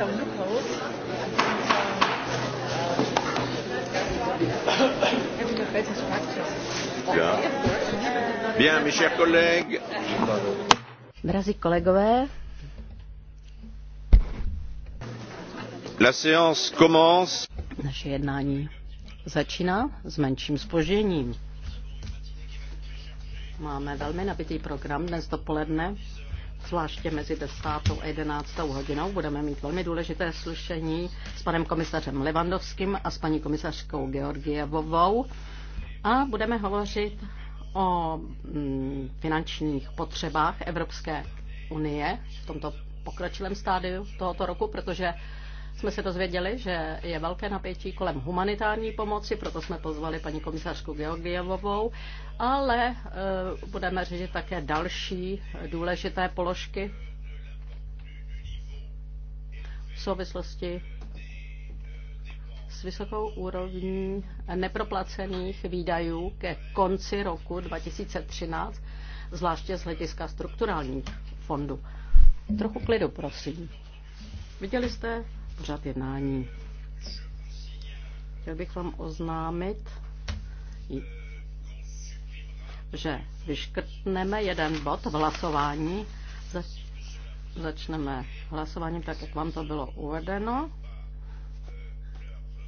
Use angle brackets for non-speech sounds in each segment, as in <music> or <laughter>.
jsou loopholes. Bien, mes chers collègues. Drazí kolegové, La séance commence. Naše jednání začíná s menším spožděním. Máme velmi nabitý program dnes dopoledne zvláště mezi 10. a 11. hodinou. Budeme mít velmi důležité slušení s panem komisařem Levandovským a s paní komisařkou Georgievovou a budeme hovořit o mm, finančních potřebách Evropské unie v tomto pokročilém stádiu tohoto roku, protože jsme se dozvěděli, že je velké napětí kolem humanitární pomoci, proto jsme pozvali paní komisařku Georgievovou ale eh, budeme řešit také další důležité položky v souvislosti s vysokou úrovní neproplacených výdajů ke konci roku 2013, zvláště z hlediska strukturálních fondů. Trochu klidu, prosím. Viděli jste pořád jednání. Chtěl bych vám oznámit že vyškrtneme jeden bod v hlasování. Začneme hlasováním tak, jak vám to bylo uvedeno.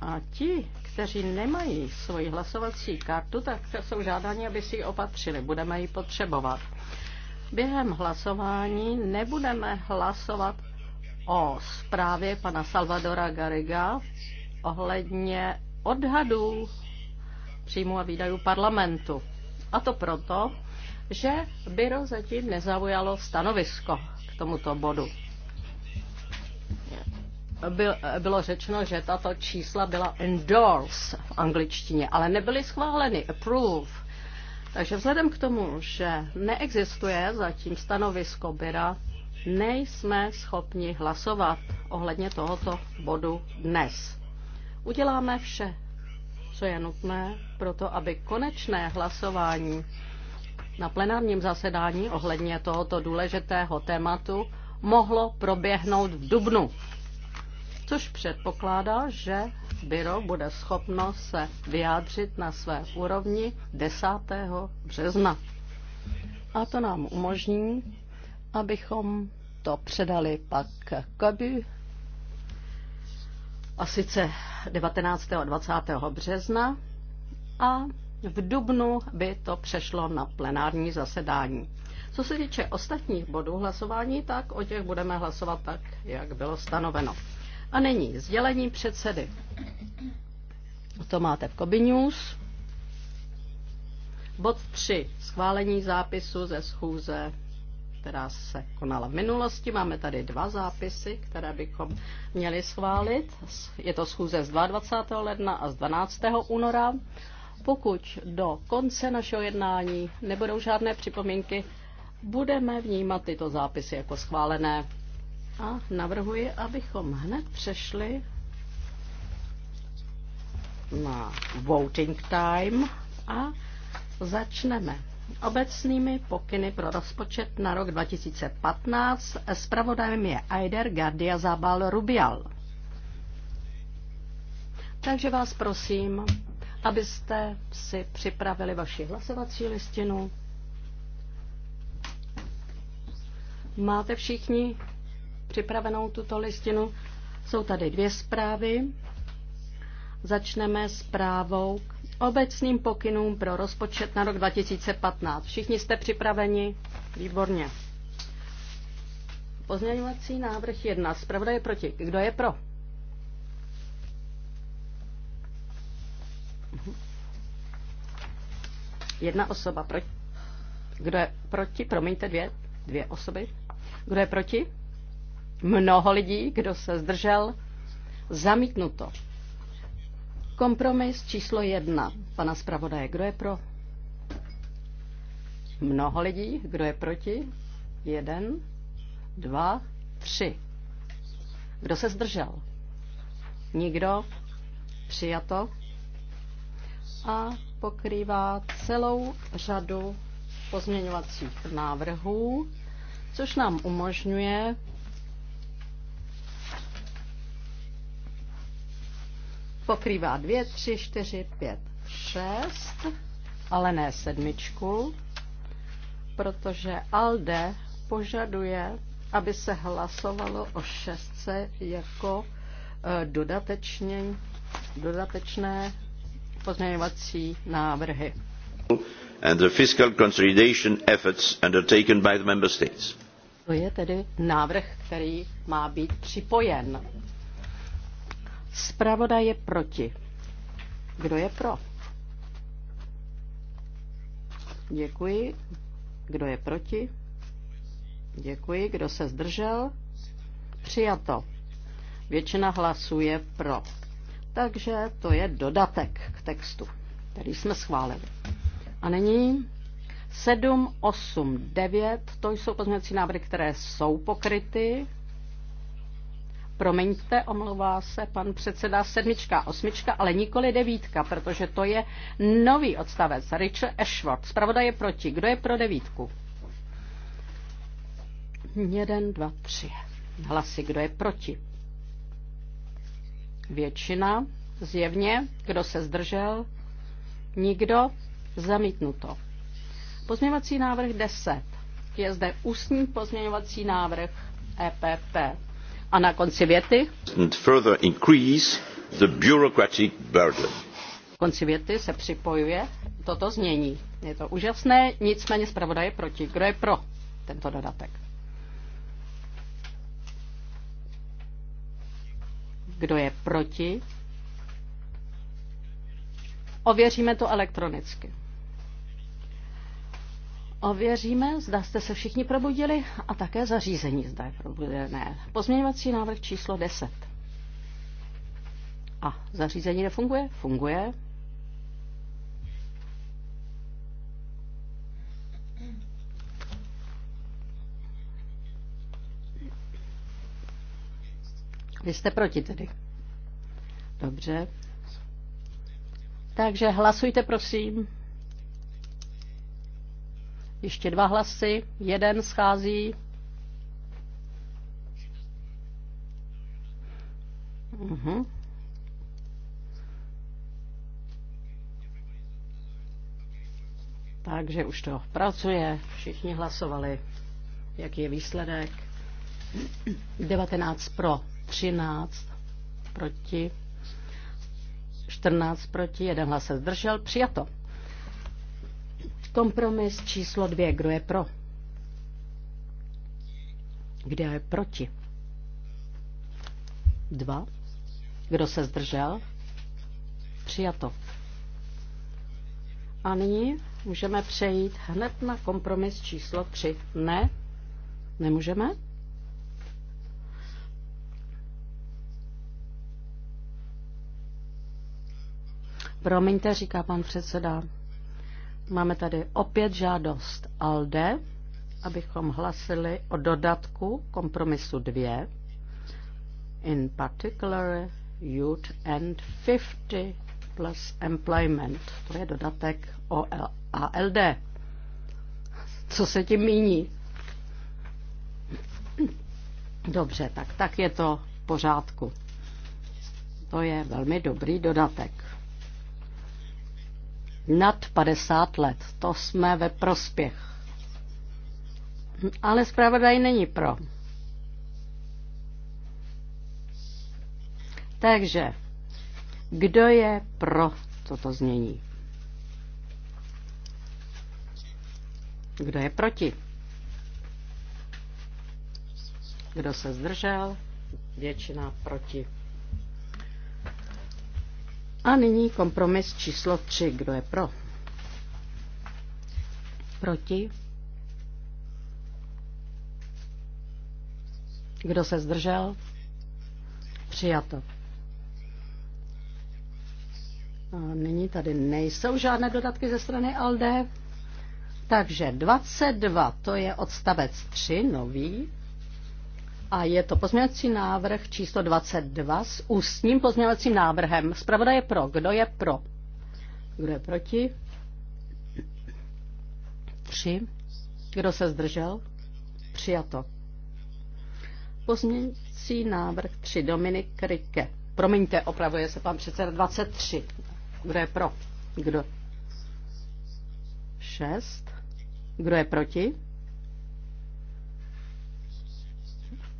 A ti, kteří nemají svoji hlasovací kartu, tak jsou žádáni, aby si ji opatřili. Budeme ji potřebovat. Během hlasování nebudeme hlasovat o zprávě pana Salvadora Gariga ohledně odhadů příjmu a výdajů parlamentu. A to proto, že byro zatím nezaujalo stanovisko k tomuto bodu. Bylo řečeno, že tato čísla byla endorse v angličtině, ale nebyly schváleny, approve. Takže vzhledem k tomu, že neexistuje zatím stanovisko byra, nejsme schopni hlasovat ohledně tohoto bodu dnes. Uděláme vše co je nutné pro to, aby konečné hlasování na plenárním zasedání ohledně tohoto důležitého tématu mohlo proběhnout v Dubnu. Což předpokládá, že byro bude schopno se vyjádřit na své úrovni 10. března. A to nám umožní, abychom to předali pak Kobu a sice 19. a 20. března a v dubnu by to přešlo na plenární zasedání. Co se týče ostatních bodů hlasování, tak o těch budeme hlasovat tak, jak bylo stanoveno. A nyní sdělení předsedy. To máte v Kobi News. Bod 3. Schválení zápisu ze schůze která se konala v minulosti. Máme tady dva zápisy, které bychom měli schválit. Je to schůze z 22. ledna a z 12. února. Pokud do konce našeho jednání nebudou žádné připomínky, budeme vnímat tyto zápisy jako schválené. A navrhuji, abychom hned přešli na voting time a začneme obecnými pokyny pro rozpočet na rok 2015. Spravodajem je Aider Gardia Zabal Rubial. Takže vás prosím, abyste si připravili vaši hlasovací listinu. Máte všichni připravenou tuto listinu? Jsou tady dvě zprávy. Začneme zprávou, obecným pokynům pro rozpočet na rok 2015. Všichni jste připraveni? Výborně. Pozměňovací návrh 1. Zpravodaj je proti. Kdo je pro? Jedna osoba proti. Kdo je proti? Promiňte, dvě, dvě osoby. Kdo je proti? Mnoho lidí. Kdo se zdržel? Zamítnuto. Kompromis číslo jedna. Pana zpravodaje, kdo je pro? Mnoho lidí. Kdo je proti? Jeden, dva, tři. Kdo se zdržel? Nikdo. Přijato. A pokrývá celou řadu pozměňovacích návrhů, což nám umožňuje pokrývá dvě, tři, čtyři, pět, šest, ale ne sedmičku, protože ALDE požaduje, aby se hlasovalo o šestce jako eh, dodatečně, dodatečné pozměňovací návrhy. And the fiscal consolidation efforts undertaken by the member states. To je tedy návrh, který má být připojen Zpravoda je proti. Kdo je pro? Děkuji. Kdo je proti? Děkuji. Kdo se zdržel? Přijato. Většina hlasů je pro. Takže to je dodatek k textu, který jsme schválili. A nyní 7, 8, 9, to jsou pozměňovací návrhy, které jsou pokryty Promiňte, omlouvá se pan předseda sedmička, osmička, ale nikoli devítka, protože to je nový odstavec. Richard Ashworth, zpravodaj je proti. Kdo je pro devítku? Jeden, dva, tři. Hlasy, kdo je proti? Většina, zjevně. Kdo se zdržel? Nikdo. Zamítnuto. Pozměňovací návrh 10. Je zde ústní pozměňovací návrh EPP. A na konci věty? the bureaucratic burden. Konci věty se připojuje toto znění. Je to úžasné, nicméně zpravodaj je proti. Kdo je pro tento dodatek? Kdo je proti? Ověříme to elektronicky. Ověříme, zda jste se všichni probudili a také zařízení, zda je probudené. Pozměňovací návrh číslo 10. A zařízení nefunguje? Funguje. Vy jste proti tedy. Dobře. Takže hlasujte, prosím. Ještě dva hlasy, jeden schází. Uh-huh. Takže už to pracuje, všichni hlasovali, jaký je výsledek. 19 pro, 13 proti, 14 proti, jeden hlas se zdržel, přijato. Kompromis číslo dvě. Kdo je pro? Kdo je proti? Dva. Kdo se zdržel? Přijato. A nyní můžeme přejít hned na kompromis číslo tři. Ne? Nemůžeme? Promiňte, říká pan předseda. Máme tady opět žádost ALDE, abychom hlasili o dodatku kompromisu 2. In particular, youth and 50 plus employment. To je dodatek o ALD. Co se tím míní? Dobře, tak, tak je to v pořádku. To je velmi dobrý dodatek nad 50 let. To jsme ve prospěch. Ale zpravodaj není pro. Takže, kdo je pro toto změní? Kdo je proti? Kdo se zdržel? Většina proti. A nyní kompromis číslo 3. Kdo je pro? Proti? Kdo se zdržel? Přijato. A nyní tady nejsou žádné dodatky ze strany ALDE. Takže 22, to je odstavec 3, nový. A je to pozměňovací návrh číslo 22 s ústním pozměňovacím návrhem. Zpravodaj je pro. Kdo je pro? Kdo je proti? Tři. Kdo se zdržel? Přijato. Pozměňovací návrh 3. Dominik Rike. Promiňte, opravuje se pan předseda 23. Kdo je pro? Kdo? 6. Kdo je proti?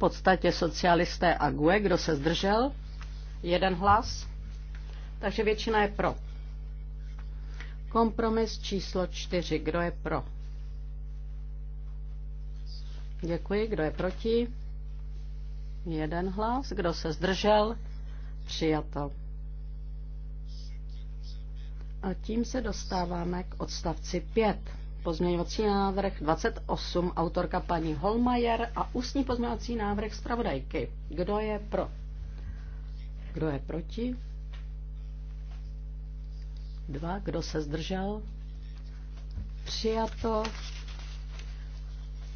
podstatě socialisté a GUE. Kdo se zdržel? Jeden hlas. Takže většina je pro. Kompromis číslo čtyři. Kdo je pro? Děkuji. Kdo je proti? Jeden hlas. Kdo se zdržel? Přijato. A tím se dostáváme k odstavci 5. Pozměňovací návrh 28, autorka paní Holmajer a ústní pozměňovací návrh zpravodajky. Kdo je pro? Kdo je proti? Dva. Kdo se zdržel? Přijato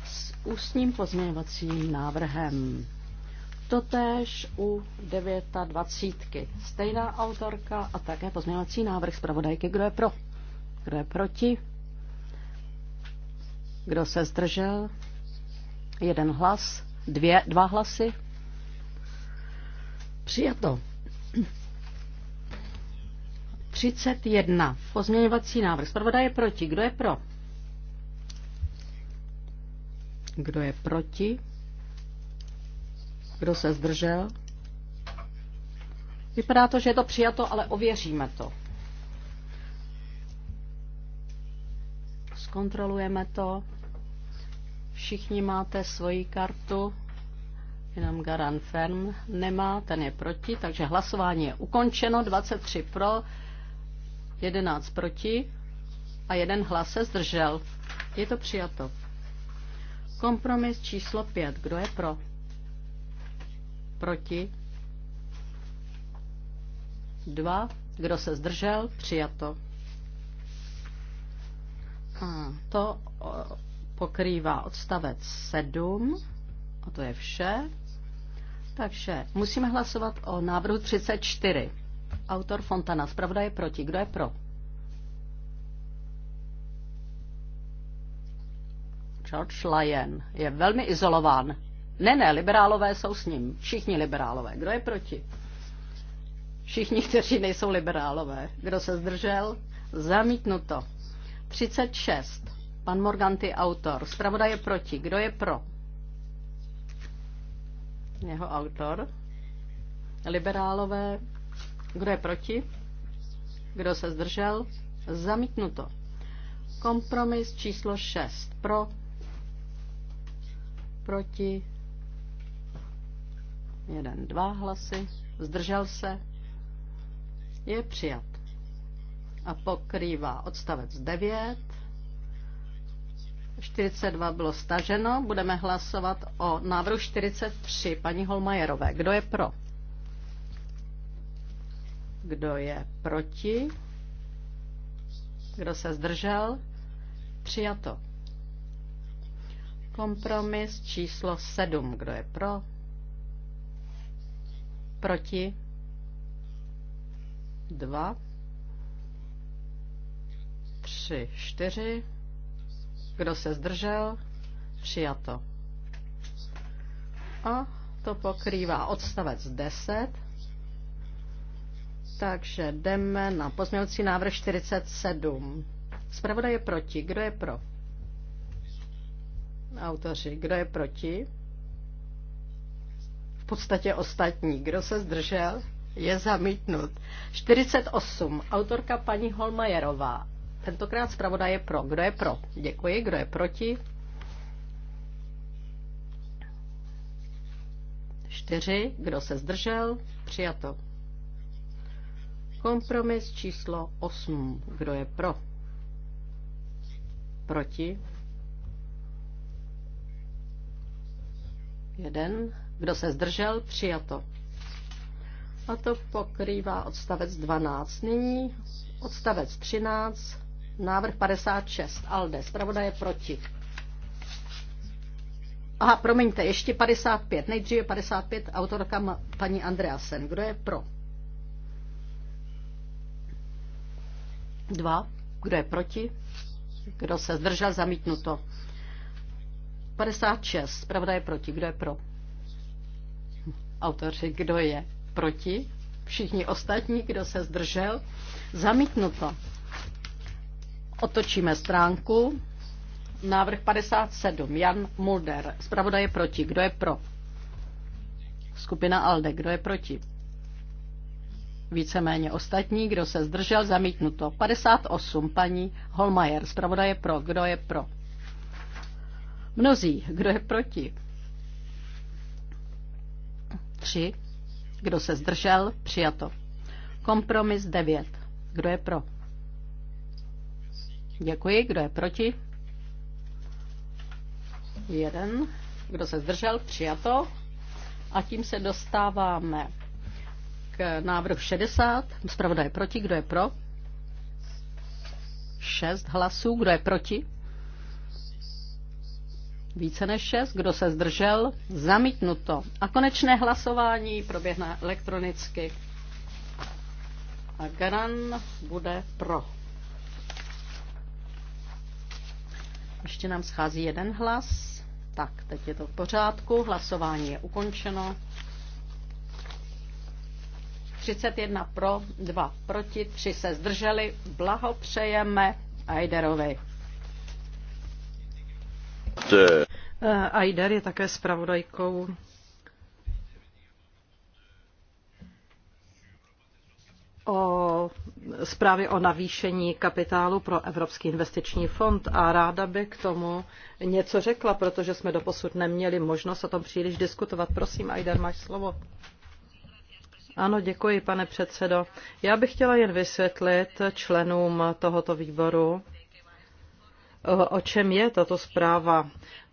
s ústním pozměňovacím návrhem. Totéž u 29. Stejná autorka a také pozměňovací návrh zpravodajky. Kdo je pro? Kdo je proti? Kdo se zdržel? Jeden hlas. Dvě, dva hlasy. Přijato. 31. Pozměňovací návrh. Zpravodaj je proti. Kdo je pro? Kdo je proti? Kdo se zdržel? Vypadá to, že je to přijato, ale ověříme to. Zkontrolujeme to. Všichni máte svoji kartu, jenom Garan Fern nemá, ten je proti, takže hlasování je ukončeno, 23 pro, 11 proti a jeden hlas se zdržel. Je to přijato. Kompromis číslo 5. Kdo je pro? Proti? Dva. Kdo se zdržel? Přijato. A to pokrývá odstavec 7 a to je vše. Takže musíme hlasovat o návrhu 34. Autor Fontana. Zpravda je proti. Kdo je pro? George Lyon je velmi izolován. Ne, ne, liberálové jsou s ním. Všichni liberálové. Kdo je proti? Všichni, kteří nejsou liberálové. Kdo se zdržel? Zamítnuto. 36 Pan Morganty, autor. Zpravodaj je proti. Kdo je pro? Jeho autor. Liberálové. Kdo je proti? Kdo se zdržel? Zamítnuto. Kompromis číslo 6. Pro. Proti. Jeden, dva hlasy. Zdržel se. Je přijat. A pokrývá odstavec 9 42 bylo staženo. Budeme hlasovat o návrhu 43 paní Holmajerové. Kdo je pro? Kdo je proti? Kdo se zdržel? Přijato. Kompromis číslo 7. Kdo je pro? Proti? 2. 3, 4. Kdo se zdržel? Přijato. A to pokrývá odstavec 10. Takže jdeme na pozměňovací návrh 47. Zpravodaj je proti. Kdo je pro? Autoři. Kdo je proti? V podstatě ostatní. Kdo se zdržel? Je zamítnut. 48. Autorka paní Holmajerová. Tentokrát zpravodaj je pro. Kdo je pro? Děkuji. Kdo je proti? Čtyři. Kdo se zdržel? Přijato. Kompromis číslo 8. Kdo je pro? Proti? Jeden. Kdo se zdržel? Přijato. A to pokrývá odstavec 12. Nyní odstavec 13. Návrh 56. Alde. Zpravodaje proti. Aha, promiňte, ještě 55. Nejdříve 55, autorka paní Andreasen. Kdo je pro? Dva. Kdo je proti? Kdo se zdržel? Zamítnuto. 56. Pravda je proti. Kdo je pro? Autoři, kdo je proti? Všichni ostatní, kdo se zdržel? Zamítnuto. Otočíme stránku. Návrh 57. Jan Mulder. Zpravodaj je proti. Kdo je pro? Skupina ALDE. Kdo je proti? Víceméně ostatní. Kdo se zdržel? Zamítnuto. 58. Paní Holmajer. Zpravodaj je pro. Kdo je pro? Mnozí. Kdo je proti? Tři. Kdo se zdržel? Přijato. Kompromis 9. Kdo je pro? Děkuji. Kdo je proti? Jeden. Kdo se zdržel? Přijato. A tím se dostáváme k návrhu 60. Zpravodaj je proti. Kdo je pro? 6 hlasů. Kdo je proti? Více než 6. Kdo se zdržel? Zamítnuto. A konečné hlasování proběhne elektronicky. A Garan bude pro. Ještě nám schází jeden hlas. Tak, teď je to v pořádku. Hlasování je ukončeno. 31 pro, 2 proti, 3 se zdrželi. Blahopřejeme Ajderovi. Eh, Ajder je také zpravodajkou o zprávy o navýšení kapitálu pro Evropský investiční fond a ráda by k tomu něco řekla, protože jsme doposud neměli možnost o tom příliš diskutovat. Prosím, Aider, máš slovo. Ano, děkuji, pane předsedo. Já bych chtěla jen vysvětlit členům tohoto výboru, o čem je tato zpráva.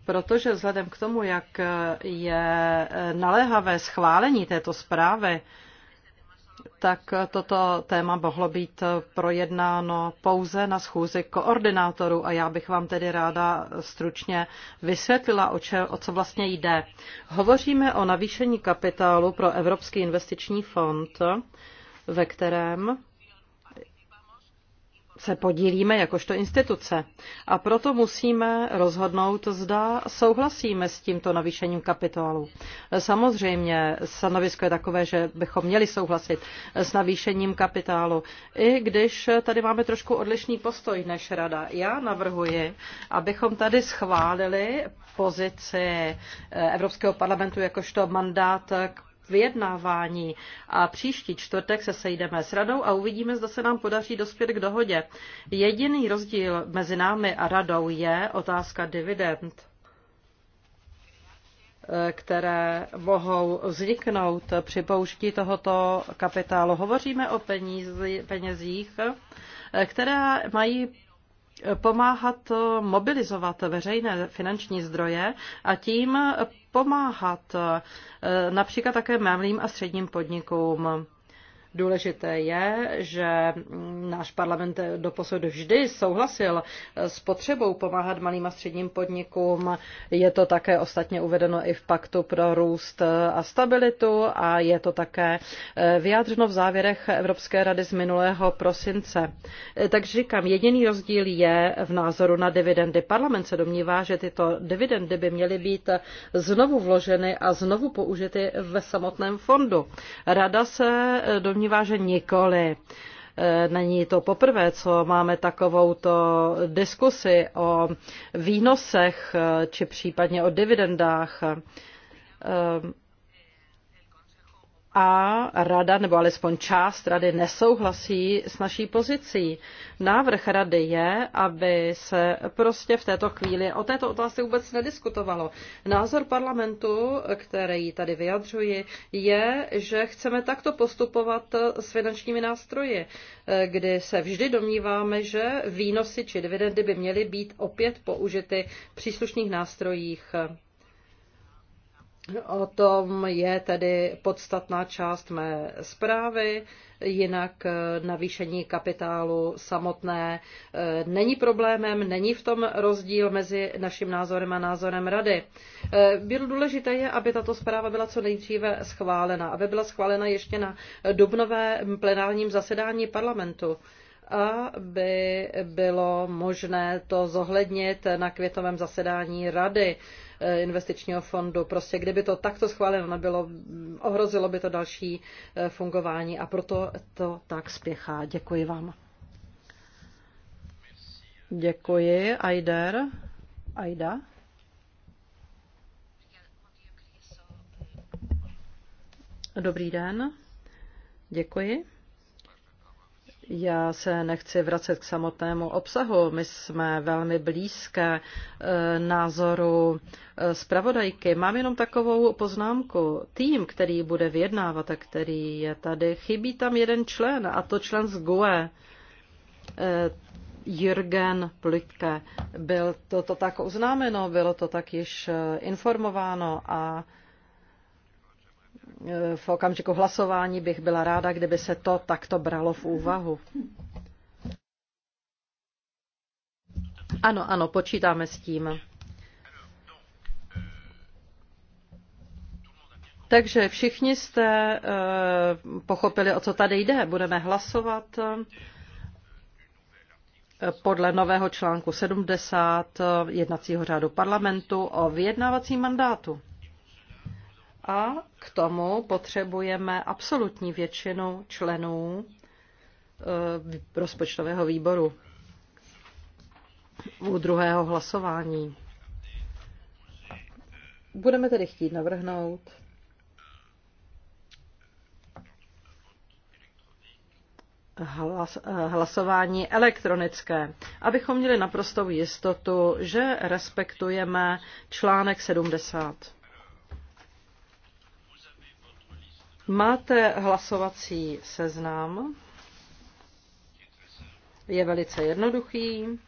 Protože vzhledem k tomu, jak je naléhavé schválení této zprávy, tak toto téma mohlo být projednáno pouze na schůzi koordinátorů a já bych vám tedy ráda stručně vysvětlila, o, če, o co vlastně jde. Hovoříme o navýšení kapitálu pro Evropský investiční fond, ve kterém se podílíme jakožto instituce. A proto musíme rozhodnout, zda souhlasíme s tímto navýšením kapitálu. Samozřejmě stanovisko je takové, že bychom měli souhlasit s navýšením kapitálu, i když tady máme trošku odlišný postoj než rada. Já navrhuji, abychom tady schválili pozici Evropského parlamentu jakožto mandát k vyjednávání. A příští čtvrtek se sejdeme s radou a uvidíme, zda se nám podaří dospět k dohodě. Jediný rozdíl mezi námi a radou je otázka dividend které mohou vzniknout při použití tohoto kapitálu. Hovoříme o penízi, penězích, které mají pomáhat eh, mobilizovat veřejné finanční zdroje a tím pomáhat eh, například také malým a středním podnikům. Důležité je, že náš parlament doposud vždy souhlasil s potřebou pomáhat malým a středním podnikům. Je to také ostatně uvedeno i v Paktu pro růst a stabilitu a je to také vyjádřeno v závěrech Evropské rady z minulého prosince. Takže říkám, jediný rozdíl je v názoru na dividendy. Parlament se domnívá, že tyto dividendy by měly být znovu vloženy a znovu použity ve samotném fondu. Rada se domnívá, domnívá, že nikoli. E, není to poprvé, co máme takovouto diskusi o výnosech e, či případně o dividendách e, a rada, nebo alespoň část rady, nesouhlasí s naší pozicí. Návrh rady je, aby se prostě v této chvíli o této otázce vůbec nediskutovalo. Názor parlamentu, který tady vyjadřuji, je, že chceme takto postupovat s finančními nástroji, kdy se vždy domníváme, že výnosy či dividendy by měly být opět použity v příslušných nástrojích O tom je tedy podstatná část mé zprávy, jinak eh, navýšení kapitálu samotné eh, není problémem, není v tom rozdíl mezi naším názorem a názorem rady. Eh, bylo důležité je, aby tato zpráva byla co nejdříve schválena, aby byla schválena ještě na dubnovém plenárním zasedání parlamentu aby bylo možné to zohlednit na květovém zasedání rady Eh, investičního fondu. Prostě kdyby to takto schváleno nebylo, ohrozilo by to další eh, fungování a proto to tak spěchá. Děkuji vám. Děkuji. Aider. Aida. Dobrý den. Děkuji. Já se nechci vracet k samotnému obsahu. My jsme velmi blízké e, názoru e, zpravodajky. Mám jenom takovou poznámku. Tým, který bude vyjednávat a který je tady, chybí tam jeden člen, a to člen z GUE. E, Jürgen Plitke. bylo to, to tak oznámeno, bylo to tak již informováno a v okamžiku hlasování bych byla ráda, kdyby se to takto bralo v úvahu. Ano, ano, počítáme s tím. Takže všichni jste eh, pochopili, o co tady jde. Budeme hlasovat eh, podle nového článku 70 eh, jednacího řádu parlamentu o vyjednávacím mandátu a k tomu potřebujeme absolutní většinu členů eh, rozpočtového výboru u druhého hlasování. Budeme tedy chtít navrhnout hlas, eh, hlasování elektronické, abychom měli naprostou jistotu, že respektujeme článek 70. Máte hlasovací seznam. Je velice jednoduchý.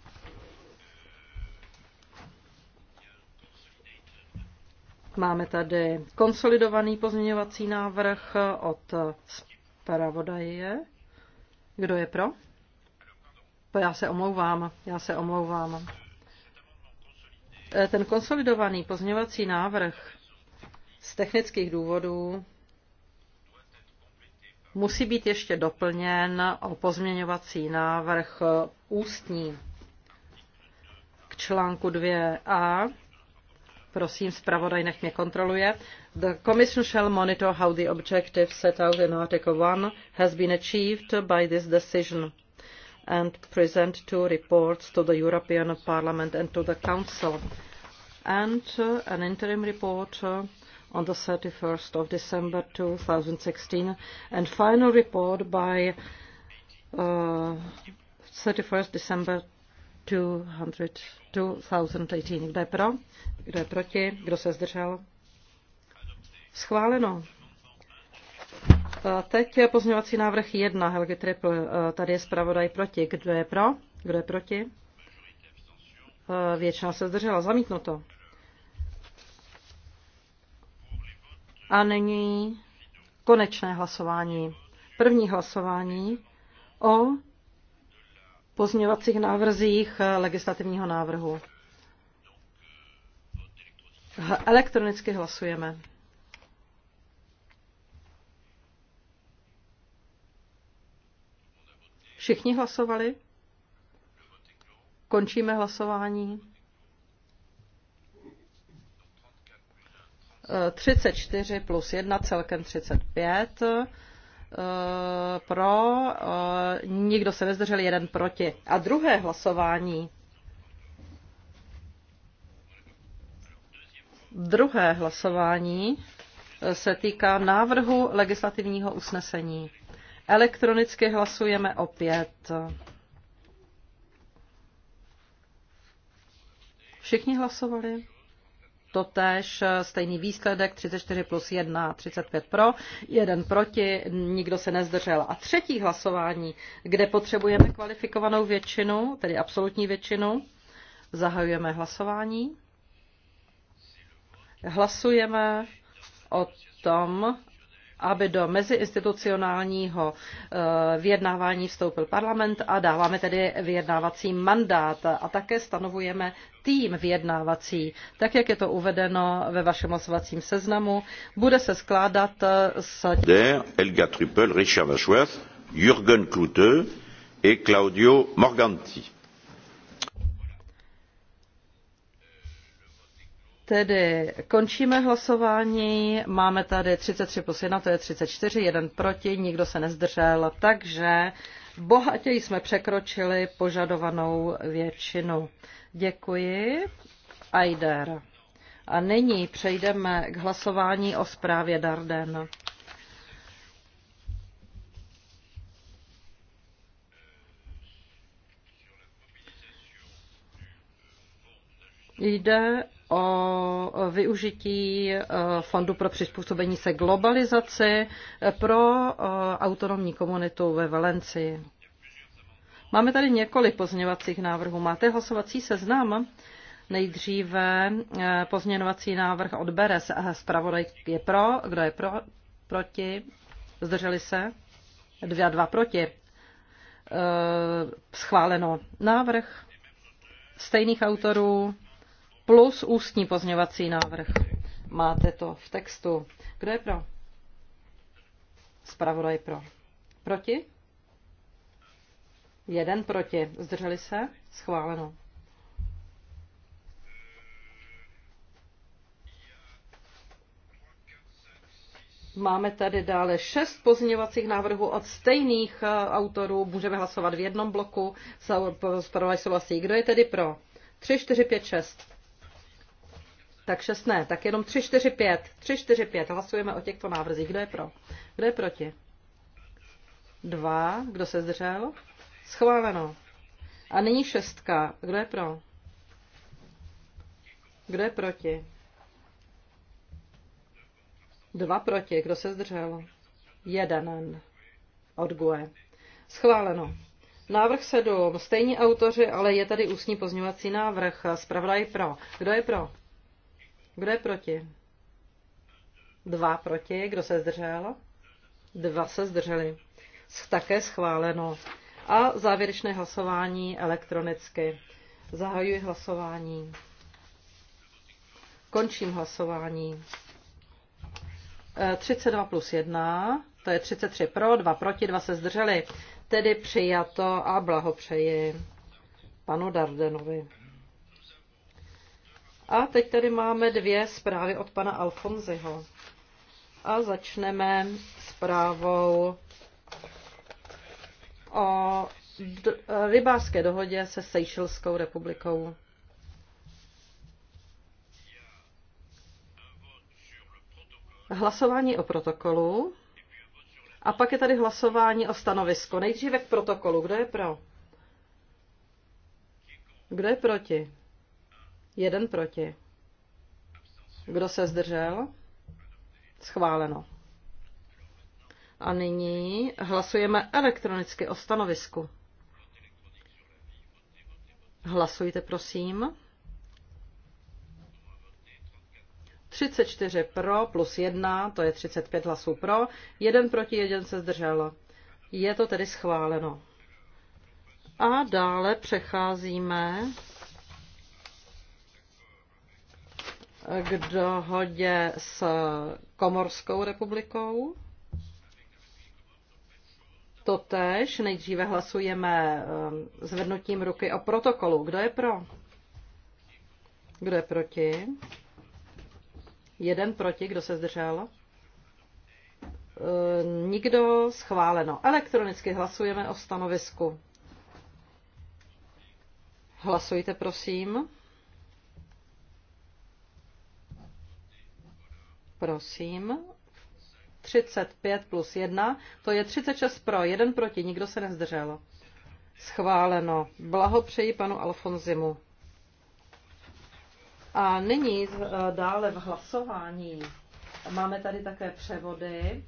Máme tady konsolidovaný pozměňovací návrh od zpravodaje. Kdo je pro? Já se omlouvám, já se omlouvám. E, ten konsolidovaný pozměňovací návrh z technických důvodů musí být ještě doplněn o pozměňovací návrh ústní k článku 2a. Prosím, zpravodaj nech mě kontroluje. The Commission shall monitor how the objective set out in Article 1 has been achieved by this decision and present two reports to the European Parliament and to the Council and uh, an interim report uh, on the 31st of December 2016, and final report by uh, 31st December 200, 2018. Kdo je pro? Kdo je proti? Kdo se zdržel? Schváleno. Teď je pozměňovací návrh 1, Helgi Triple. E, tady je zpravodaj proti. Kdo je pro? Kdo je proti? E, většina se zdržela. Zamítnuto. A nyní konečné hlasování. První hlasování o pozměvacích návrzích legislativního návrhu. Elektronicky hlasujeme. Všichni hlasovali? Končíme hlasování. 34 plus 1, celkem 35 eh, pro, eh, nikdo se nezdržel, jeden proti. A druhé hlasování. Druhé hlasování eh, se týká návrhu legislativního usnesení. Elektronicky hlasujeme opět. Všichni hlasovali? totéž, stejný výsledek, 34 plus 1, 35 pro, 1 proti, nikdo se nezdržel. A třetí hlasování, kde potřebujeme kvalifikovanou většinu, tedy absolutní většinu, zahajujeme hlasování. Hlasujeme o tom aby do meziinstitucionálního eh, vyjednávání vstoupil parlament a dáváme tedy vyjednávací mandát a také stanovujeme tým vyjednávací, tak jak je to uvedeno ve vašem osvacím seznamu, bude se skládat eh, s... Elga Trippel, Richard Ashworth, Jürgen Klute et Claudio Morganti Tedy končíme hlasování, máme tady 33 plus 1, to je 34, jeden proti, nikdo se nezdržel, takže bohatě jsme překročili požadovanou většinu. Děkuji, Aider. A nyní přejdeme k hlasování o zprávě Darden. Jde o využití eh, Fondu pro přizpůsobení se globalizaci pro eh, autonomní komunitu ve Valencii. Máme tady několik pozměňovacích návrhů. Máte hlasovací seznam? Nejdříve eh, pozměňovací návrh od Beres. Zpravodaj je pro. Kdo je pro? Proti? Zdrželi se? Dvě a dva proti. Schváleno návrh stejných autorů plus ústní pozměňovací návrh. Máte to v textu. Kdo je pro? Spravodaj pro. Proti? Jeden proti. Zdrželi se? Schváleno. Máme tady dále šest pozměňovacích návrhů od stejných eh, autorů. Můžeme hlasovat v jednom bloku. Spravodaj souhlasí. Kdo je tedy pro? 3, 4, 5, 6. Tak šest ne, tak jenom 3, 4, 5. 3, 4, 5. Hlasujeme o těchto návrzích. Kdo je pro? Kdo je proti? 2. Kdo se zdržel? Schváleno. A nyní šestka. Kdo je pro? Kdo je proti? Dva proti. Kdo se zdržel? Jeden. Od GUE. Schváleno. Návrh 7. Stejní autoři, ale je tady ústní pozňovací návrh. Zpravodaj pro. Kdo je pro? Kdo je proti? Dva proti. Kdo se zdržel? Dva se zdrželi. Také schváleno. A závěrečné hlasování elektronicky. Zahajuji hlasování. Končím hlasování. 32 eh, plus 1, to je 33 pro, 2 proti, 2 se zdrželi. Tedy přijato a blahopřeji panu Dardenovi. A teď tady máme dvě zprávy od pana Alfonziho. A začneme zprávou o rybářské dohodě se Seychelskou republikou. Hlasování o protokolu. A pak je tady hlasování o stanovisku. Nejdříve k protokolu. Kdo je pro? Kdo je proti? Jeden proti. Kdo se zdržel? Schváleno. A nyní hlasujeme elektronicky o stanovisku. Hlasujte, prosím. 34 pro plus 1, to je 35 hlasů pro, Jeden proti Jeden se zdržel. Je to tedy schváleno. A dále přecházíme k dohodě s Komorskou republikou. Totež nejdříve hlasujeme um, zvednutím ruky o protokolu. Kdo je pro? Kdo je proti? Jeden proti, kdo se zdržel? Um, nikdo schváleno. Elektronicky hlasujeme o stanovisku. Hlasujte, prosím. prosím. 35 plus 1, to je 36 pro, 1 proti, nikdo se nezdržel. Schváleno. Blahopřeji panu Alfonzimu. A nyní eh, dále v hlasování. Máme tady také převody,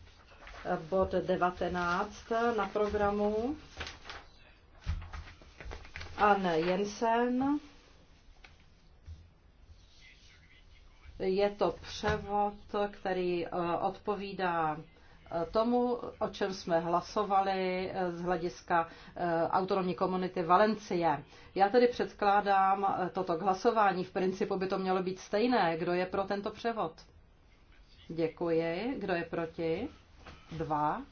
eh, bod 19 na programu. Anne Jensen Je to převod, který e, odpovídá e, tomu, o čem jsme hlasovali e, z hlediska autonomní komunity Valencie. Já tedy předkládám toto k hlasování. V principu by to mělo být stejné. Kdo je pro tento převod? Děkuji. Kdo je proti? Dva.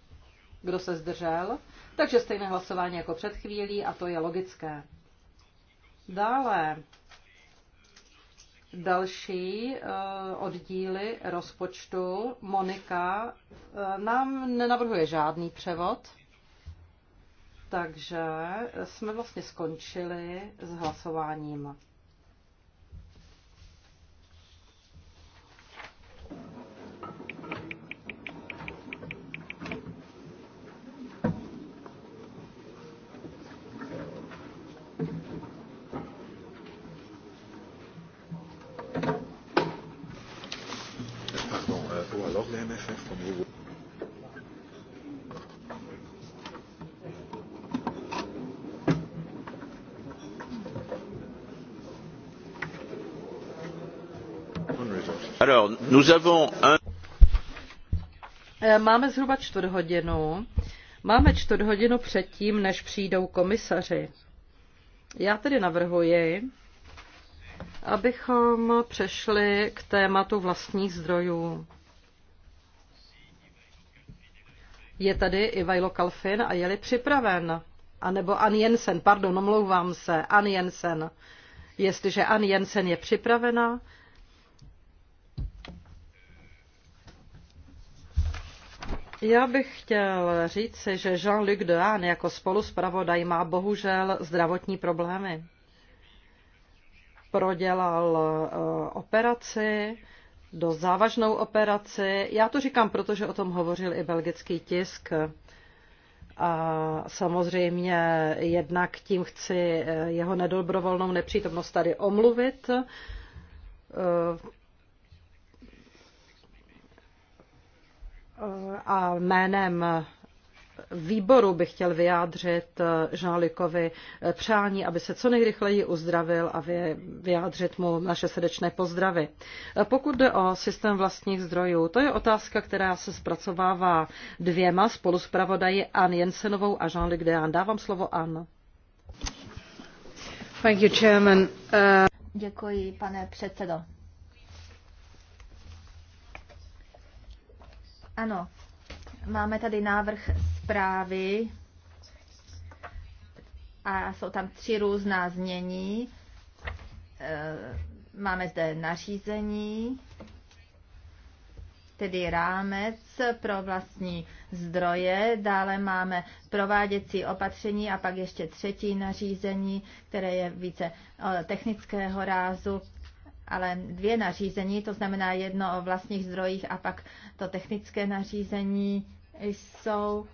Kdo se zdržel? Takže stejné hlasování jako před chvílí a to je logické. Dále další eh, oddíly rozpočtu. Monika eh, nám nenavrhuje žádný převod, takže jsme vlastně skončili s hlasováním. Eh, máme zhruba čtvrt hodinu. Máme čtvrt hodinu předtím, než přijdou komisaři. Já tedy navrhuji, abychom přešli k tématu vlastních zdrojů. Je tady Ivajlo Kalfin a je-li připraven? A nebo Ann Jensen, pardon, omlouvám se, Ann Jensen. Jestliže Ann Jensen je připravena, Já bych chtěl říct, že Jean-Luc Dehaene jako spoluspravodaj má bohužel zdravotní problémy. Prodělal eh, operaci, do závažnou operaci. Já to říkám, protože o tom hovořil i belgický tisk. A samozřejmě jednak tím chci eh, jeho nedobrovolnou nepřítomnost tady omluvit. Eh, a jménem výboru bych chtěl vyjádřit Žálikovi přání, aby se co nejrychleji uzdravil a vyjádřit mu naše srdečné pozdravy. Pokud jde o systém vlastních zdrojů, to je otázka, která se zpracovává dvěma spoluspravodaji Ann Jensenovou a Žálik Deán. Dávám slovo Ann. Thank you, Chairman. Uh... Děkuji, pane předsedo. Ano, máme tady návrh zprávy a jsou tam tři různá znění. Eh, máme zde nařízení, tedy rámec pro vlastní zdroje, dále máme prováděcí opatření a pak ještě třetí nařízení, které je více eh, technického rázu ale dvě nařízení, to znamená jedno o vlastních zdrojích a pak to technické nařízení jsou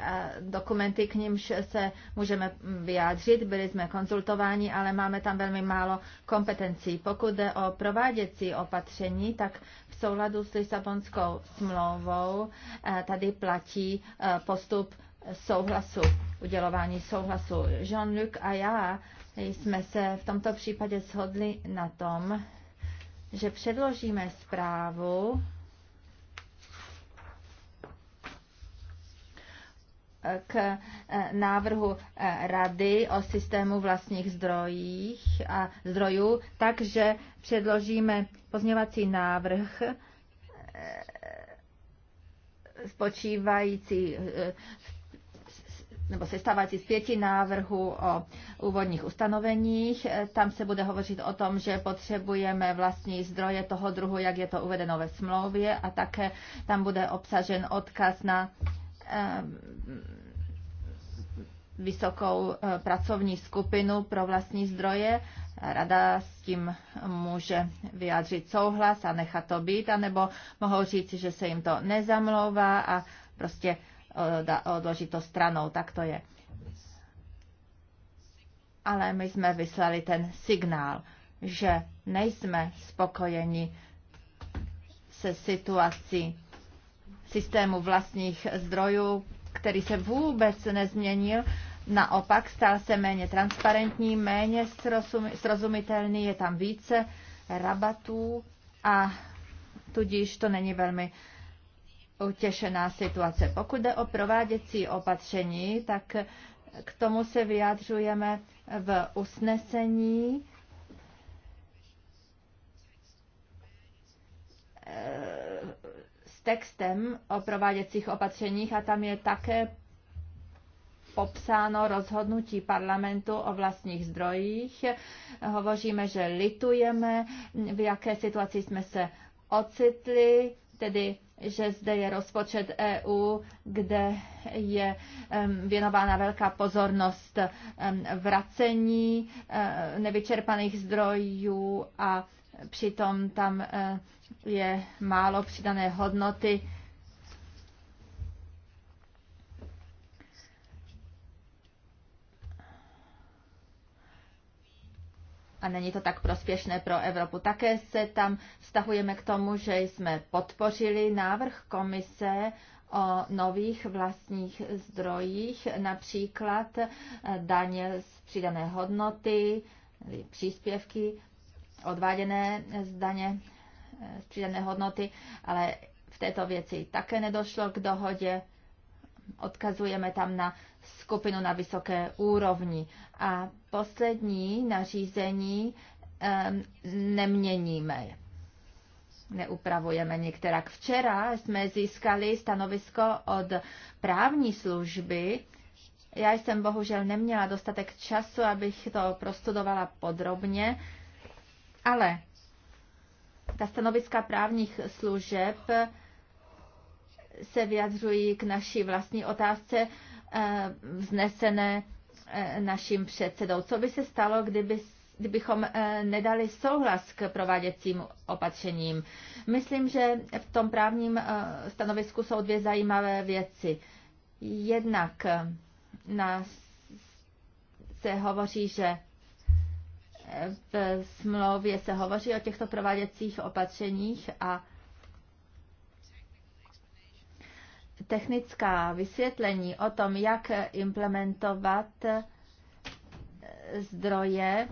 eh, dokumenty, k nímž se můžeme vyjádřit, byli jsme konzultováni, ale máme tam velmi málo kompetencí. Pokud jde o prováděcí opatření, tak v souladu s Lisabonskou smlouvou eh, tady platí eh, postup souhlasu, udělování souhlasu. Jean-Luc a já jsme se v tomto případě shodli na tom, že předložíme zprávu k eh, návrhu eh, rady o systému vlastních zdrojích a zdrojů, takže předložíme pozměvací návrh eh, spočívající v nebo sestávající z pěti návrhů o úvodních ustanoveních. Tam se bude hovořit o tom, že potřebujeme vlastní zdroje toho druhu, jak je to uvedeno ve smlouvě a také tam bude obsažen odkaz na vysokou e, pracovní skupinu pro vlastní zdroje. Rada s tím může vyjádřit souhlas a nechat to být, anebo mohou říct, že se jim to nezamlouvá a prostě odložit to stranou, tak to je. Ale my jsme vyslali ten signál, že nejsme spokojeni se situací systému vlastních zdrojů, který se vůbec nezměnil, naopak stal se méně transparentní, méně srozumitelný, je tam více rabatů a tudíž to není velmi utěšená situace. Pokud jde o prováděcí opatření, tak k tomu se vyjadřujeme v usnesení. Eh, s textem o prováděcích opatřeních a tam je také popsáno rozhodnutí parlamentu o vlastních zdrojích. Hovoříme, že litujeme, v jaké situaci jsme se ocitli, tedy že zde je rozpočet EU, kde je věnována velká pozornost vracení eh, nevyčerpaných zdrojů a přitom tam eh, je málo přidané hodnoty a není to tak prospěšné pro Evropu. Také se tam vztahujeme k tomu, že jsme podpořili návrh komise o nových vlastních zdrojích, například eh, daně z přidané hodnoty, příspěvky odváděné z daně eh, z přidané hodnoty, ale v této věci také nedošlo k dohodě. Odkazujeme tam na skupinu na vysoké úrovni. A poslední nařízení neměníme neupravujeme některá Včera jsme získali stanovisko od právní služby. Já jsem bohužel neměla dostatek času, abych to prostudovala podrobně, ale ta stanoviska právních služeb se vyjadřují k naší vlastní otázce eh, vznesené E, naším předsedou. Co by se stalo, kdyby kdybychom e, nedali souhlas k prováděcím opatřením. Myslím, že v tom právním e, stanovisku jsou dvě zajímavé věci. Jednak na, se hovoří, že v smlouvě se hovoří o těchto prováděcích opatřeních a technická vysvětlení o tom, jak implementovat eh, zdroje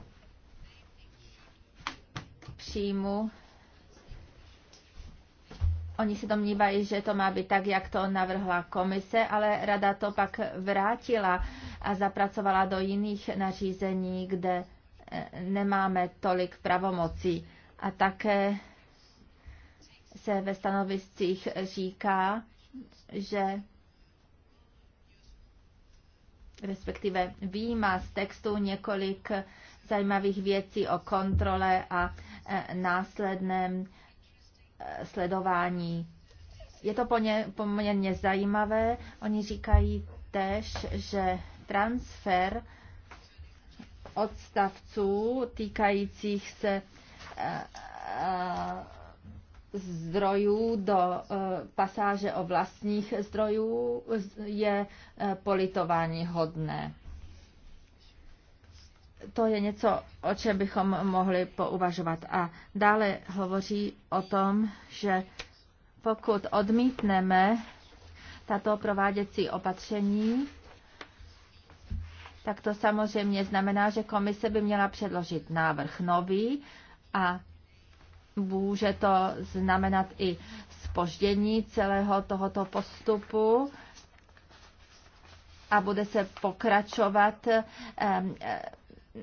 příjmu. Oni se domnívají, že to má být tak, jak to navrhla komise, ale rada to pak vrátila a zapracovala do jiných nařízení, kde eh, nemáme tolik pravomocí. A také se ve stanoviscích říká, že respektive výjima z textu několik zajímavých věcí o kontrole a e, následném e, sledování. Je to poměrně zajímavé. Oni říkají tež, že transfer odstavců týkajících se e, zdrojů do eh, pasáže o vlastních zdrojů je eh, politování hodné. To je něco, o čem bychom mohli pouvažovat. A dále hovoří o tom, že pokud odmítneme tato prováděcí opatření, tak to samozřejmě znamená, že komise by měla předložit návrh nový a Může to znamenat i spoždění celého tohoto postupu a bude se pokračovat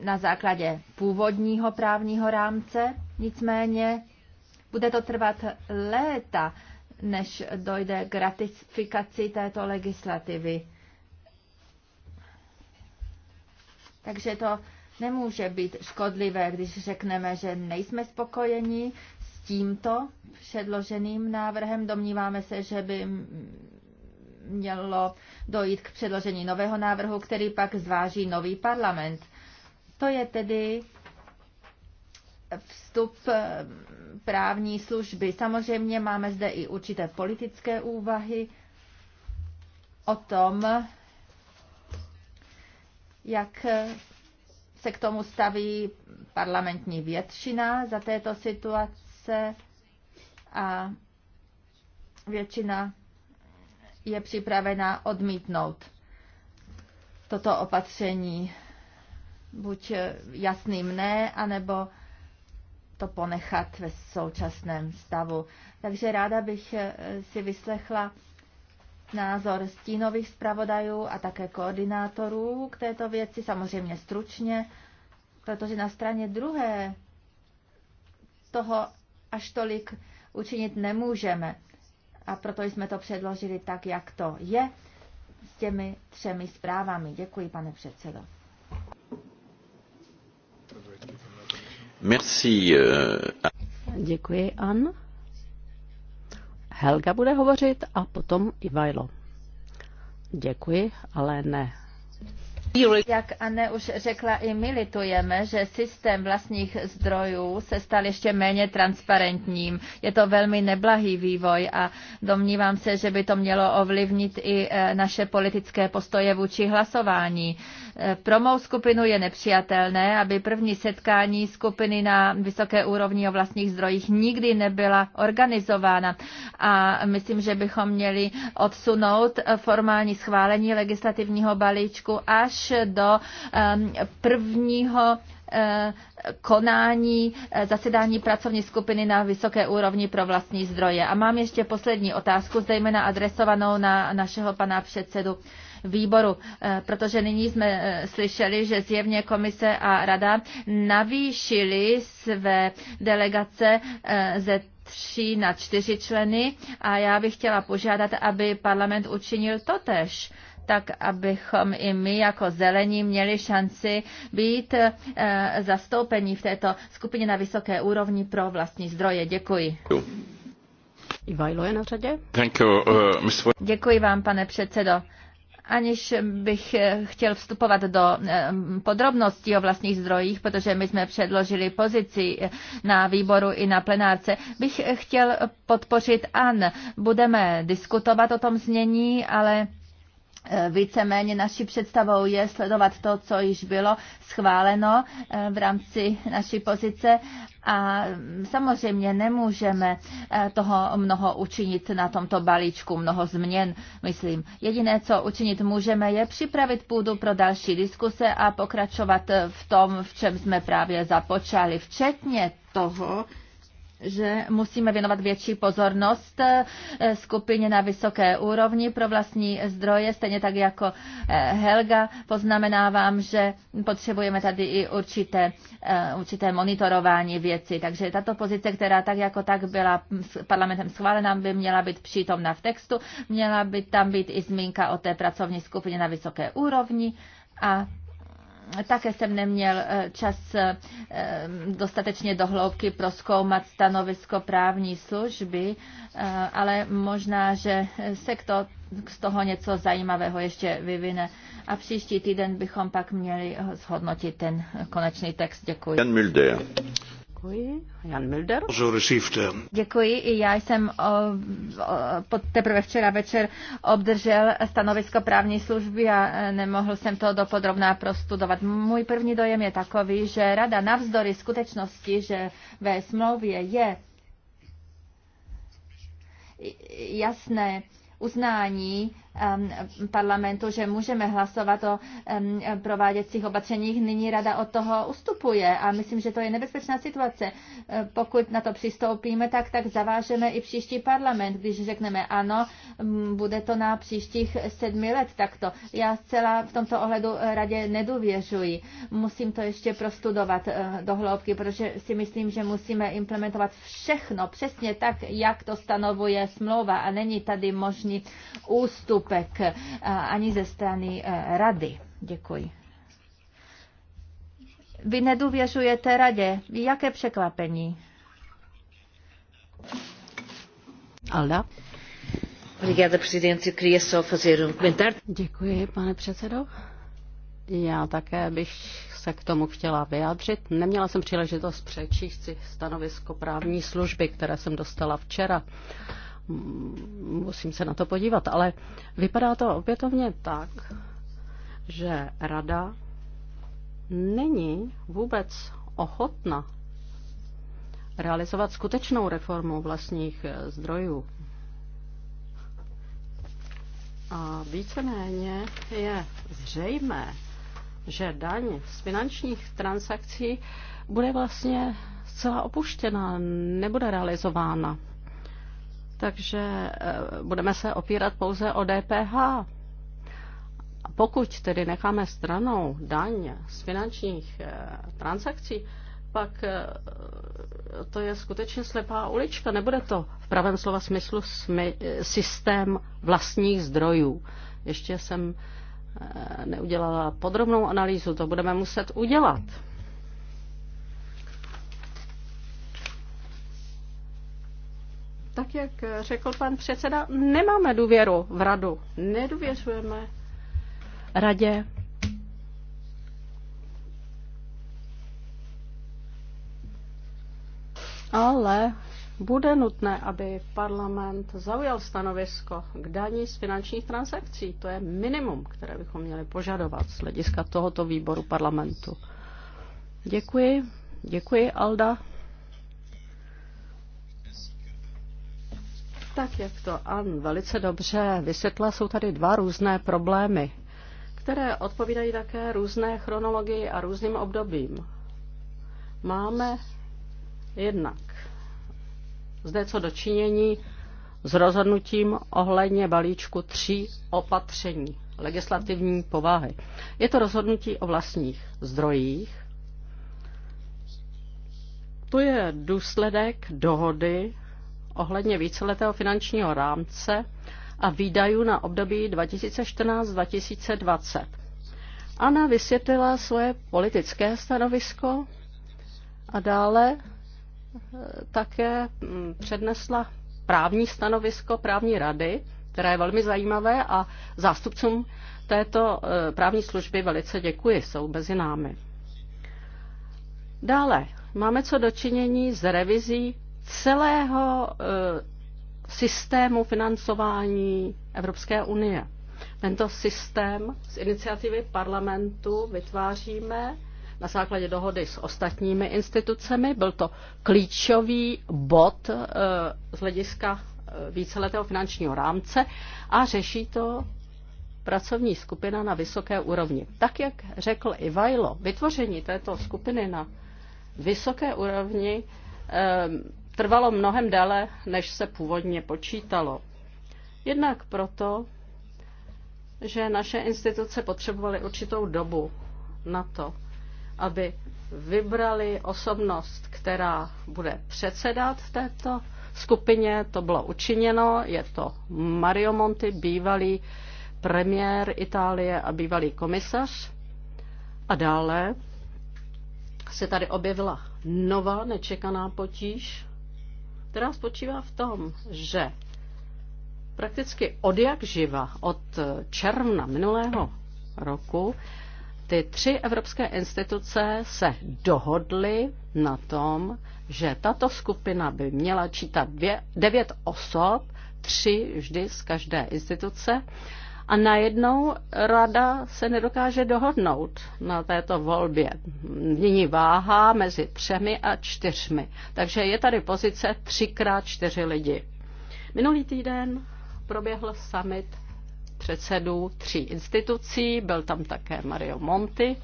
na základě původního právního rámce. Nicméně bude to trvat léta, než dojde k ratifikaci této legislativy. Takže to Nemůže být škodlivé, když řekneme, že nejsme spokojeni s tímto předloženým návrhem. Domníváme se, že by mělo dojít k předložení nového návrhu, který pak zváží nový parlament. To je tedy vstup eh, právní služby. Samozřejmě máme zde i určité politické úvahy o tom, jak se k tomu staví parlamentní většina za této situace a většina je připravena odmítnout toto opatření buď jasným ne, anebo to ponechat ve současném stavu. Takže ráda bych si vyslechla názor stínových zpravodajů a také koordinátorů k této věci, samozřejmě stručně, protože na straně druhé toho až tolik učinit nemůžeme. A proto jsme to předložili tak, jak to je, s těmi třemi zprávami. Děkuji, pane předsedo. Merci. Eh, Děkuji, Anne. Helga bude hovořit a potom Ivajlo. Děkuji, ale ne jak Anne už řekla, i my litujeme, že systém vlastních zdrojů se stal ještě méně transparentním. Je to velmi neblahý vývoj a domnívám se, že by to mělo ovlivnit i e, naše politické postoje vůči hlasování. E, Pro mou skupinu je nepřijatelné, aby první setkání skupiny na vysoké úrovni o vlastních zdrojích nikdy nebyla organizována. A myslím, že bychom měli odsunout formální schválení legislativního balíčku až až do ehm, prvního eh, konání eh, zasedání pracovní skupiny na vysoké úrovni pro vlastní zdroje. A mám ještě poslední otázku, zejména adresovanou na našeho pana předsedu výboru, eh, protože nyní jsme slyšeli, že zjevně komise a rada navýšili své delegace ze tří na čtyři členy a já bych chtěla požádat, aby parlament učinil totež tak abychom i my jako zelení měli šanci být eh, zastoupení v této skupině na vysoké úrovni pro vlastní zdroje. Děkuji. Ivajlo je na řadě. Uh, Děkuji vám, pane předsedo. Aniž bych eh, chtěl vstupovat do eh, podrobností o vlastních zdrojích, protože my jsme předložili pozici na výboru i na plenárce, bych chtěl podpořit AN. Budeme diskutovat o tom znění, ale Víceméně naší představou je sledovat to, co již bylo schváleno eh, v rámci naší pozice a mm, samozřejmě nemůžeme eh, toho mnoho učinit na tomto balíčku, mnoho změn, myslím. Jediné, co učinit můžeme, je připravit půdu pro další diskuse a pokračovat v tom, v čem jsme právě započali, včetně toho, že musíme věnovat větší pozornost eh, skupině na vysoké úrovni pro vlastní zdroje, stejně tak jako eh, Helga. Poznamenávám, že potřebujeme tady i určité, eh, určité monitorování věcí. Takže tato pozice, která tak jako tak byla parlamentem schválena, by měla být přítomna v textu, měla by tam být i zmínka o té pracovní skupině na vysoké úrovni a také jsem neměl eh, čas eh, dostatečně dohloubky proskoumat stanovisko právní služby, eh, ale možná, že se to, z toho něco zajímavého ještě vyvine. A příští týden bychom pak měli zhodnotit ten konečný text. Děkuji. Jan Mulder. Děkuji. Jan Milder. Um, Děkuji. I já jsem o, o, teprve včera večer obdržel stanovisko právní služby a e, nemohl jsem to dopodrobná prostudovat. Můj první dojem je takový, že rada navzdory skutečnosti, že ve smlouvě je jasné uznání Um, parlamentu, že můžeme hlasovat o um, prováděcích opatřeních. Nyní rada od toho ustupuje a myslím, že to je nebezpečná situace. Uh, pokud na to přistoupíme, tak, tak zavážeme i příští parlament. Když řekneme ano, bude to na příštích sedmi let takto. Já zcela v tomto ohledu radě nedůvěřuji. Musím to ještě prostudovat uh, do hloubky, protože si myslím, že musíme implementovat všechno přesně tak, jak to stanovuje smlouva a není tady možný ústup ústupek eh, ani ze strany eh, rady. Děkuji. Vy nedůvěřujete radě. Jaké překvapení? Alda. Um Děkuji, pane předsedo. Já také bych se k tomu chtěla vyjádřit. Neměla jsem příležitost přečíst si stanovisko právní služby, které jsem dostala včera. Uh, musím se na to podívat, ale vypadá to opětovně tak, že rada není vůbec ochotna realizovat skutečnou reformu vlastních eh, zdrojů. A víceméně je zřejmé, že daň z finančních transakcí bude vlastně zcela opuštěna, nebude realizována takže eh, budeme se opírat pouze o DPH. Pokud tedy necháme stranou daň z finančních eh, transakcí, pak eh, to je skutečně slepá ulička. Nebude to v pravém slova smyslu systém vlastních zdrojů. Ještě jsem neudělala podrobnou analýzu, to budeme muset udělat. tak jak řekl pan předseda, nemáme důvěru v radu. Nedůvěřujeme radě. Ale bude nutné, aby parlament zaujal stanovisko k daní z finančních transakcí. To je minimum, které bychom měli požadovat z hlediska tohoto výboru parlamentu. Děkuji. Děkuji, Alda. Tak, jak to An velice dobře vysvětla, jsou tady dva různé problémy, které odpovídají také různé chronologii a různým obdobím. Máme jednak zde co dočinění s rozhodnutím ohledně balíčku tří opatření legislativní povahy. Je to rozhodnutí o vlastních zdrojích. To je důsledek dohody ohledně víceletého finančního rámce a výdajů na období 2014-2020. Anna vysvětlila svoje politické stanovisko a dále eh, také mm, přednesla právní stanovisko právní rady, které je velmi zajímavé a zástupcům této eh, právní služby velice děkuji, jsou mezi námi. Dále máme co dočinění s revizí celého e, systému financování Evropské unie. Tento systém z iniciativy parlamentu vytváříme na základě dohody s ostatními institucemi. Byl to klíčový bod e, z hlediska e, víceletého finančního rámce a řeší to pracovní skupina na vysoké úrovni. Tak, jak řekl i Vajlo, vytvoření této skupiny na vysoké úrovni trvalo mnohem déle, než se původně počítalo. Jednak proto, že naše instituce potřebovaly určitou dobu na to, aby vybrali osobnost, která bude předsedat této skupině. To bylo učiněno, je to Mario Monti, bývalý premiér Itálie a bývalý komisař. A dále se tady objevila nová nečekaná potíž, která spočívá v tom, že prakticky od jak živa, od června minulého roku, ty tři evropské instituce se dohodly na tom, že tato skupina by měla čítat dvě, devět osob, tři vždy z každé instituce a najednou rada se nedokáže dohodnout na této volbě. Nyní váhá mezi třemi a čtyřmi. Takže je tady pozice třikrát čtyři lidi. Minulý týden proběhl summit předsedů tří institucí, byl tam také Mario Monti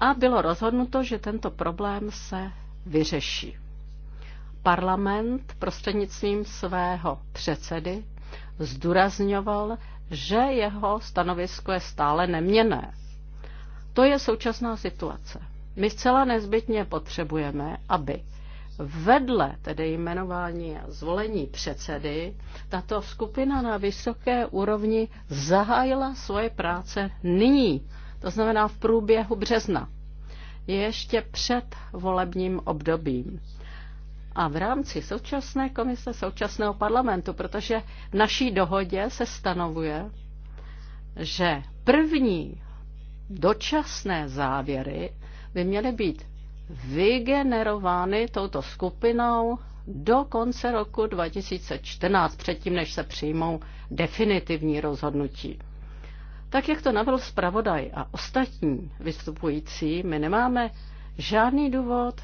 a bylo rozhodnuto, že tento problém se vyřeší. Parlament prostřednictvím svého předsedy zdůrazňoval, že jeho stanovisko je stále neměné. To je současná situace. My zcela nezbytně potřebujeme, aby vedle tedy jmenování a zvolení předsedy tato skupina na vysoké úrovni zahájila svoje práce nyní, to znamená v průběhu března, ještě před volebním obdobím a v rámci současné komise, současného parlamentu, protože v naší dohodě se stanovuje, že první dočasné závěry by měly být vygenerovány touto skupinou do konce roku 2014, předtím než se přijmou definitivní rozhodnutí. Tak, jak to navrhl zpravodaj a ostatní vystupující, my nemáme žádný důvod,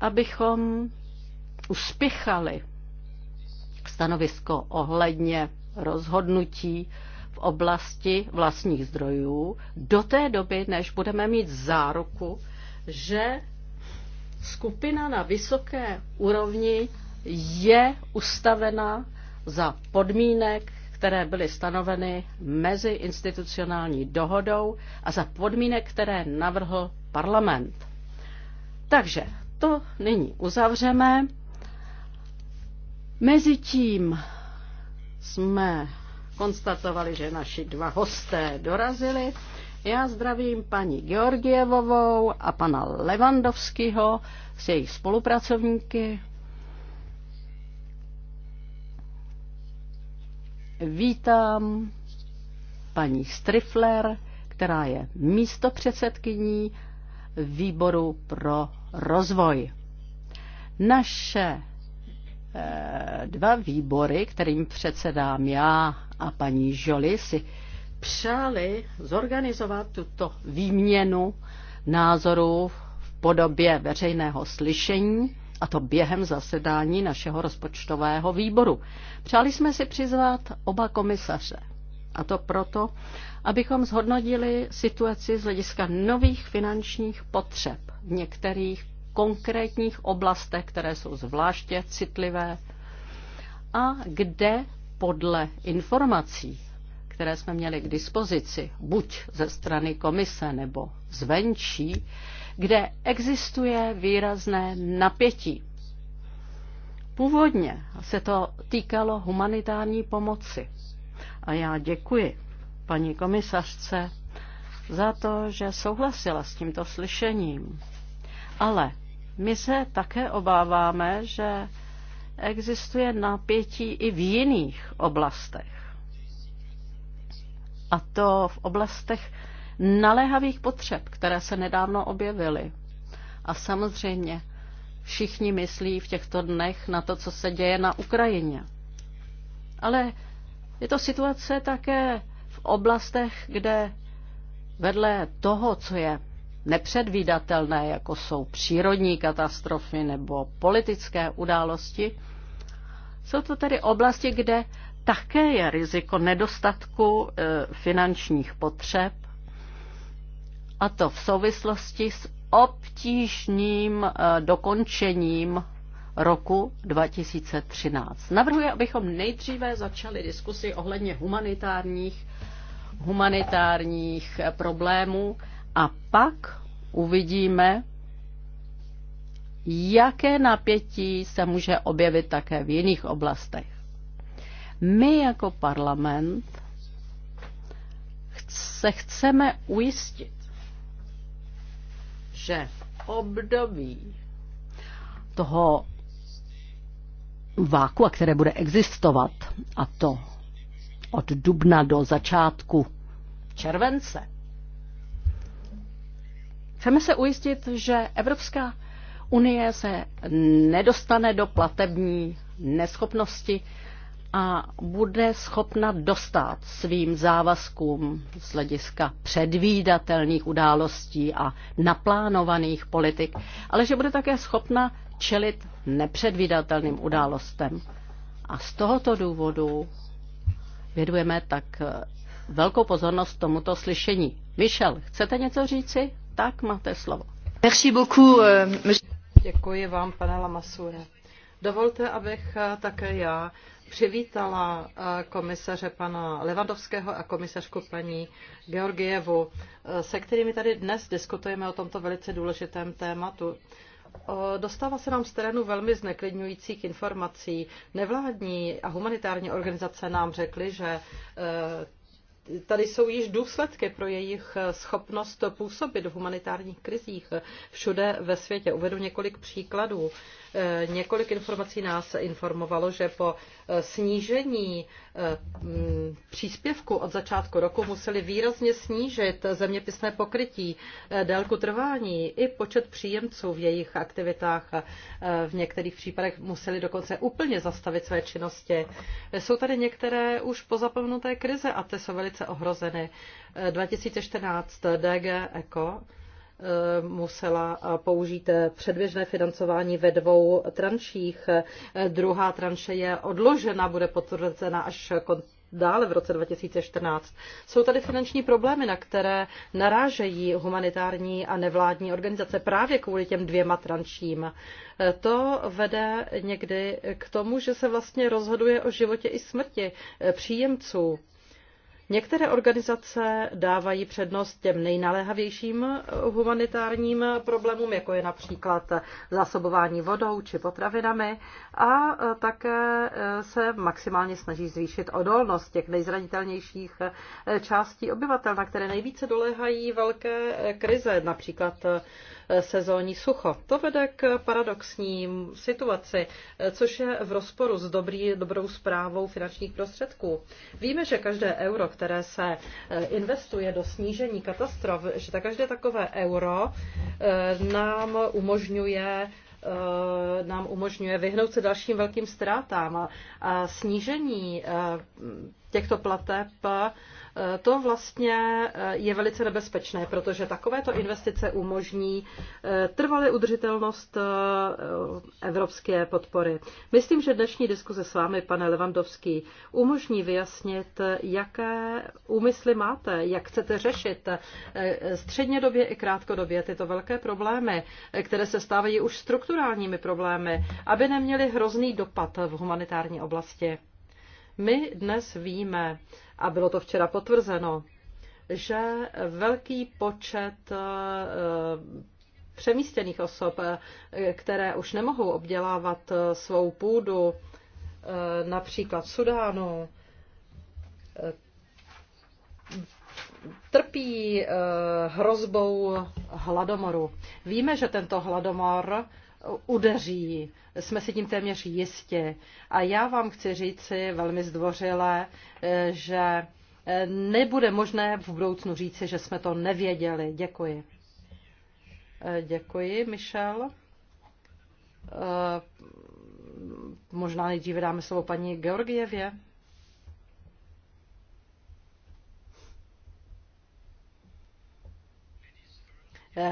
abychom uspěchali stanovisko ohledně rozhodnutí v oblasti vlastních zdrojů do té doby, než budeme mít záruku, že skupina na vysoké úrovni je ustavena za podmínek, které byly stanoveny mezi institucionální dohodou a za podmínek, které navrhl parlament. Takže to nyní uzavřeme. Mezitím jsme konstatovali, že naši dva hosté dorazili. Já zdravím paní Georgievovou a pana Levandovského s jejich spolupracovníky. Vítám paní Strifler, která je místopředsedkyní výboru pro rozvoj. Naše Eh, dva výbory, kterým předsedám já a paní Žoli, si přáli zorganizovat tuto výměnu názorů v podobě veřejného slyšení, a to během zasedání našeho rozpočtového výboru. Přáli jsme si přizvat oba komisaře. A to proto, abychom zhodnotili situaci z hlediska nových finančních potřeb některých konkrétních oblastech, které jsou zvláště citlivé a kde podle informací, které jsme měli k dispozici, buď ze strany komise nebo zvenčí, kde existuje výrazné napětí. Původně se to týkalo humanitární pomoci. A já děkuji paní komisařce za to, že souhlasila s tímto slyšením. Ale my se také obáváme, že existuje napětí i v jiných oblastech. A to v oblastech naléhavých potřeb, které se nedávno objevily. A samozřejmě všichni myslí v těchto dnech na to, co se děje na Ukrajině. Ale je to situace také v oblastech, kde vedle toho, co je nepředvídatelné, jako jsou přírodní katastrofy nebo politické události. Jsou to tedy oblasti, kde také je riziko nedostatku e, finančních potřeb, a to v souvislosti s obtížným e, dokončením roku 2013. Navrhuji, abychom nejdříve začali diskusi ohledně humanitárních, humanitárních e, problémů, a pak uvidíme, jaké napětí se může objevit také v jiných oblastech. My jako parlament se chceme ujistit, že období toho a které bude existovat, a to od dubna do začátku července, Chceme se ujistit, že Evropská unie se nedostane do platební neschopnosti a bude schopna dostat svým závazkům z hlediska předvídatelných událostí a naplánovaných politik, ale že bude také schopna čelit nepředvídatelným událostem. A z tohoto důvodu vědujeme tak velkou pozornost tomuto slyšení. Michel, chcete něco říci? tak máte slovo. Merci beaucoup. Euh, Děkuji vám, pane Lamassure. Dovolte, abych eh, také já přivítala eh, komisaře pana Levandovského a komisařku paní Georgievu, eh, se kterými tady dnes diskutujeme o tomto velice důležitém tématu. Dostává se nám z terénu velmi zneklidňujících informací. Nevládní a humanitární organizace nám řekly, že tady jsou již důsledky pro jejich schopnost působit v humanitárních krizích všude ve světě. Uvedu několik příkladů. Eh, několik informací nás informovalo, že po eh, snížení eh, mm, příspěvku od začátku roku museli výrazně snížit zeměpisné pokrytí, délku trvání i počet příjemců v jejich aktivitách. V některých případech museli dokonce úplně zastavit své činnosti. Jsou tady některé už pozapomenuté krize a ty jsou velice ohrozeny. 2014 DG ECO musela použít předběžné financování ve dvou tranších. Druhá tranše je odložena, bude potvrzena až dále v roce 2014. Jsou tady finanční problémy, na které narážejí humanitární a nevládní organizace právě kvůli těm dvěma trančím. To vede někdy k tomu, že se vlastně rozhoduje o životě i smrti příjemců Některé organizace dávají přednost těm nejnaléhavějším humanitárním problémům, jako je například zásobování vodou či potravinami, a také se maximálně snaží zvýšit odolnost těch nejzranitelnějších částí obyvatel, na které nejvíce doléhají velké krize, například sezónní sucho. To vede k paradoxní situaci, což je v rozporu s dobrý, dobrou zprávou finančních prostředků. Víme, že každé euro, které se eh, investuje do snížení katastrof, že ta každé takové euro eh, nám umožňuje eh, nám umožňuje vyhnout se dalším velkým ztrátám a snížení těchto plateb, eh, to vlastně eh, je velice nebezpečné, protože takovéto investice umožní eh, trvalé udržitelnost evropské podpory. Myslím, že dnešní diskuze s vámi, pane Levandovský, umožní vyjasnit, jaké úmysly máte, jak chcete řešit střednědobě i krátkodobě tyto velké problémy, které se stávají už strukturálními problémy, aby neměly hrozný dopad v humanitární oblasti. My dnes víme, a bylo to včera potvrzeno, že velký počet eh, přemístěných osob, eh, které už nemohou obdělávat eh, svou půdu, například v Sudánu, trpí hrozbou hladomoru. Víme, že tento hladomor udeří. Jsme si tím téměř jistě. A já vám chci říci velmi zdvořile, eh, že eh, nebude možné v budoucnu říci, že jsme to nevěděli. Děkuji. Eh, děkuji, Michel. Možná nejdříve dáme slovo paní Georgievě.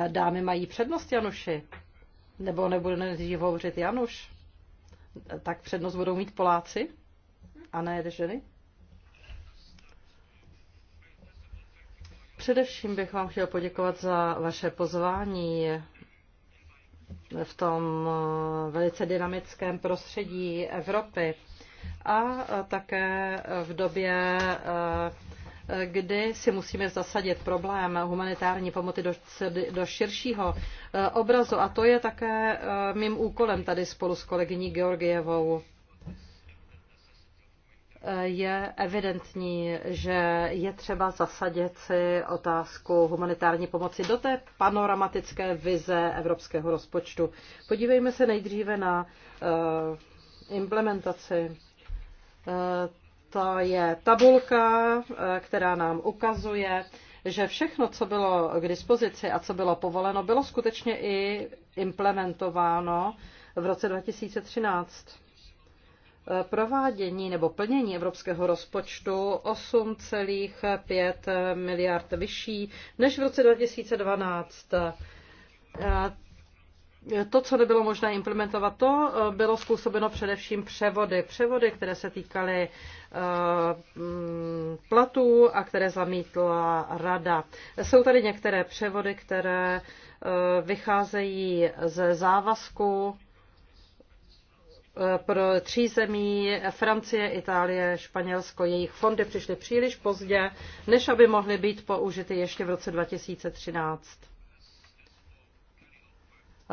Dámy mají přednost, Januši. Nebo nebude nejdřív hovořit Januš? Tak přednost budou mít Poláci? A ne ženy? Především bych vám chtěl poděkovat za vaše pozvání v tom eh, velice dynamickém prostředí Evropy a také v době eh, kdy si musíme zasadit problém humanitární pomoci do, širšího eh, obrazu. A to je také eh, mým úkolem tady spolu s kolegyní Georgievou eh, je evidentní, že je třeba zasadit si otázku humanitární pomoci do té panoramatické vize evropského rozpočtu. Podívejme se nejdříve na implementaci. To je tabulka, eh, která nám ukazuje, že všechno, co bylo k dispozici a co bylo povoleno, bylo skutečně i implementováno v roce 2013. Eh, provádění nebo plnění evropského rozpočtu 8,5 miliard vyšší než v roce 2012 to, co nebylo možné implementovat, to eh, bylo způsobeno především převody. Převody, které se týkaly eh, mm, platů a které zamítla rada. Jsou tady některé převody, které eh, vycházejí ze závazku pro tří zemí, Francie, Itálie, Španělsko, jejich fondy přišly příliš pozdě, než aby mohly být použity ještě v roce 2013.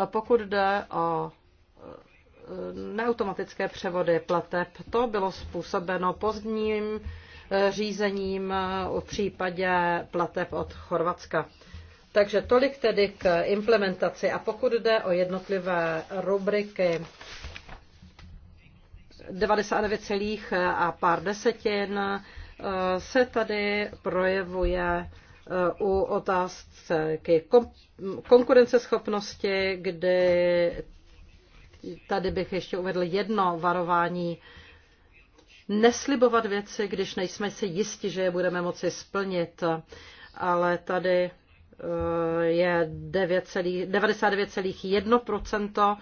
Pokud jde o e, neautomatické převody plateb, to bylo způsobeno pozdním e, řízením e, v případě plateb od Chorvatska. Takže tolik tedy k implementaci. A pokud jde o jednotlivé rubriky, 99 celých a pár desetin se tady projevuje u otázky konkurenceschopnosti, kdy tady bych ještě uvedl jedno varování. Neslibovat věci, když nejsme si jisti, že je budeme moci splnit, ale tady eh, je 99,1%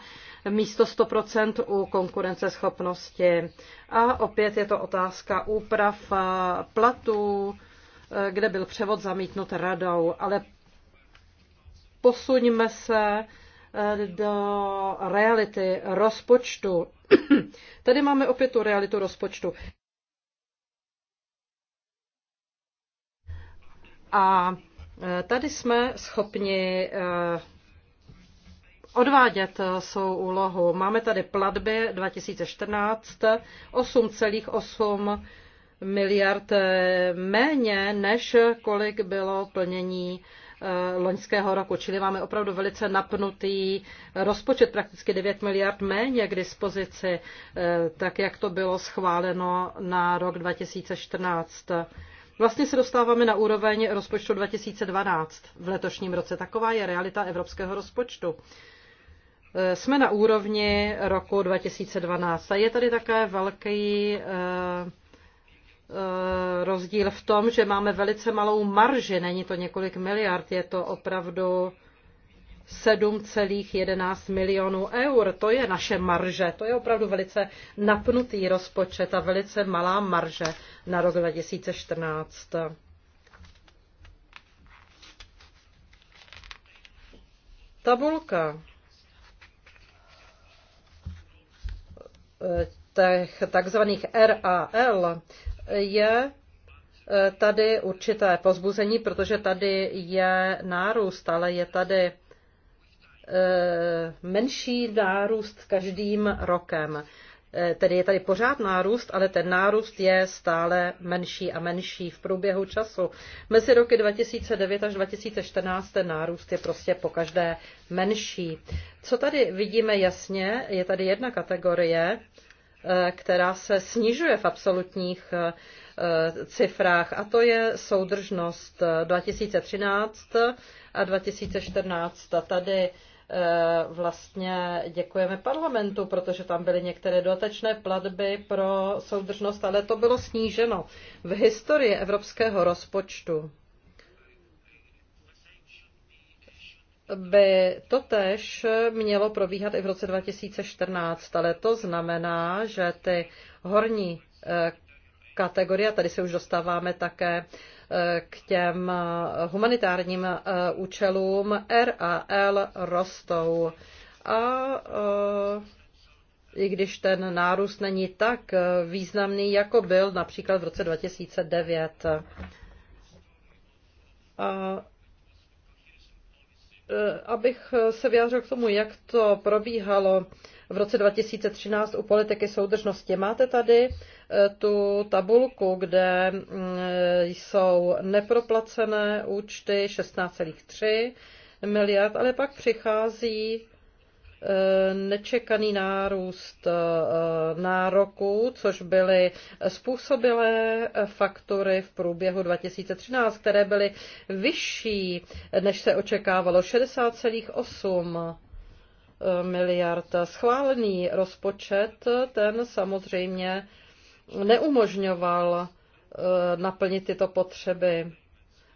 místo 100% u konkurenceschopnosti. A opět je to otázka úprav eh, platů, kde byl převod zamítnut radou, ale posuňme se eh, do reality rozpočtu. <clears throat> Tady máme opět tu realitu rozpočtu. A eh, tady jsme schopni eh, odvádět svou úlohu. Máme tady platby 2014 8,8 miliard eh, méně, než kolik bylo plnění eh, loňského roku. Čili máme opravdu velice napnutý rozpočet, prakticky 9 miliard méně k dispozici, eh, tak jak to bylo schváleno na rok 2014. Vlastně se dostáváme na úroveň rozpočtu 2012 v letošním roce. Taková je realita evropského rozpočtu. Jsme na úrovni roku 2012 a je tady také velký Eh, rozdíl v tom, že máme velice malou marži, není to několik miliard, je to opravdu 7,11 milionů eur. To je naše marže, to je opravdu velice napnutý rozpočet a velice malá marže na rok 2014. Tabulka eh, těch takzvaných RAL je eh, tady určité pozbuzení, protože tady je nárůst, ale je tady eh, menší nárůst každým rokem. Eh, tedy je tady pořád nárůst, ale ten nárůst je stále menší a menší v průběhu času. Mezi roky 2009 až 2014 ten nárůst je prostě po každé menší. Co tady vidíme jasně, je tady jedna kategorie, Eh, která se snižuje v absolutních eh, cifrách, a to je soudržnost 2013 eh, a 2014. A tady vlastně děkujeme parlamentu, protože tam byly některé dotačné platby pro soudržnost, ale to bylo sníženo v historii evropského rozpočtu. by totež mělo probíhat i v roce 2014, ale to znamená, že ty horní eh, kategorie, tady se už dostáváme také eh, k těm eh, humanitárním účelům, RAL rostou. A i když ten nárůst není tak významný, jako byl například v roce 2009. A Eh, abych eh, se vyjádřil k tomu, jak to probíhalo v roce 2013 u politiky soudržnosti. Máte tady eh, tu tabulku, kde mm, jsou neproplacené účty 16,3 miliard, ale pak přichází Eh, nečekaný nárůst eh, nároků, což byly způsobilé faktory v průběhu 2013, které byly vyšší, než se očekávalo 60,8 eh, miliard. Schválený rozpočet ten samozřejmě neumožňoval naplnit tyto potřeby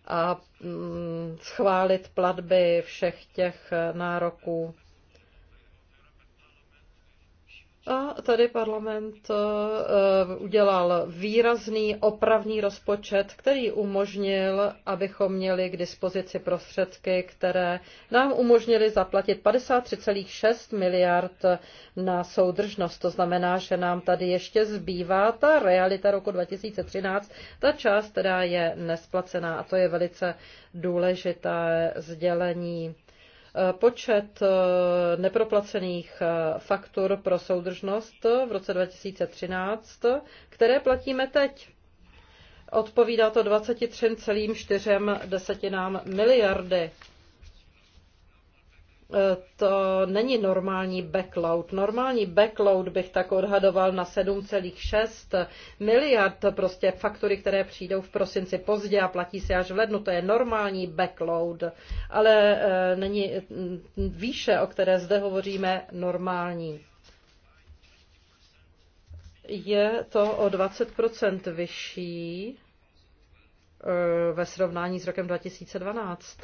a mm, schválit platby všech těch nároků. A tady parlament eh, udělal výrazný opravný rozpočet, který umožnil, abychom měli k dispozici prostředky, které nám umožnily zaplatit 53,6 miliard na soudržnost. To znamená, že nám tady ještě zbývá ta realita roku 2013, ta část, která je nesplacená a to je velice důležité sdělení. Eh, počet eh, neproplacených eh, faktur pro soudržnost v roce 2013, které platíme teď, odpovídá to 23,4 desetinám miliardy to není normální backload. Normální backload bych tak odhadoval na 7,6 miliard prostě faktury, které přijdou v prosinci pozdě a platí se až v lednu. To je normální backload, ale eh, není mm, výše, o které zde hovoříme, normální. Je to o 20 vyšší eh, ve srovnání s rokem 2012.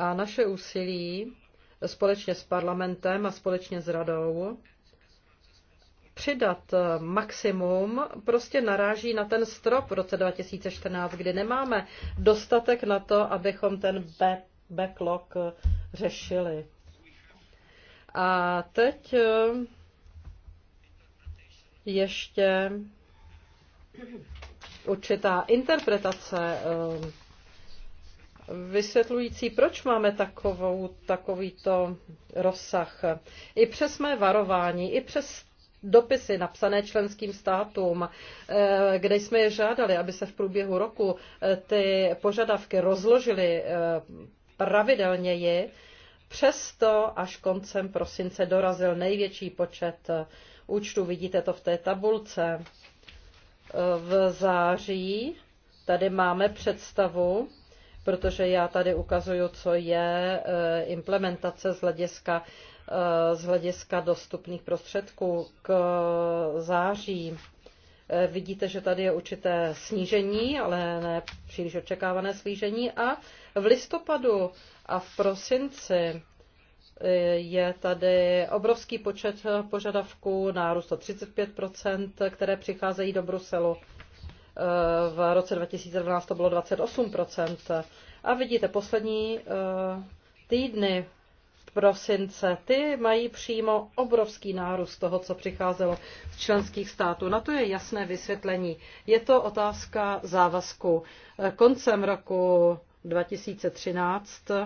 A naše úsilí společně s parlamentem a společně s radou přidat eh, maximum prostě naráží na ten strop v roce 2014, kdy nemáme dostatek na to, abychom ten backlog eh, řešili. A teď eh, ještě určitá interpretace vysvětlující, proč máme takovou, takovýto rozsah. I přes mé varování, i přes dopisy napsané členským státům, eh, kde jsme je žádali, aby se v průběhu roku eh, ty požadavky rozložily eh, pravidelněji, přesto až koncem prosince dorazil největší počet účtů. Vidíte to v té tabulce. V září tady máme představu protože já tady ukazuju, co je eh, implementace z hlediska, eh, z hlediska dostupných prostředků k eh, září. Vidíte, že tady je určité snížení, ale ne příliš očekávané snížení. A v listopadu a v prosinci je tady obrovský počet požadavků, nárůst o 35 které přicházejí do Bruselu v roce 2012 to bylo 28 A vidíte, poslední eh, týdny prosince, ty mají přímo obrovský nárůst toho, co přicházelo z členských států. Na to je jasné vysvětlení. Je to otázka závazku. Eh, koncem roku 2013 eh,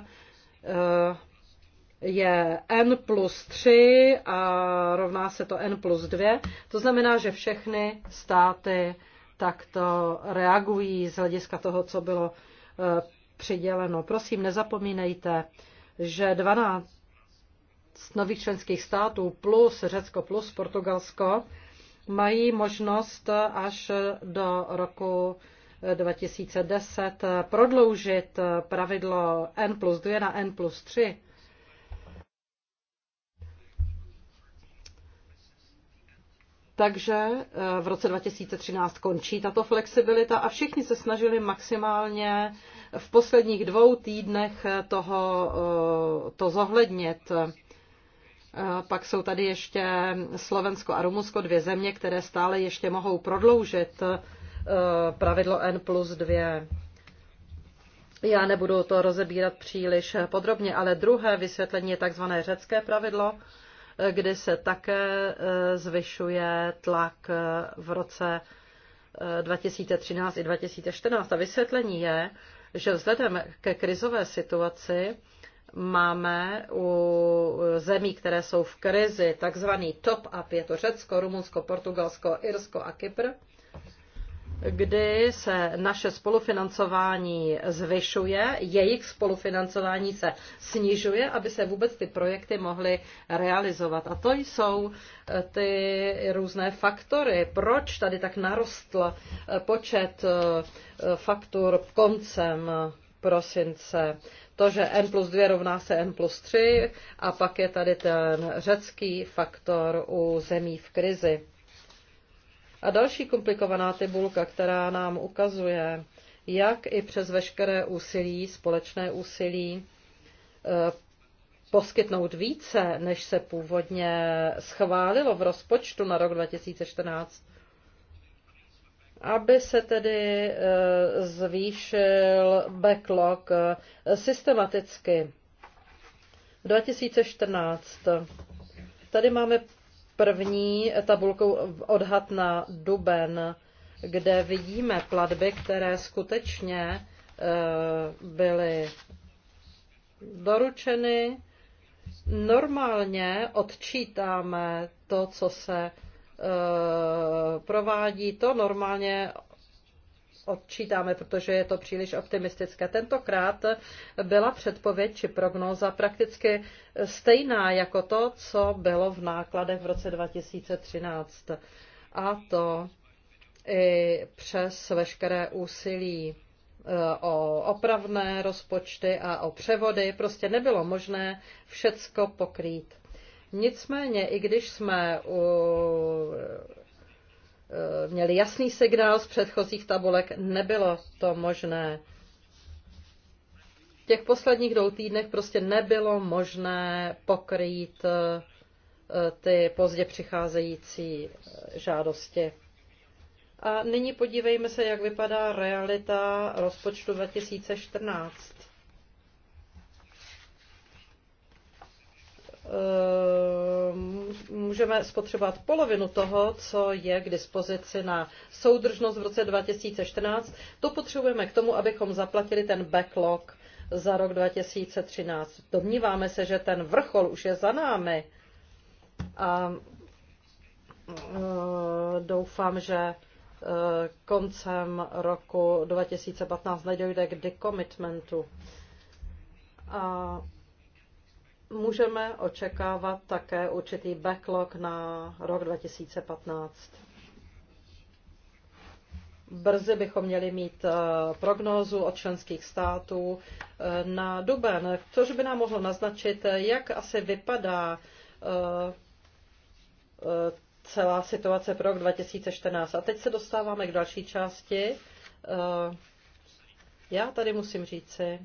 je n plus 3 a rovná se to n plus 2. To znamená, že všechny státy takto reagují z hlediska toho, co bylo e, přiděleno. Prosím, nezapomínejte, že 12 nových členských států plus Řecko plus Portugalsko mají možnost až do roku 2010 prodloužit pravidlo N plus 2 na N plus 3 Takže eh, v roce 2013 končí tato flexibilita a všichni se snažili maximálně v posledních dvou týdnech eh, toho, eh, to zohlednit. Pak jsou tady ještě Slovensko a Rumunsko, dvě země, které stále ještě mohou prodloužit pravidlo N plus 2. Já nebudu to rozebírat příliš podrobně, ale druhé vysvětlení je takzvané řecké pravidlo, kdy se také eh, zvyšuje tlak eh, v roce 2013 eh, i 2014. A vysvětlení je, že vzhledem ke krizové situaci máme u zemí, které jsou v krizi, takzvaný top-up, je to Řecko, Rumunsko, Portugalsko, Irsko a Kypr, kdy se naše spolufinancování zvyšuje, jejich spolufinancování se snižuje, aby se vůbec ty projekty mohly realizovat. A to jsou eh, ty různé faktory, proč tady tak narostl eh, počet eh, faktur koncem prosince. To, že n plus 2 rovná se n plus 3 a pak je tady ten řecký faktor u zemí v krizi. A další komplikovaná tabulka, která nám ukazuje, jak i přes veškeré úsilí, společné úsilí, eh, poskytnout více, než se původně schválilo v rozpočtu na rok 2014, aby se tedy eh, zvýšil backlog eh, systematicky. 2014. Tady máme první tabulkou odhad na duben, kde vidíme platby, které skutečně eh, byly doručeny. Normálně odčítáme to, co se eh, provádí, to normálně odčítáme, protože je to příliš optimistické. Tentokrát byla předpověď či prognóza prakticky stejná jako to, co bylo v nákladech v roce 2013. A to i přes veškeré úsilí eh, o opravné rozpočty a o převody. Prostě nebylo možné všecko pokrýt. Nicméně, i když jsme Eh, měli jasný signál z předchozích tabulek, nebylo to možné. V těch posledních dvou týdnech prostě nebylo možné pokrýt eh, ty pozdě přicházející eh, žádosti. A nyní podívejme se, jak vypadá realita rozpočtu 2014. Ehm, můžeme spotřebovat polovinu toho, co je k dispozici na soudržnost v roce 2014. To potřebujeme k tomu, abychom zaplatili ten backlog za rok 2013. Domníváme se, že ten vrchol už je za námi a ehm, doufám, že ehm, koncem roku 2015 nedojde k decommitmentu. A můžeme očekávat také určitý backlog na rok 2015. Brzy bychom měli mít eh, prognózu od členských států eh, na duben, což by nám mohlo naznačit, eh, jak asi vypadá celá situace pro rok 2014. A teď se dostáváme k další části. Já tady musím říci,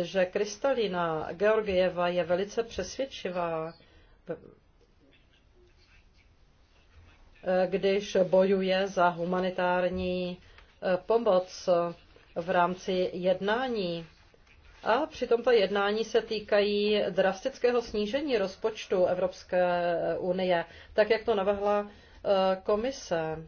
že Kristalina Georgieva je velice přesvědčivá, když bojuje za humanitární eh, pomoc v rámci jednání. A přitom ta jednání se týkají drastického snížení rozpočtu Evropské unie, tak jak to navrhla eh, komise.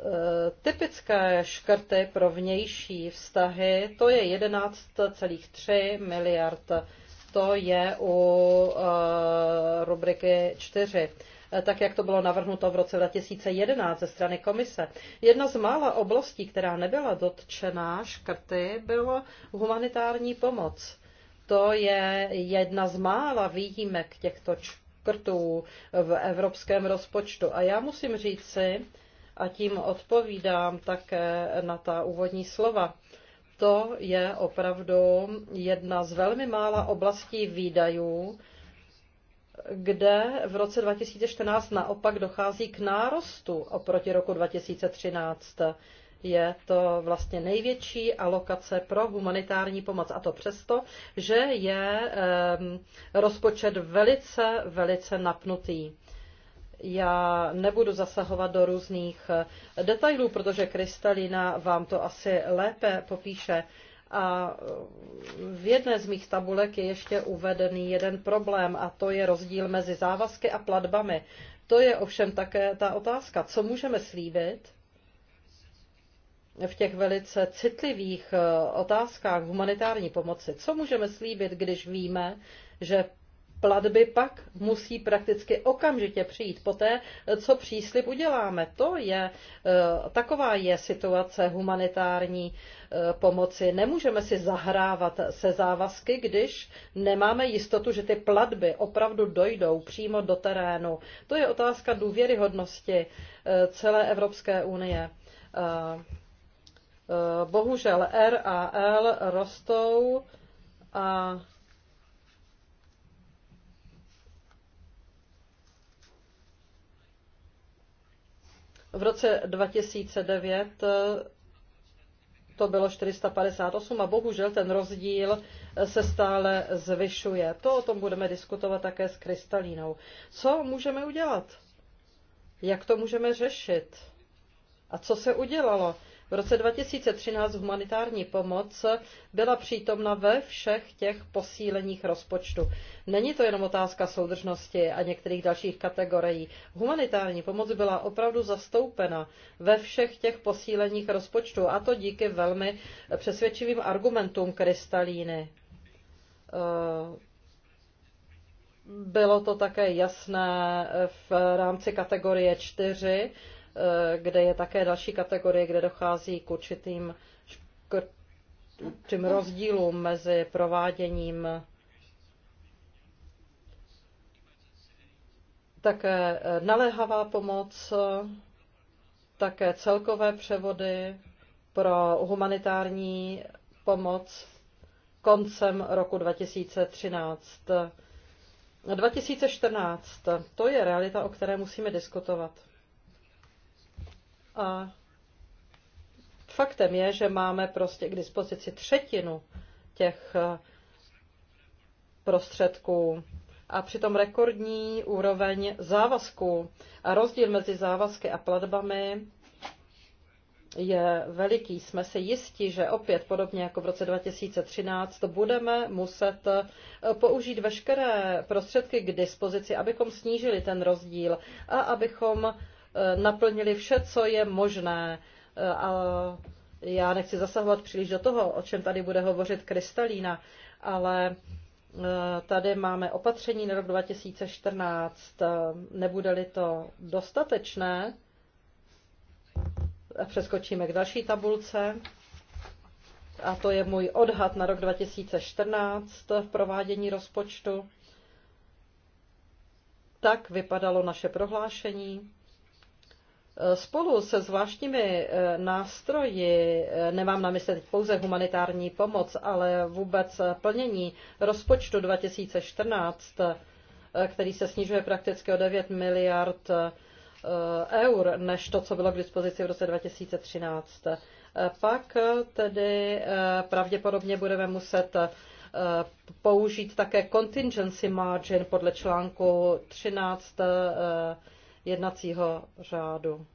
Eh, typické škrty pro vnější vztahy, to je 11,3 miliard. To je u eh, rubriky 4 eh, tak jak to bylo navrhnuto v roce 2011 ze strany komise. Jedna z mála oblastí, která nebyla dotčená škrty, bylo humanitární pomoc. To je jedna z mála výjimek těchto škrtů v evropském rozpočtu. A já musím říci, si, a tím odpovídám také na ta úvodní slova. To je opravdu jedna z velmi mála oblastí výdajů, kde v roce 2014 naopak dochází k nárostu oproti roku 2013. Je to vlastně největší alokace pro humanitární pomoc. A to přesto, že je ehm, rozpočet velice, velice napnutý. Já nebudu zasahovat do různých eh, detailů, protože Kristalina vám to asi lépe popíše. A eh, v jedné z mých tabulek je ještě uvedený jeden problém a to je rozdíl mezi závazky a platbami. To je ovšem také ta otázka, co můžeme slíbit v těch velice citlivých eh, otázkách humanitární pomoci. Co můžeme slíbit, když víme, že platby pak musí prakticky okamžitě přijít poté, co příslip uděláme. To je, e, taková je situace humanitární e, pomoci. Nemůžeme si zahrávat se závazky, když nemáme jistotu, že ty platby opravdu dojdou přímo do terénu. To je otázka důvěryhodnosti e, celé Evropské unie. Bohužel R a L rostou a V roce 2009 eh, to bylo 458 a bohužel ten rozdíl se stále zvyšuje. To o tom budeme diskutovat také s Krystalínou. Co můžeme udělat? Jak to můžeme řešit? A co se udělalo? V roce 2013 humanitární pomoc byla přítomna ve všech těch posíleních rozpočtu. Není to jenom otázka soudržnosti a některých dalších kategorií. Humanitární pomoc byla opravdu zastoupena ve všech těch posíleních rozpočtu a to díky velmi přesvědčivým argumentům Kristalíny eh, bylo to také jasné v rámci kategorie 4 Eh, kde je také další kategorie, kde dochází k určitým, k rozdílům mezi prováděním také eh, naléhavá pomoc, také celkové převody pro humanitární pomoc koncem roku 2013. 2014, to je realita, o které musíme diskutovat. A faktem je, že máme prostě k dispozici třetinu těch eh, prostředků a přitom rekordní úroveň závazků. A rozdíl mezi závazky a platbami je veliký. Jsme si jisti, že opět podobně jako v roce 2013 budeme muset eh, použít veškeré prostředky k dispozici, abychom snížili ten rozdíl a abychom Eh, naplnili vše, co je možné. Eh, a já nechci zasahovat příliš do toho, o čem tady bude hovořit Kristalína, ale eh, tady máme opatření na rok 2014. Nebude-li to dostatečné, přeskočíme k další tabulce. A to je můj odhad na rok 2014 v provádění rozpočtu. Tak vypadalo naše prohlášení. Spolu se zvláštními eh, nástroji, eh, nemám na mysli teď pouze humanitární pomoc, ale vůbec plnění rozpočtu 2014, eh, který se snižuje prakticky o 9 miliard eur, než to, co bylo k dispozici v roce 2013. Pak tedy pravděpodobně budeme muset použít také contingency margin podle článku 13 jednacího řádu.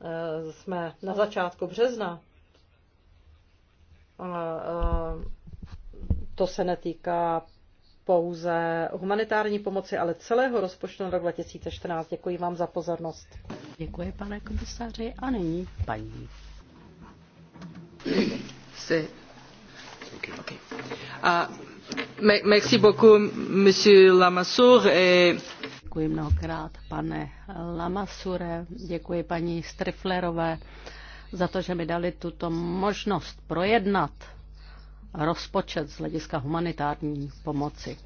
Eh, jsme na začátku března. Eh, to se netýká pouze humanitární pomoci, ale celého rozpočtu na rok 2014. Děkuji vám za pozornost. Děkuji, pane komisaři. A nyní paní. Se. Okay. Okay. A, merci beaucoup, monsieur Lamassoure. Et... Děkuji mnohokrát, pane Lamasure, děkuji paní Striflerové za to, že mi dali tuto možnost projednat rozpočet z hlediska humanitární pomoci.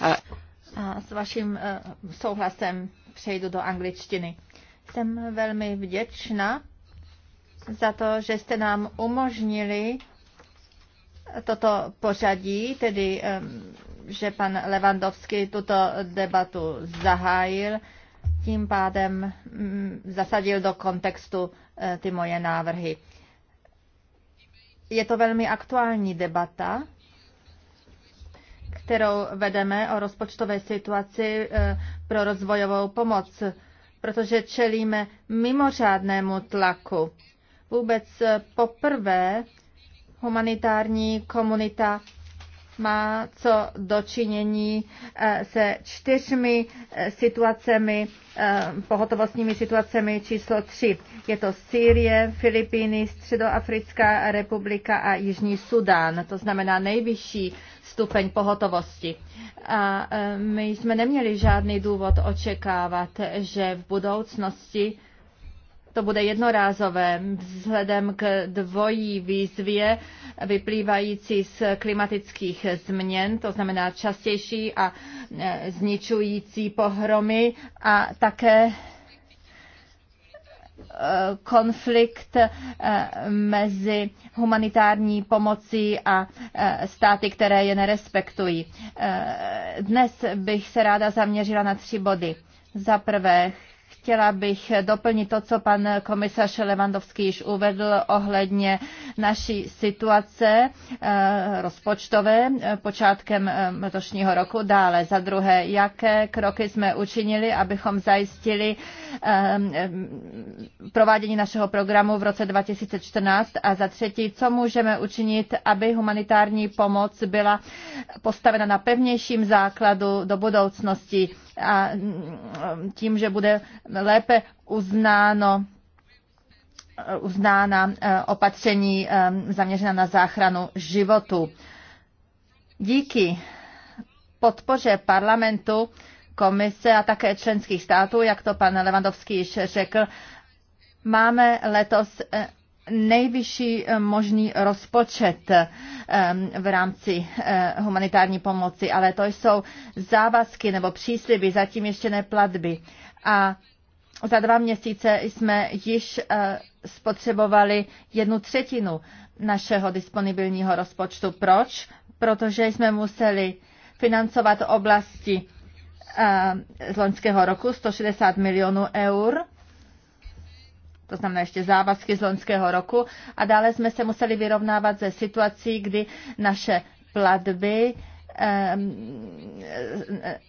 A s vaším eh, souhlasem přejdu do angličtiny. Jsem velmi vděčná za to, že jste nám umožnili toto pořadí, tedy že pan Levandovský tuto debatu zahájil, tím pádem mm, zasadil do kontextu e, ty moje návrhy. Je to velmi aktuální debata, kterou vedeme o rozpočtové situaci e, pro rozvojovou pomoc, protože čelíme mimořádnému tlaku. Vůbec e, poprvé humanitární komunita má co dočinění eh, se čtyřmi eh, situacemi, eh, pohotovostními situacemi číslo tři. Je to Sýrie, Filipíny, Středoafrická republika a Jižní Sudán. To znamená nejvyšší stupeň pohotovosti. A my jsme neměli žádný důvod očekávat, že v budoucnosti to bude jednorázové vzhledem k dvojí výzvě vyplývající z klimatických změn, to znamená častější a e, zničující pohromy a také e, konflikt e, mezi humanitární pomocí a státy, které je nerespektují. Dnes bych se ráda zaměřila na tři body. Za prvé, Chtěla bych doplnit to, co pan komisař Levandovský již uvedl ohledně naší situace eh, rozpočtové eh, počátkem eh, letošního roku. Dále za druhé, jaké kroky jsme učinili, abychom zajistili provádění našeho programu v roce 2014 a za třetí, co můžeme učinit, aby humanitární pomoc byla postavena na pevnějším základu do budoucnosti a mm, tím, že bude lépe uznáno uznána e, opatření e, zaměřená na záchranu životu. Díky podpoře parlamentu, komise a také členských států, jak to pan Levandovský již řekl, máme letos e, nejvyšší eh, možný rozpočet eh, v rámci eh, humanitární pomoci, ale to jsou závazky nebo přísliby, zatím ještě neplatby. A za dva měsíce jsme již spotřebovali jednu třetinu našeho disponibilního rozpočtu. Proč? Protože jsme museli financovat oblasti z loňského roku 160 milionů eur to znamená ještě závazky z loňského roku. A dále jsme se museli vyrovnávat ze situací, kdy naše platby Ehm,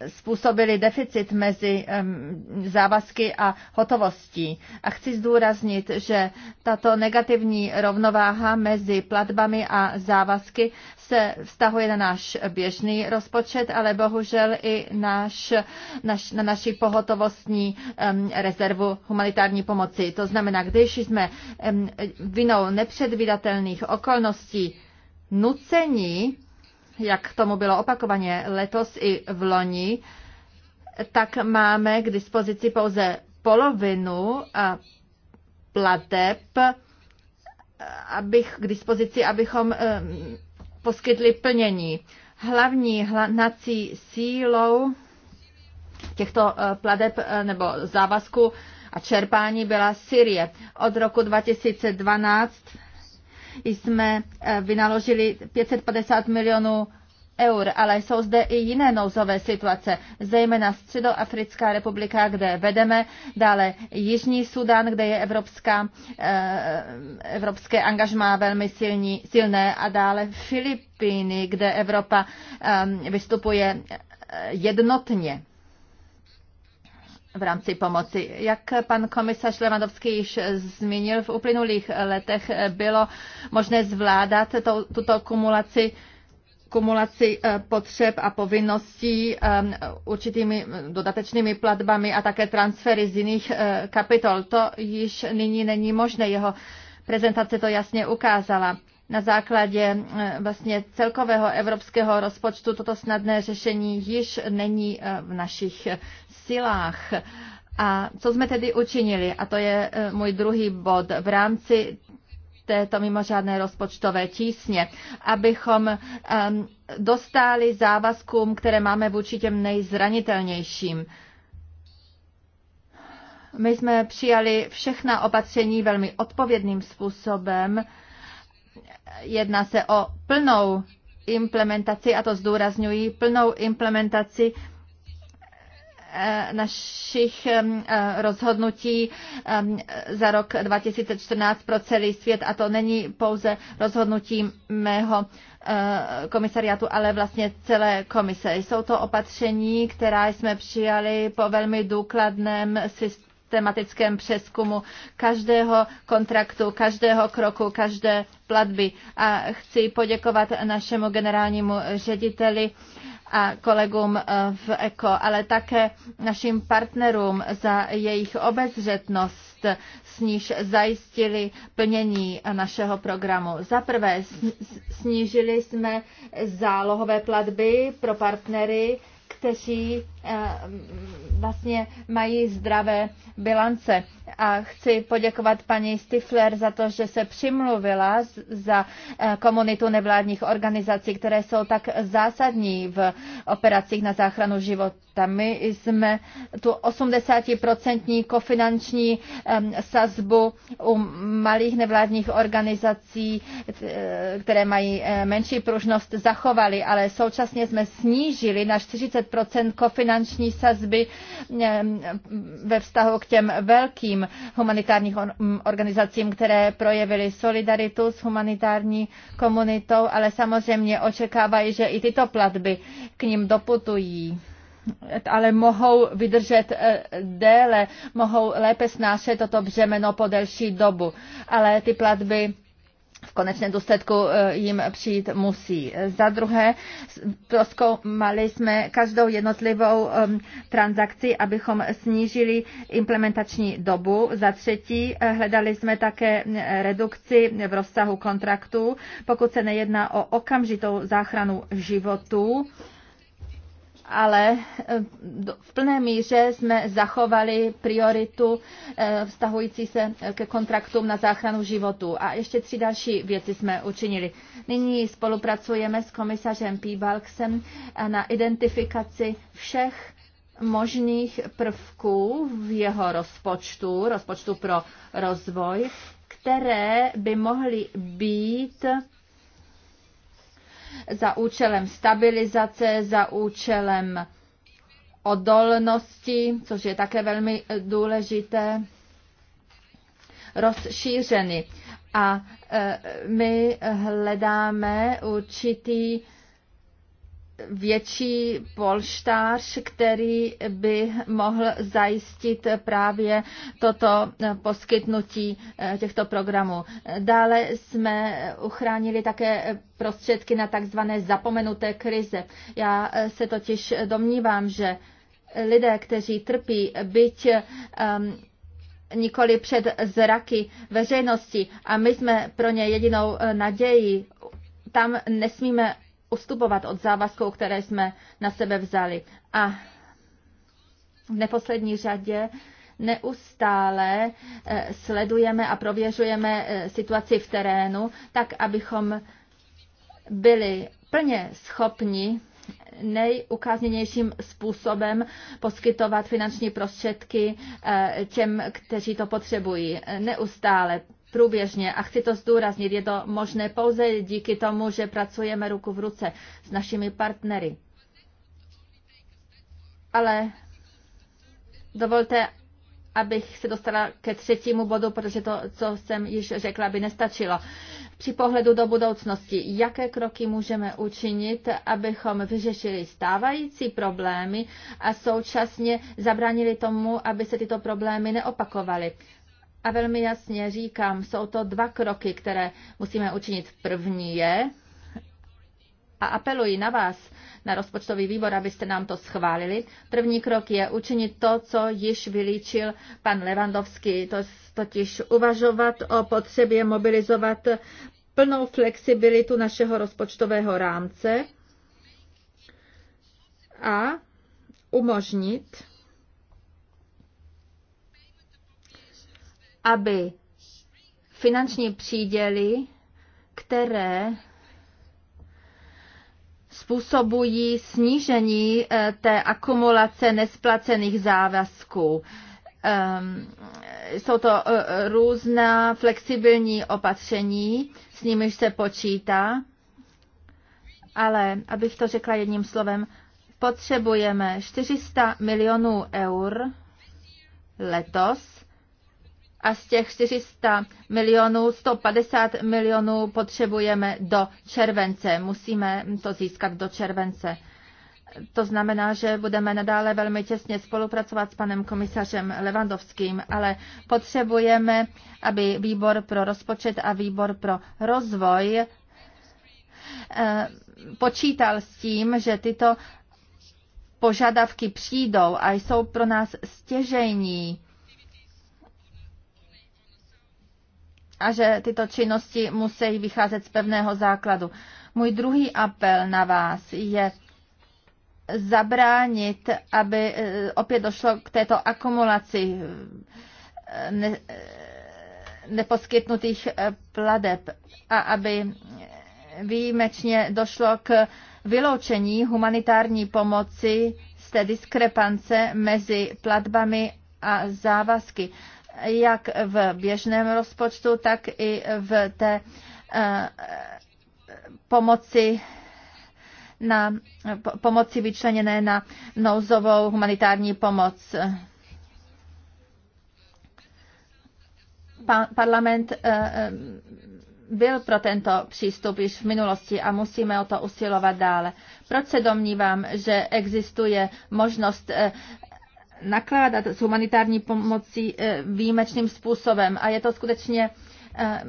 způsobily deficit mezi ehm, závazky a hotovostí. A chci zdůraznit, že tato negativní rovnováha mezi platbami a závazky se vztahuje na náš běžný rozpočet, ale bohužel i naš, naš, na naši pohotovostní ehm, rezervu humanitární pomoci. To znamená, když jsme vinou nepředvídatelných okolností nucení jak tomu bylo opakovaně letos i v loni, tak máme k dispozici pouze polovinu plateb abych, k dispozici, abychom e, poskytli plnění. Hlavní hnací sílou těchto e, pladeb e, nebo závazku a čerpání byla Syrie. Od roku 2012 jsme eh, vynaložili 550 milionů eur, ale jsou zde i jiné nouzové situace, zejména Středoafrická republika, kde vedeme, dále Jižní Sudan, kde je evropská, eh, evropské angažmá velmi silní, silné a dále Filipíny, kde Evropa eh, vystupuje jednotně v rámci pomoci. Jak pan komisař Levandovský již zmínil, v uplynulých letech bylo možné zvládat to, tuto kumulaci kumulaci eh, potřeb a povinností eh, určitými dodatečnými platbami a také transfery z jiných eh, kapitol. To již nyní není možné. Jeho prezentace to jasně ukázala na základě eh, vlastně celkového evropského rozpočtu toto snadné řešení již není eh, v našich eh, silách. A co jsme tedy učinili, a to je můj druhý bod, v rámci této mimořádné rozpočtové tísně, abychom um, ehm, dostali závazkům, které máme vůči těm nejzranitelnějším. My jsme přijali všechna opatření velmi odpovědným způsobem, Jedná se o plnou implementaci, a to zdůrazňuji, plnou implementaci eh, našich eh, rozhodnutí eh, za rok 2014 pro celý svět a to není pouze rozhodnutí mého komisariatu, ale vlastně celé komise. Jsou to opatření, která jsme přijali po velmi důkladném systematickém přeskumu každého kontraktu, každého kroku, každé platby. A chci poděkovat našemu generálnímu řediteli a kolegům eh, v ECO, ale také našim partnerům za jejich obezřetnost, s níž zajistili plnění našeho programu. Za prvé, snížili jsme zálohové platby pro partnery, kteří Eh, mm, vlastně mají zdravé bilance. A chci poděkovat paní Stifler za to, že se přimluvila za eh, komunitu nevládních organizací, které jsou tak zásadní v operacích na záchranu života. My jsme tu 80% kofinanční sazbu u malých nevládních organizací, eh, které mají menší pružnost, zachovali, ale současně jsme snížili na 40% kofinanční finanční sazby eh, ve vztahu k těm velkým humanitárním mm, organizacím, které projevily solidaritu s humanitární komunitou, ale samozřejmě očekávají, že i tyto platby k ním doputují ale mohou vydržet eh, déle, mohou lépe snášet toto břemeno po delší dobu. Ale ty platby v konečném důsledku eh, jim přijít musí. Za druhé, proskoumali jsme každou jednotlivou transakci, abychom snížili implementační dobu. Za třetí, eh, hledali jsme také mm, redukci v rozsahu kontraktu, pokud se nejedná o okamžitou záchranu životů ale eh, v plné míře jsme zachovali prioritu eh, vztahující se eh, ke kontraktům na záchranu životu. A ještě tři další věci jsme učinili. Nyní spolupracujeme s komisařem Píbalksem na identifikaci všech možných prvků v jeho rozpočtu, rozpočtu pro rozvoj, které by mohly být za účelem stabilizace, za účelem odolnosti, což je také velmi důležité, rozšířeny. A e, my hledáme určitý větší polštář, který by mohl zajistit právě toto poskytnutí eh, těchto programů. Dále jsme uchránili také prostředky na takzvané zapomenuté krize. Já eh, se totiž domnívám, že lidé, kteří trpí, byť um, nikoli před zraky veřejnosti a my jsme pro ně jedinou eh, naději, tam nesmíme ustupovat od závazků, které jsme na sebe vzali. A v neposlední řadě neustále eh, sledujeme a prověřujeme eh, situaci v terénu, tak abychom byli plně schopni nejukázněnějším způsobem poskytovat finanční prostředky eh, těm, kteří to potřebují. Neustále průběžně. A chci to zdůraznit, je to možné pouze díky tomu, že pracujeme ruku v ruce s našimi partnery. Ale dovolte, abych se dostala ke třetímu bodu, protože to, co jsem již řekla, by nestačilo. Při pohledu do budoucnosti, jaké kroky můžeme učinit, abychom vyřešili stávající problémy a současně zabránili tomu, aby se tyto problémy neopakovaly a velmi jasně říkám, jsou to dva kroky, které musíme učinit. První je, a apeluji na vás, na rozpočtový výbor, abyste nám to schválili. První krok je učinit to, co již vylíčil pan Levandovský, to totiž uvažovat o potřebě mobilizovat plnou flexibilitu našeho rozpočtového rámce a umožnit aby finanční příděly, které způsobují snížení eh, té akumulace nesplacených závazků. Ehm, jsou to eh, různá flexibilní opatření, s nimiž se počítá, ale abych to řekla jedním slovem, potřebujeme 400 milionů eur letos a z těch 400 milionů 150 milionů potřebujeme do července. Musíme to získat do července. To znamená, že budeme nadále velmi těsně spolupracovat s panem komisařem Levandovským, ale potřebujeme, aby výbor pro rozpočet a výbor pro rozvoj eh, počítal s tím, že tyto požadavky přijdou a jsou pro nás stěžení. a že tyto činnosti musí vycházet z pevného základu. Můj druhý apel na vás je zabránit, aby eh, opět došlo k této akumulaci eh, eh, neposkytnutých pladeb a aby výjimečně došlo k vyloučení humanitární pomoci z té diskrepance mezi platbami a závazky jak v běžném rozpočtu, tak i v té eh, pomoci na pomoci vyčleněné na nouzovou humanitární pomoc. Pa, parlament eh, eh, byl pro tento přístup již v minulosti a musíme o to usilovat dále. Proč se domnívám, že existuje možnost nakládat s humanitární pomocí eh, výjimečným způsobem. A je to skutečně eh,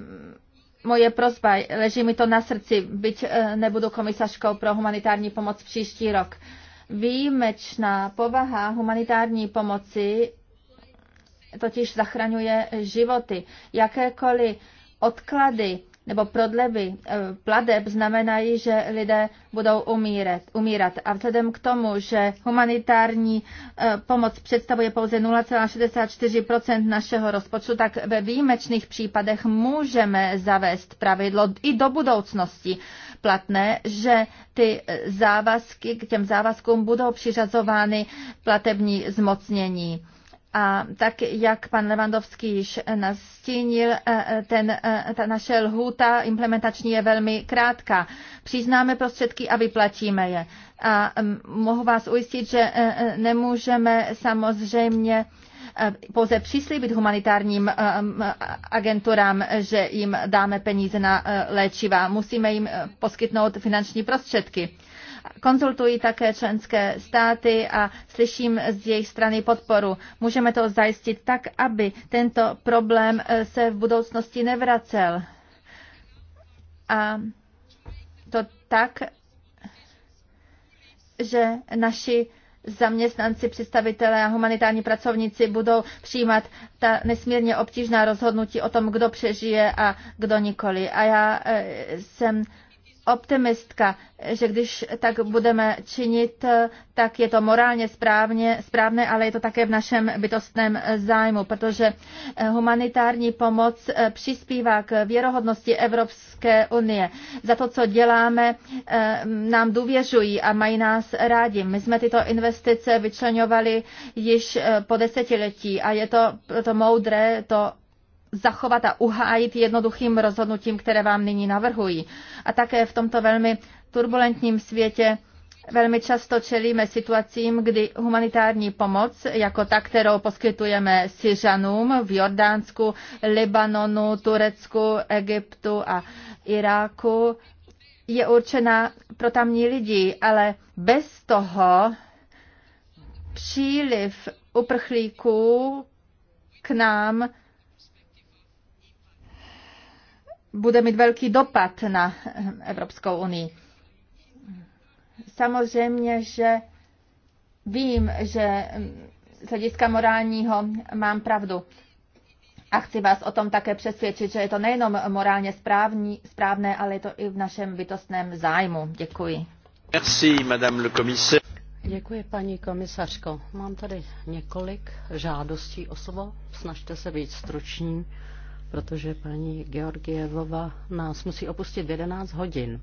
moje prozba, leží mi to na srdci, byť eh, nebudu komisařkou pro humanitární pomoc příští rok. Výjimečná povaha humanitární pomoci totiž zachraňuje životy. Jakékoliv odklady nebo prodlevy eh, pladeb znamenají, že lidé budou umírat. umírat. A vzhledem k tomu, že humanitární eh, pomoc představuje pouze 0,64 našeho rozpočtu, tak ve výjimečných případech můžeme zavést pravidlo i do budoucnosti platné, že ty eh, závazky k těm závazkům budou přiřazovány platební zmocnění. A tak, jak pan Levandovský již nastínil, eh, eh, ten, eh, ta naše lhůta implementační je velmi krátká. Přiznáme prostředky a vyplatíme je. A mm, mohu vás ujistit, že nemůžeme samozřejmě Eh, pouze přislíbit humanitárním eh, agenturám, že jim dáme peníze na eh, léčiva. Musíme jim poskytnout finanční prostředky. Konzultují také členské státy a slyším z jejich strany podporu. Můžeme to zajistit tak, aby tento problém se v budoucnosti nevracel. A to tak, že naši zaměstnanci, představitelé a humanitární pracovníci budou přijímat ta nesmírně obtížná rozhodnutí o tom, kdo přežije a kdo nikoli. A já eh, jsem optimistka, že když tak budeme činit, tak je to morálně správně, správné, ale je to také v našem bytostném zájmu, protože humanitární pomoc eh, přispívá k věrohodnosti Evropské unie. Za to, co děláme, eh, nám důvěřují a mají nás rádi. My jsme tyto investice vyčlenovali již eh, po desetiletí a je to, to moudré to zachovat a uhájit jednoduchým rozhodnutím, které vám nyní navrhují. A také v tomto velmi turbulentním světě velmi často čelíme situacím, kdy humanitární pomoc, jako ta, kterou poskytujeme Syřanům v Jordánsku, Libanonu, Turecku, Egyptu a Iráku, je určena pro tamní lidi, ale bez toho příliv uprchlíků k nám bude mít velký dopad na Evropskou unii. Samozřejmě, že vím, že z hlediska morálního mám pravdu. A chci vás o tom také přesvědčit, že je to nejenom morálně správní, správné, ale je to i v našem bytostném zájmu. Děkuji. Merci, madame le commissaire. Děkuji, paní komisařko. Mám tady několik žádostí o slovo. Snažte se být struční protože paní Georgievova nás musí opustit v 11 hodin.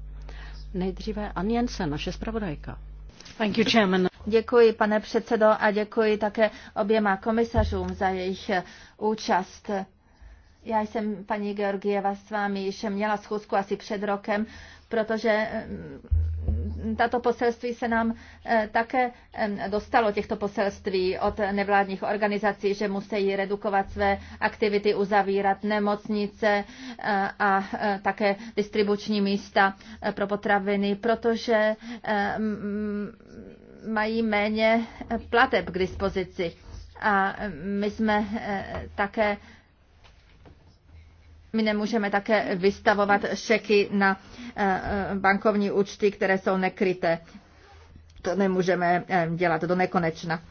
Nejdříve Ann naše zpravodajka. Thank you, Chairman. Děkuji, pane předsedo, a děkuji také oběma komisařům za jejich účast. Já jsem, paní Georgieva, s vámi již měla schůzku asi před rokem protože mm, tato poselství se nám eh, také dostalo těchto poselství od nevládních organizací, že musí redukovat své aktivity, uzavírat nemocnice eh, a eh, také distribuční místa pro potraviny, protože mají méně plateb k dispozici. A my jsme také my nemůžeme také vystavovat šeky na eh, eh, bankovní účty, které jsou nekryté. To nemůžeme eh, dělat do nekonečna.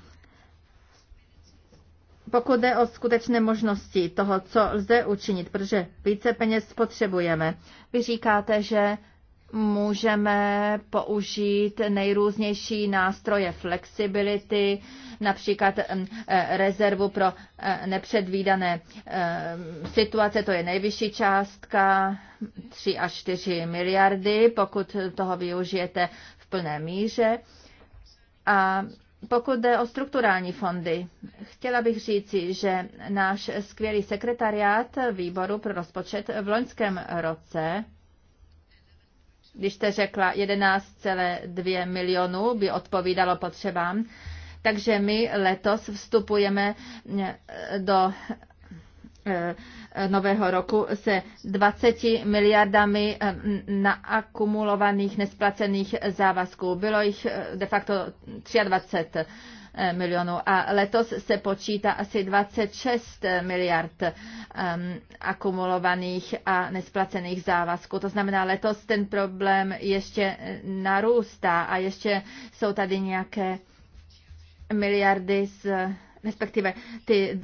Pokud jde o skutečné možnosti toho, co lze učinit, protože více peněz potřebujeme, vy říkáte, že můžeme použít nejrůznější nástroje flexibility, například eh, rezervu pro eh, nepředvídané eh, situace, to je nejvyšší částka 3 až 4 miliardy, pokud toho využijete v plné míře. A pokud jde o strukturální fondy, chtěla bych říci, že náš skvělý sekretariát výboru pro rozpočet v loňském roce když jste řekla 11,2 milionů by odpovídalo potřebám, takže my letos vstupujeme eh, do eh, nového roku se 20 miliardami eh, naakumulovaných nesplacených závazků. Bylo jich de facto 23 milionů a letos se počítá asi 26 miliard um, akumulovaných a nesplacených závazků. To znamená, letos ten problém ještě eh, narůstá a ještě jsou tady nějaké miliardy z, respektive ty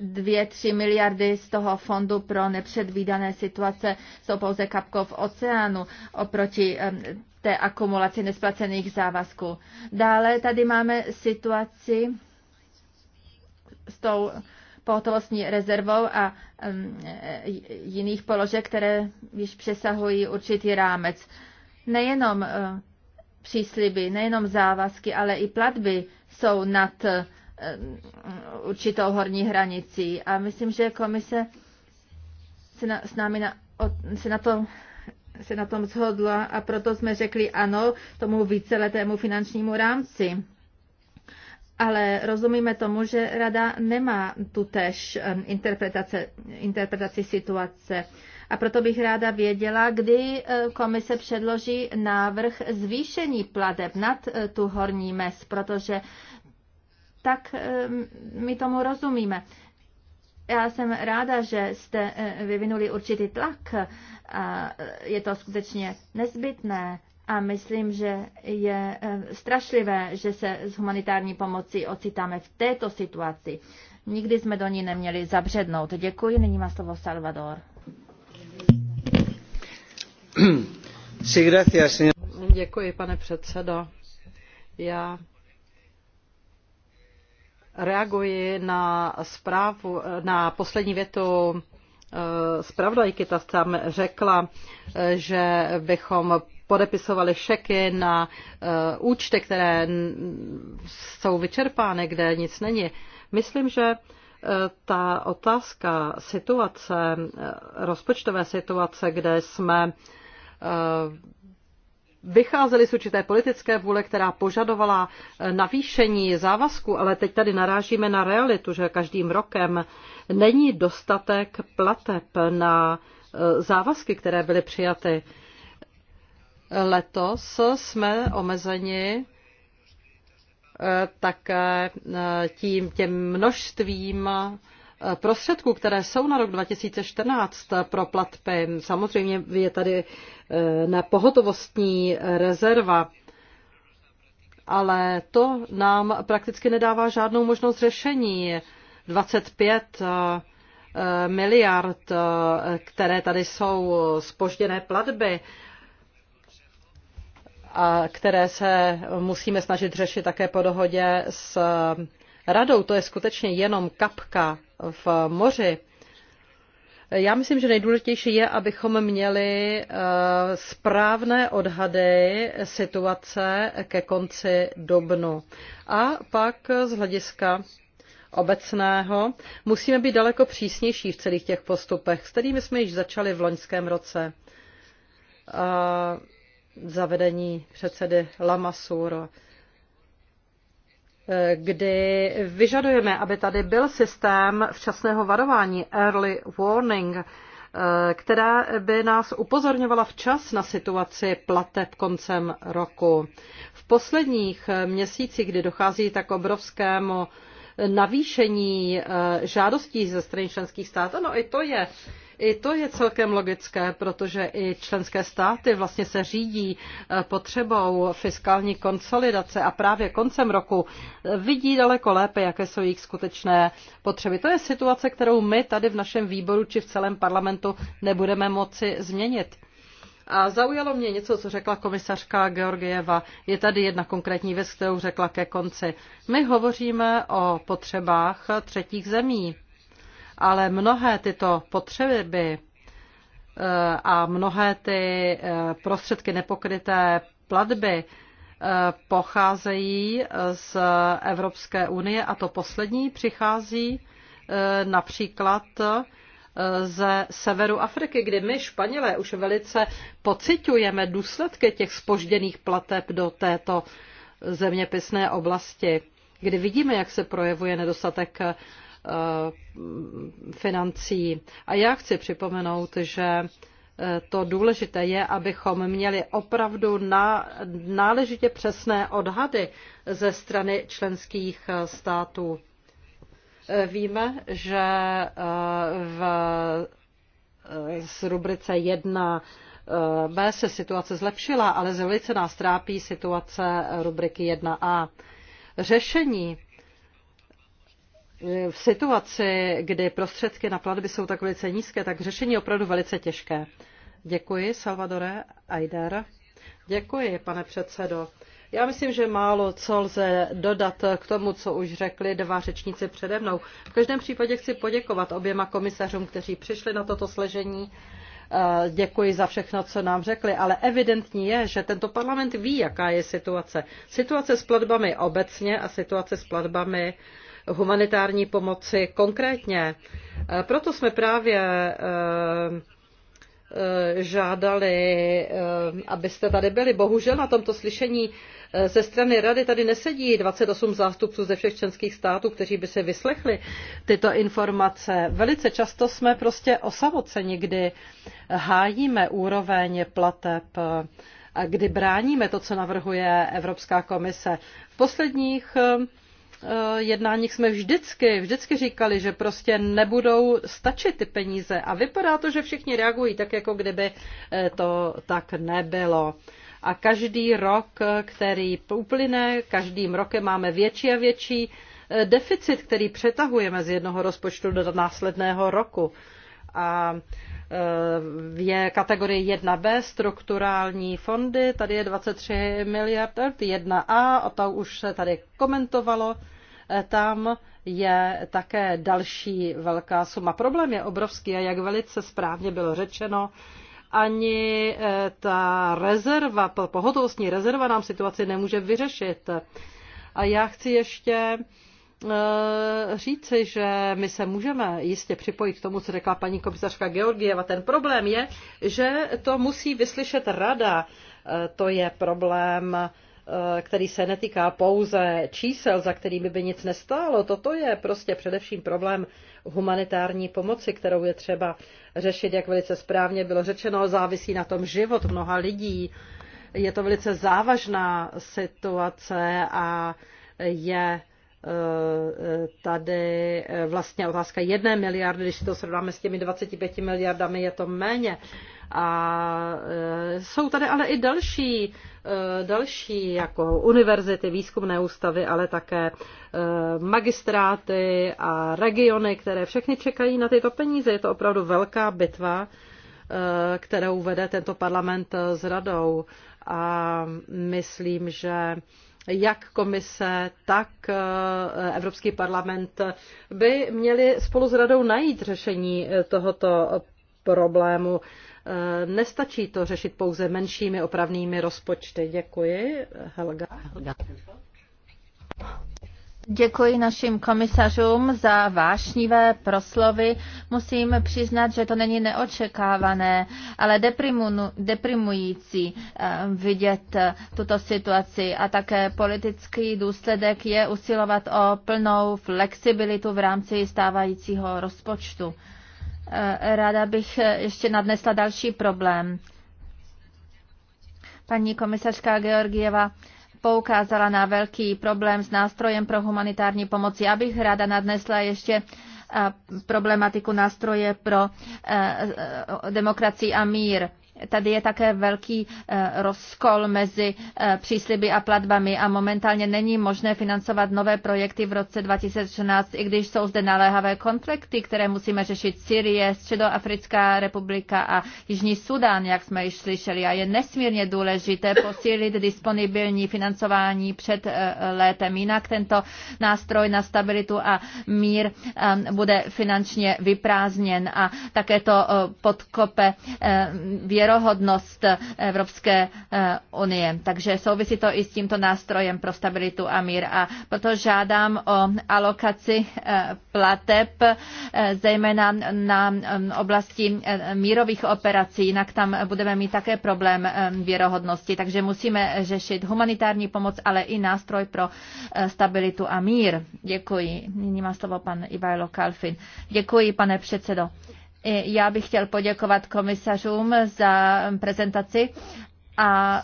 dvě, tři miliardy z toho fondu pro nepředvídané situace jsou pouze kapkou v oceánu oproti eh, té akumulaci nesplacených závazků. Dále tady máme situaci s tou pohotovostní rezervou a um, jiných položek, které již přesahují určitý rámec. Nejenom uh, přísliby, nejenom závazky, ale i platby jsou nad e, určitou horní hranicí. A myslím, že komise se na, s námi na, o, se na to se na tom shodla a proto jsme řekli ano tomu víceletému finančnímu rámci. Ale rozumíme tomu, že rada nemá tu interpretace, interpretaci situace. A proto bych ráda věděla, kdy e, komise předloží návrh zvýšení plateb nad e, tu horní mez, protože tak my tomu rozumíme. Já jsem ráda, že jste eh, vyvinuli určitý tlak. Eh, je to skutečně nezbytné a myslím, že je eh, strašlivé, že se s humanitární pomocí ocitáme v této situaci. Nikdy jsme do ní neměli zabřednout. Děkuji. Nyní má slovo Salvador. Děkuji, pane předsedo. Já reaguji na zprávu, na poslední větu eh, zpravodajky, ta tam řekla, eh, že bychom podepisovali šeky na eh, účty, které jsou vyčerpány, kde nic není. Myslím, že ta otázka situace, rozpočtové situace, kde jsme vycházeli z určité politické vůle, která požadovala eh, navýšení závazku, ale teď tady narážíme na realitu, že každým rokem není dostatek plateb na eh, závazky, které byly přijaty. Letos jsme omezeni eh, také tím tím množstvím prostředků, které jsou na rok 2014 pro platby, samozřejmě je tady eh, na pohotovostní rezerva, ale to nám prakticky nedává žádnou možnost řešení. 25 eh, eh, miliard, které tady jsou spožděné platby, a které se musíme snažit řešit také po dohodě s radou, to je skutečně jenom kapka v moři. Já myslím, že nejdůležitější je, abychom měli eh, správné odhady situace ke konci dobnu. A pak z hlediska obecného musíme být daleko přísnější v celých těch postupech, s kterými jsme již začali v loňském roce. A eh, zavedení předsedy Lamasura kdy vyžadujeme, aby tady byl systém včasného varování, early warning, eh, která by nás upozorňovala včas na situaci plateb koncem roku. V posledních měsících, kdy dochází tak obrovskému navýšení eh, žádostí ze strany členských států, no i to je i to je celkem logické, protože i členské státy vlastně se řídí eh, potřebou fiskální konsolidace a právě koncem roku eh, vidí daleko lépe, jaké jsou jejich skutečné potřeby. To je situace, kterou my tady v našem výboru či v celém parlamentu nebudeme moci změnit. A zaujalo mě něco, co řekla komisařka Georgieva. Je tady jedna konkrétní věc, kterou řekla ke konci. My hovoříme o potřebách třetích zemí ale mnohé tyto potřeby eh, a mnohé ty eh, prostředky nepokryté platby eh, pocházejí z Evropské unie a to poslední přichází například ze severu Afriky, kdy my, Španělé, už velice pociťujeme důsledky těch spožděných plateb do této zeměpisné oblasti, kdy vidíme, jak se projevuje nedostatek Eh, financí. A já chci připomenout, že eh, to důležité je, abychom měli opravdu na, náležitě přesné odhady ze strany členských eh, států. Víme, že v, z rubrice 1 B se situace zlepšila, ale z velice nás trápí situace rubriky 1A. Řešení v situaci, kdy prostředky na platby jsou tak velice nízké, tak řešení je opravdu velice těžké. Děkuji, Salvadore Aider. Děkuji, pane předsedo. Já myslím, že málo co lze dodat k tomu, co už řekli dva řečníci přede mnou. V každém případě chci poděkovat oběma komisařům, kteří přišli na toto složení. Eh, děkuji za všechno, co nám řekli, ale evidentní je, že tento parlament ví, jaká je situace. Situace s platbami obecně a situace s platbami uh, humanitární pomoci konkrétně. Eh, proto jsme právě eh, eh, žádali, abyste tady byli. Bohužel na tomto slyšení ze strany rady tady nesedí 28 zástupců ze všech členských států, kteří by se vyslechli tyto informace. Velice často jsme prostě osamoceni, kdy hájíme úroveň plateb a kdy bráníme to, co navrhuje Evropská komise. V posledních Eh, jednáních jsme vždycky, vždycky říkali, že prostě nebudou stačit ty peníze. A vypadá to, že všichni reagují tak, jako kdyby eh, to tak nebylo. A každý rok, který uplyne, každým rokem máme větší a větší eh, deficit, který přetahujeme z jednoho rozpočtu do následného roku. A je kategorie 1B, strukturální fondy, tady je 23 miliard, 1A, a to už se tady komentovalo, e, tam je také další velká suma. Problém je obrovský a jak velice správně bylo řečeno, ani e, ta rezerva, pohotovostní rezerva nám situaci nemůže vyřešit. A já chci ještě Eh, říci, že my se můžeme jistě připojit k tomu, co řekla paní komisařka Georgieva. Ten problém je, že to musí vyslyšet rada. Eh, to je problém eh, který se netýká pouze čísel, za kterými by nic nestálo. Toto je prostě především problém humanitární pomoci, kterou je třeba řešit, jak velice správně bylo řečeno, závisí na tom život mnoha lidí. Je to velice závažná situace a je tady eh, vlastně otázka jedné miliardy, když si to srovnáme s těmi 25 miliardami, je to méně. A eh, jsou tady ale i další, eh, další jako univerzity, výzkumné ústavy, ale také magistráty a regiony, které všechny čekají na tyto peníze. Je to opravdu velká bitva, kterou vede tento parlament s radou. A myslím, že jak komise, tak eh, Evropský parlament by měli spolu s radou najít řešení eh, tohoto problému. Eh, nestačí to řešit pouze menšími opravnými rozpočty. Děkuji. Helga. Helga. Děkuji našim komisařům za vášnivé proslovy. Musím přiznat, že to není neočekávané, ale deprimující eh, vidět eh, tuto situaci a také politický důsledek je usilovat o plnou flexibilitu v rámci stávajícího rozpočtu. Eh, ráda bych ještě nadnesla další problém. Paní komisařka Georgieva poukázala na velký problém s nástrojem pro humanitární pomoc. Já bych ráda nadnesla ještě eh, problematiku nástroje pro eh, eh, demokracii a mír. Tady je také velký eh, rozkol mezi eh, přísliby a platbami a momentálně není možné financovat nové projekty v roce 2016, i když jsou zde naléhavé konflikty, které musíme řešit Syrie, Středoafrická republika a Jižní Sudán, jak jsme již slyšeli. A je nesmírně důležité posílit disponibilní financování před eh, létem. Jinak tento nástroj na stabilitu a mír bude finančně vyprázdněn a také to podkope věru věrohodnost Evropské eh, unie. Takže souvisí to i s tímto nástrojem pro stabilitu a mír. A proto žádám o alokaci eh, plateb, eh, zejména na oblasti mírových operací, jinak tam budeme mít také problém věrohodnosti. Takže musíme řešit humanitární pomoc, ale i nástroj pro stabilitu a mír. Děkuji. Nyní má slovo pan Ivajlo Kalfin. Děkuji, pane předsedo. Já bych chtěl poděkovat komisařům za prezentaci a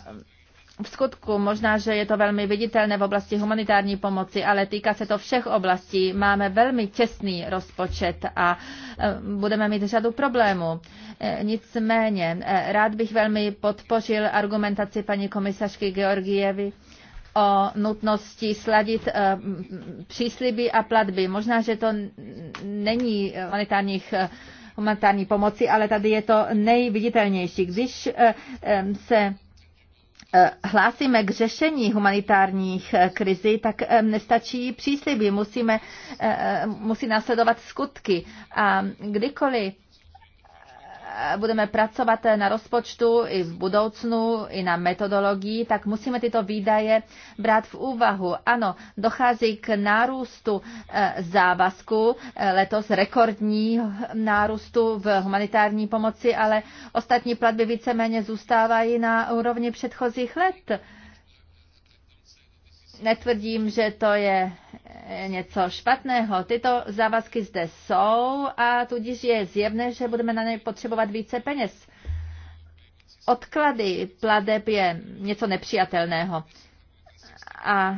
v skutku možná, že je to velmi viditelné v oblasti humanitární pomoci, ale týká se to všech oblastí. Máme velmi těsný rozpočet a e, budeme mít řadu problémů. E, nicméně, e, rád bych velmi podpořil argumentaci paní komisařky Georgievy o nutnosti sladit přísliby a platby. Možná, že to není humanitárních humanitární pomoci, ale tady je to nejviditelnější. Když eh, se eh, hlásíme k řešení humanitárních eh, krizí, tak nestačí přísliby, musíme, musí následovat skutky. A kdykoliv budeme pracovat na rozpočtu i v budoucnu, i na metodologii, tak musíme tyto výdaje brát v úvahu. Ano, dochází k nárůstu eh, závazku, eh, letos rekordní nárůstu v humanitární pomoci, ale ostatní platby víceméně zůstávají na úrovni předchozích let netvrdím, že to je eh, něco špatného. Tyto závazky zde jsou a tudíž je zjevné, že budeme na ně potřebovat více peněz. Odklady pladeb je něco nepřijatelného. A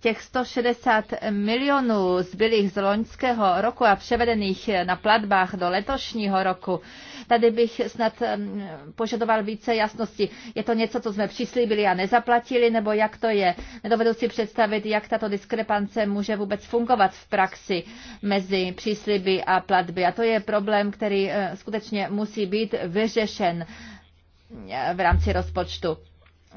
těch 160 milionů zbylých z loňského roku a převedených na platbách do letošního roku, tady bych snad požadoval více jasnosti. Je to něco, co jsme přislíbili a nezaplatili, nebo jak to je? Nedovedu si představit, jak tato diskrepance může vůbec fungovat v praxi mezi přísliby a platby. A to je problém, který eh, skutečně musí být vyřešen eh, v rámci rozpočtu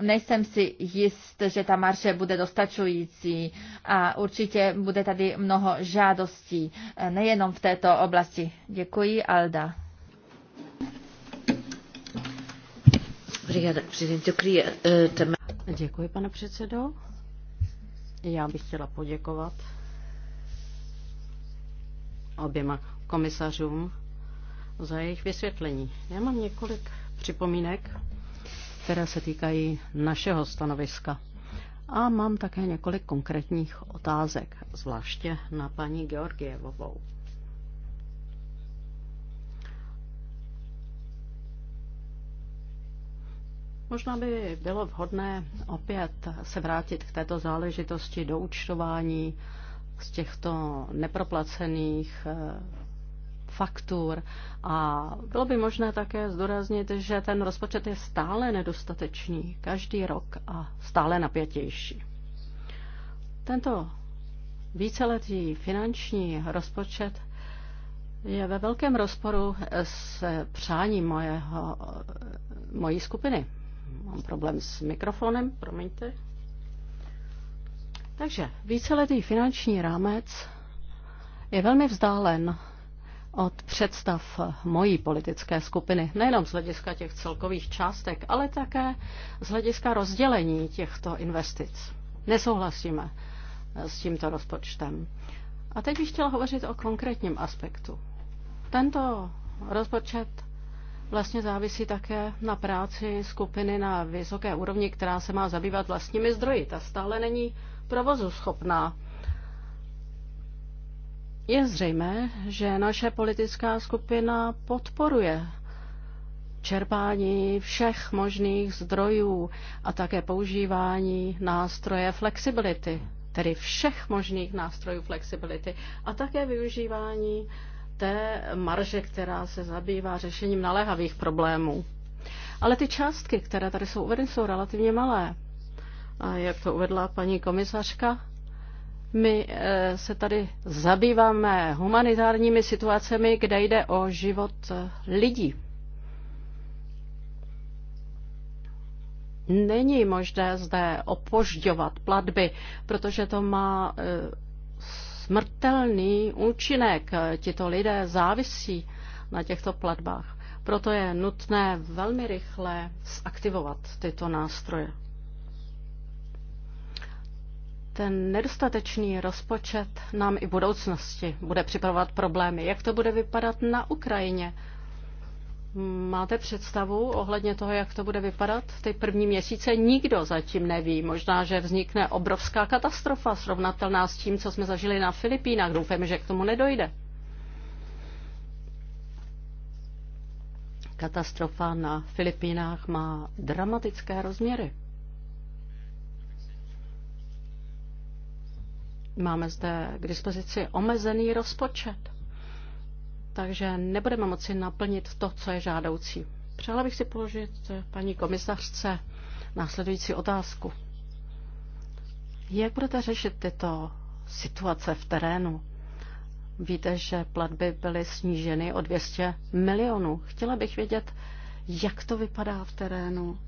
nejsem si jist, že ta marše bude dostačující a určitě bude tady mnoho žádostí, eh, nejenom v této oblasti. Děkuji, Alda. Eh, Děkuji, pane předsedo. Já bych chtěla poděkovat oběma komisařům za jejich vysvětlení. Já mám několik připomínek které se týkají našeho stanoviska. A mám také několik konkrétních otázek, zvláště na paní Georgievovou. Možná by bylo vhodné opět se vrátit k této záležitosti do účtování z těchto neproplacených eh, faktur. A bylo by možné také zdůraznit, že ten rozpočet je stále nedostatečný každý rok a stále napětější. Tento víceletý finanční rozpočet je ve velkém rozporu s přáním mojeho, mojí skupiny. Mám problém s mikrofonem, promiňte. Takže víceletý finanční rámec je velmi vzdálen od představ mojí politické skupiny, nejenom z hlediska těch celkových částek, ale také z hlediska rozdělení těchto investic. Nesouhlasíme eh, s tímto rozpočtem. A teď bych chtěla hovořit o konkrétním aspektu. Tento rozpočet vlastně závisí také na práci skupiny na vysoké úrovni, která se má zabývat vlastními zdroji. Ta stále není provozu schopná. Je zřejmé, že naše politická skupina podporuje čerpání všech možných zdrojů a také používání nástroje flexibility, tedy všech možných nástrojů flexibility a také využívání té marže, která se zabývá řešením naléhavých problémů. Ale ty částky, které tady jsou uvedeny, jsou relativně malé. A jak to uvedla paní komisařka, my eh, se tady zabýváme humanitárními situacemi, kde jde o život eh, lidí. Není možné zde opožďovat platby, protože to má eh, smrtelný účinek. Tito lidé závisí na těchto platbách. Proto je nutné velmi rychle zaktivovat tyto nástroje ten nedostatečný rozpočet nám i v budoucnosti bude připravovat problémy. Jak to bude vypadat na Ukrajině? Máte představu ohledně toho, jak to bude vypadat? Ty první měsíce nikdo zatím neví. Možná, že vznikne obrovská katastrofa srovnatelná s tím, co jsme zažili na Filipínách. Doufejme, že k tomu nedojde. Katastrofa na Filipínách má dramatické rozměry. Máme zde k dispozici omezený rozpočet, takže nebudeme moci naplnit to, co je žádoucí. Přála bych si položit paní komisařce následující otázku. Jak budete řešit tyto situace v terénu? Víte, že platby byly sníženy o 200 milionů. Chtěla bych vědět, jak to vypadá v terénu.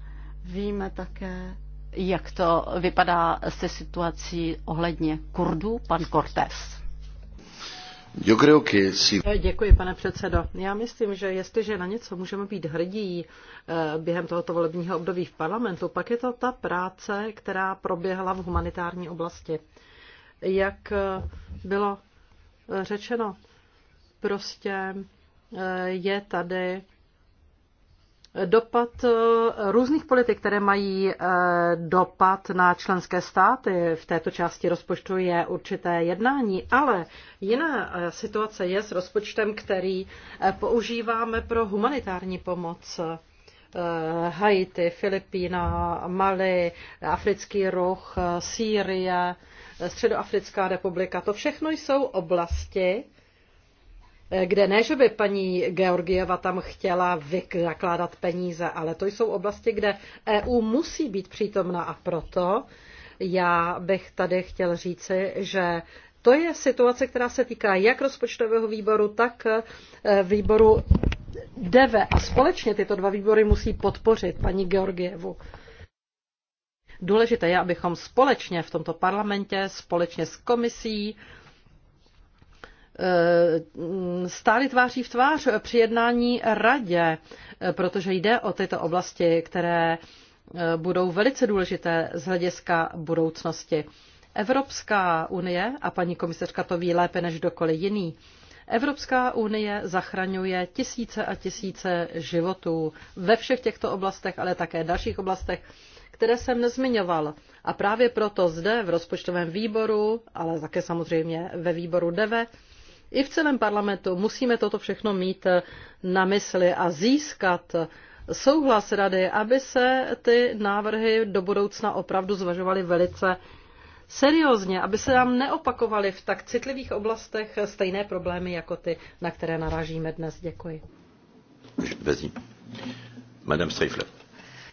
Víme také, jak to vypadá se situací ohledně Kurdů, pan Cortés. Eh, děkuji, pane předsedo. Já myslím, že jestliže na něco můžeme být hrdí eh, během tohoto volebního období v parlamentu, pak je to ta práce, která proběhla v humanitární oblasti. Jak eh, bylo řečeno, prostě je tady dopad eh, různých politik, které mají eh, dopad na členské státy. V této části rozpočtu je určité jednání, ale jiná eh, situace je s rozpočtem, který používáme pro humanitární pomoc. Haiti, Filipína, Mali, africký roh, Sýrie, Středoafrická republika. To všechno jsou oblasti, Eh, kde ne, že by paní Georgieva tam chtěla vykládat peníze, ale to jsou oblasti, kde EU musí být přítomna a proto já bych tady chtěl říci, že to je situace, která se týká jak rozpočtového výboru, tak eh, výboru DEVE a společně tyto dva výbory musí podpořit paní Georgievu. Důležité je, abychom společně v tomto parlamentě, společně s komisí, Eh, stály tváří v tvář při jednání radě, eh, protože jde o tyto oblasti, které eh, budou velice důležité z hlediska budoucnosti. Evropská unie, a paní komisařka to ví lépe než dokoli jiný, Evropská unie zachraňuje tisíce a tisíce životů ve všech těchto oblastech, ale také dalších oblastech, které jsem nezmiňoval. A právě proto zde v rozpočtovém výboru, ale také samozřejmě ve výboru DEVE, i v celém parlamentu musíme toto všechno mít eh, na mysli a získat eh, souhlas rady, aby se ty návrhy do budoucna opravdu zvažovaly velice seriózně, aby se nám neopakovaly v tak citlivých oblastech eh, stejné problémy jako ty, na které narážíme dnes. Děkuji. Madame Strifler.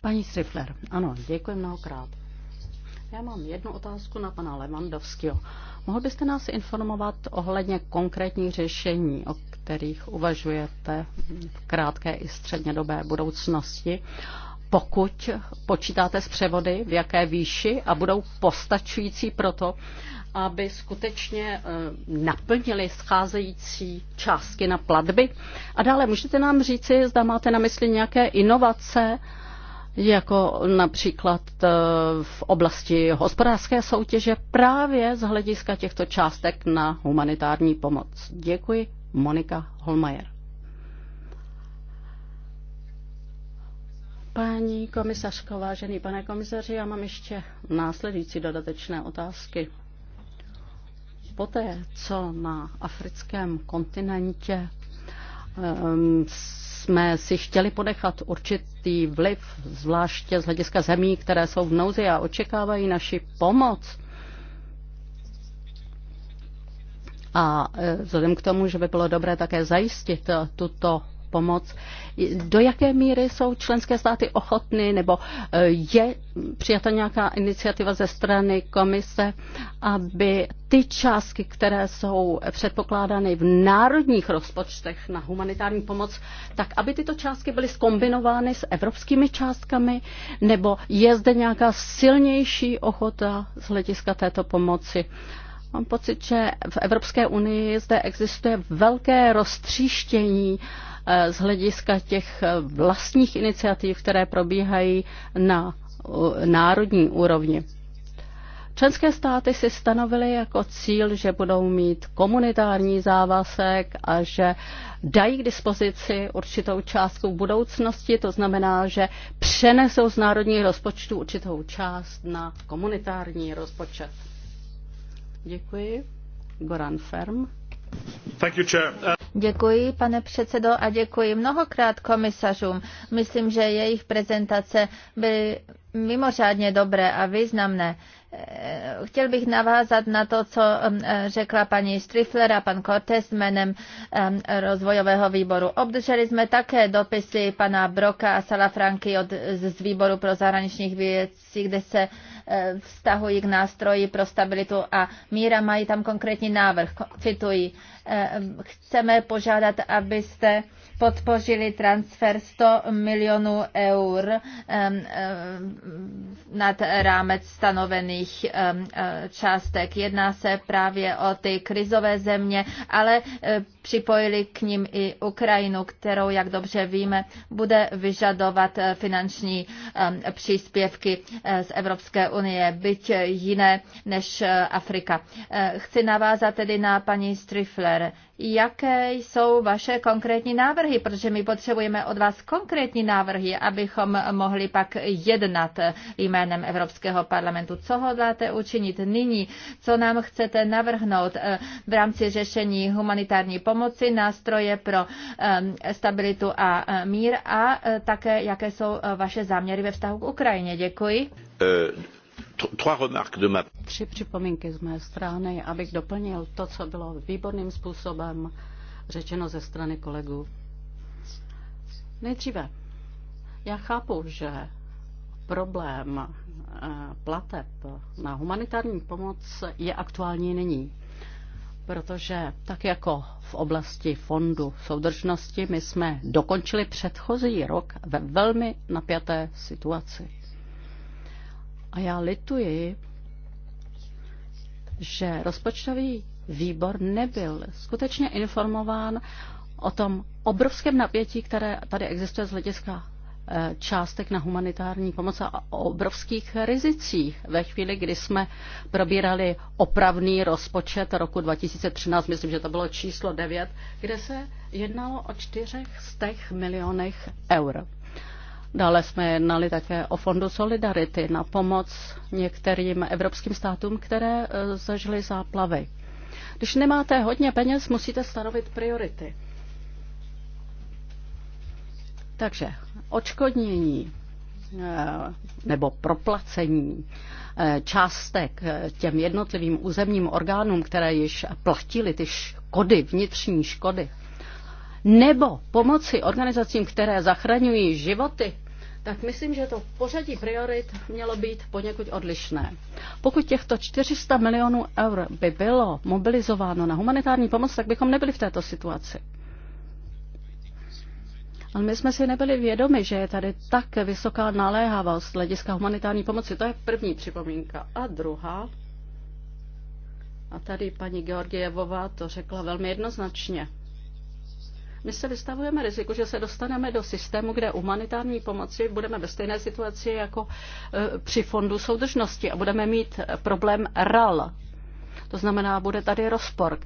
Paní Strifler, ano, děkuji mnohokrát. Já mám jednu otázku na pana Levandovského. Mohl byste nás informovat ohledně konkrétních řešení, o kterých uvažujete v krátké i střednědobé budoucnosti? Pokud počítáte s převody, v jaké výši a budou postačující pro to, aby skutečně eh, naplnili scházející částky na platby. A dále můžete nám říci, zda máte na mysli nějaké inovace, jako například eh, v oblasti hospodářské soutěže právě z hlediska těchto částek na humanitární pomoc. Děkuji, Monika Holmajer. Paní komisařko, vážený pane komisaři, já mám ještě následující dodatečné otázky. Poté, co na africkém kontinentě um, jsme si chtěli ponechat určitý vliv, zvláště z hlediska zemí, které jsou v nouzi a očekávají naši pomoc. A e, vzhledem k tomu, že by bylo dobré také zajistit e, tuto pomoc. Do jaké míry jsou členské státy ochotny nebo eh, je přijata nějaká iniciativa ze strany komise, aby ty částky, které jsou předpokládány v národních rozpočtech na humanitární pomoc, tak aby tyto částky byly skombinovány s evropskými částkami, nebo je zde nějaká silnější ochota z hlediska této pomoci? Mám pocit, že v Evropské unii zde existuje velké roztříštění Eh, z hlediska těch eh, vlastních iniciativ, které probíhají na národní úrovni. Členské státy si stanovily jako cíl, že budou mít komunitární závazek a že dají k dispozici určitou částku v budoucnosti, to znamená, že přenesou z národních rozpočtu určitou část na komunitární rozpočet. Děkuji. Goran Ferm. Děkuji, pane předsedo, a děkuji mnohokrát komisařům. Myslím, že jejich prezentace byly mimořádně dobré a významné. Eh, chtěl bych navázat na to, co eh, řekla paní Strifler a pan Cortez jménem rozvojového výboru. Obdrželi jsme také dopisy pana Broka a Salafranky od, z výboru pro zahraničních věcí, kde se eh, vztahují k nástroji pro stabilitu a míra. Mají tam konkrétní návrh, cituji. Chceme požádat, abyste podpořili transfer 100 milionů eur nad rámec stanovených e, částek. Jedná se právě o ty krizové země, ale e, připojili k ním i Ukrajinu, kterou, jak dobře víme, bude vyžadovat e, finanční příspěvky z Evropské unie, byť jiné než Afrika. Chci navázat tedy na paní Strifler jaké jsou vaše konkrétní návrhy, protože my potřebujeme od vás konkrétní návrhy, abychom mohli pak jednat jménem Evropského parlamentu. Co hodláte učinit nyní? Co nám chcete navrhnout eh, v rámci řešení humanitární pomoci, nástroje pro ehm, stabilitu a eh, mír a eh, také jaké jsou vaše záměry ve vztahu k Ukrajině? Děkuji. Uh... Tři připomínky z mé strany, abych doplnil to, co bylo výborným způsobem řečeno ze strany kolegů. Nejdříve, já chápu, že problém eh, plateb na humanitární pomoc je aktuální nyní, protože tak jako v oblasti fondu soudržnosti my jsme dokončili předchozí rok ve velmi napjaté situaci. A já lituji, že rozpočtový výbor nebyl skutečně informován o tom obrovském napětí, které tady existuje z hlediska eh, částek na humanitární pomoc a o obrovských rizicích. Ve chvíli, kdy jsme probírali opravný rozpočet roku 2013, myslím, že to bylo číslo 9, kde se jednalo o 400 milionech eur. Dále jsme jednali také o Fondu Solidarity na pomoc některým evropským státům, které e, zažily záplavy. Když nemáte hodně peněz, musíte stanovit priority. Takže očkodnění e, nebo proplacení e, částek těm jednotlivým územním orgánům, které již platili ty škody, vnitřní škody, nebo pomoci organizacím, které zachraňují životy tak myslím, že to pořadí priorit mělo být poněkud odlišné. Pokud těchto 400 milionů eur by bylo mobilizováno na humanitární pomoc, tak bychom nebyli v této situaci. Ale my jsme si nebyli vědomi, že je tady tak vysoká naléhavost hlediska humanitární pomoci. To je první připomínka. A druhá, a tady paní Georgievová to řekla velmi jednoznačně, my se vystavujeme riziku, že se dostaneme do systému, kde humanitární pomoci budeme ve stejné situaci jako e, při fondu soudržnosti a budeme mít e, problém RAL. To znamená, bude tady rozpor,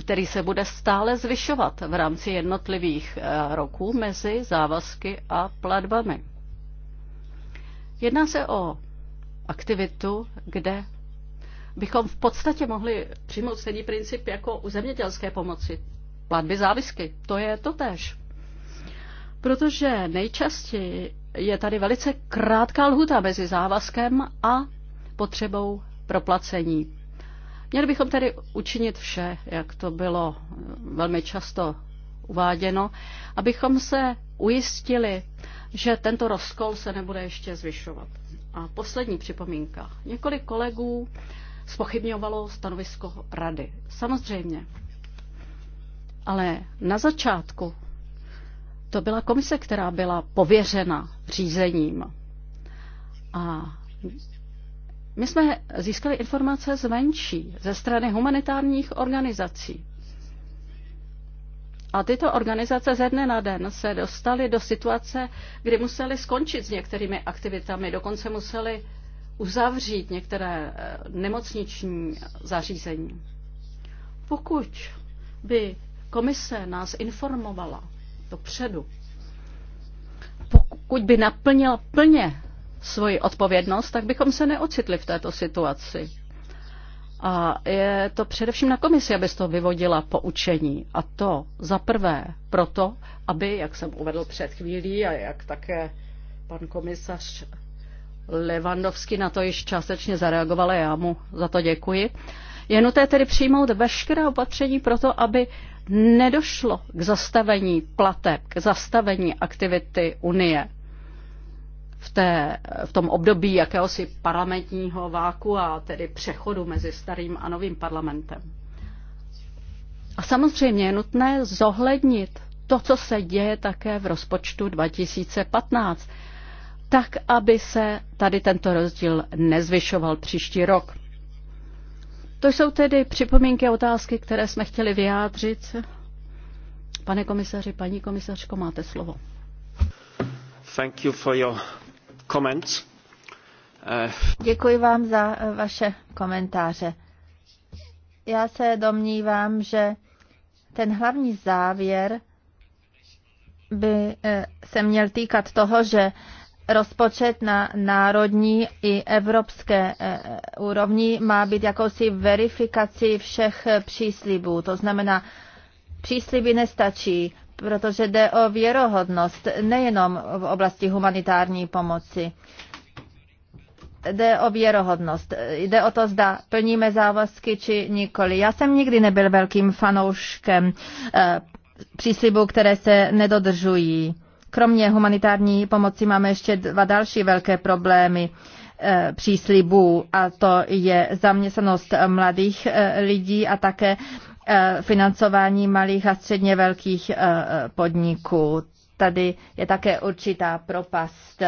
který se bude stále zvyšovat v rámci jednotlivých e, roků mezi závazky a platbami. Jedná se o aktivitu, kde bychom v podstatě mohli přijmout stejný princip jako u zemědělské pomoci platby závisky. To je to tež. Protože nejčastěji je tady velice krátká lhuta mezi závazkem a potřebou proplacení. Měli bychom tedy učinit vše, jak to bylo eh, velmi často uváděno, abychom se ujistili, že tento rozkol se nebude ještě zvyšovat. A poslední připomínka. Několik kolegů spochybňovalo stanovisko rady. Samozřejmě, ale na začátku to byla komise, která byla pověřena řízením. A my jsme získali informace zvenčí, ze strany humanitárních organizací. A tyto organizace ze dne na den se dostaly do situace, kdy museli skončit s některými aktivitami, dokonce museli uzavřít některé eh, nemocniční zařízení. Pokud by Komise nás informovala dopředu. Pokud by naplnila plně svoji odpovědnost, tak bychom se neocitli v této situaci. A je to především na komisi, aby z toho vyvodila poučení. A to za prvé proto, aby, jak jsem uvedl před chvílí a jak také pan komisař Levandovský na to již částečně zareagoval a já mu za to děkuji, je nutné tedy přijmout veškeré opatření pro to, aby nedošlo k zastavení plateb, k zastavení aktivity Unie v, té, v tom období jakéhosi parlamentního váku a tedy přechodu mezi starým a novým parlamentem. A samozřejmě je nutné zohlednit to, co se děje také v rozpočtu 2015, tak, aby se tady tento rozdíl nezvyšoval příští rok. To jsou tedy připomínky a otázky, které jsme chtěli vyjádřit. Pane komisaři, paní komisařko, máte slovo. Thank you for your comments. Uh... Děkuji vám za eh, vaše komentáře. Já se domnívám, že ten hlavní závěr by eh, se měl týkat toho, že rozpočet na národní i evropské eh, úrovni má být jakousi verifikací všech eh, příslibů. To znamená, přísliby nestačí, protože jde o věrohodnost nejenom v oblasti humanitární pomoci jde o věrohodnost. Jde o to, zda plníme závazky či nikoli. Já jsem nikdy nebyl velkým fanouškem eh, příslibů, které se nedodržují. Kromě humanitární pomoci máme ještě dva další velké problémy eh, příslibů a to je zaměstnanost mladých eh, lidí a také eh, financování malých a středně velkých podniků. Tady je také určitá propast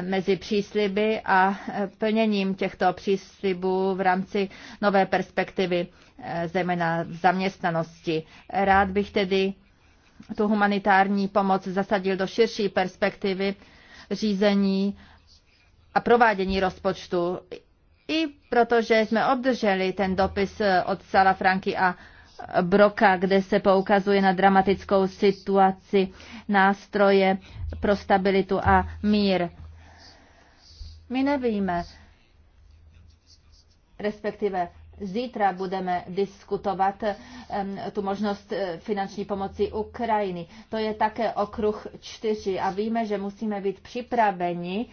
mezi přísliby a plněním těchto příslibů v rámci nové perspektivy, zejména v zaměstnanosti. Rád bych tedy tu humanitární pomoc zasadil do širší perspektivy řízení a provádění rozpočtu. I protože jsme obdrželi ten dopis od Sala Franky a Broka, kde se poukazuje na dramatickou situaci nástroje pro stabilitu a mír. My nevíme, respektive Zítra budeme diskutovat tu možnost eh, finanční pomoci Ukrajiny. To je také okruh čtyři a víme, že musíme být připraveni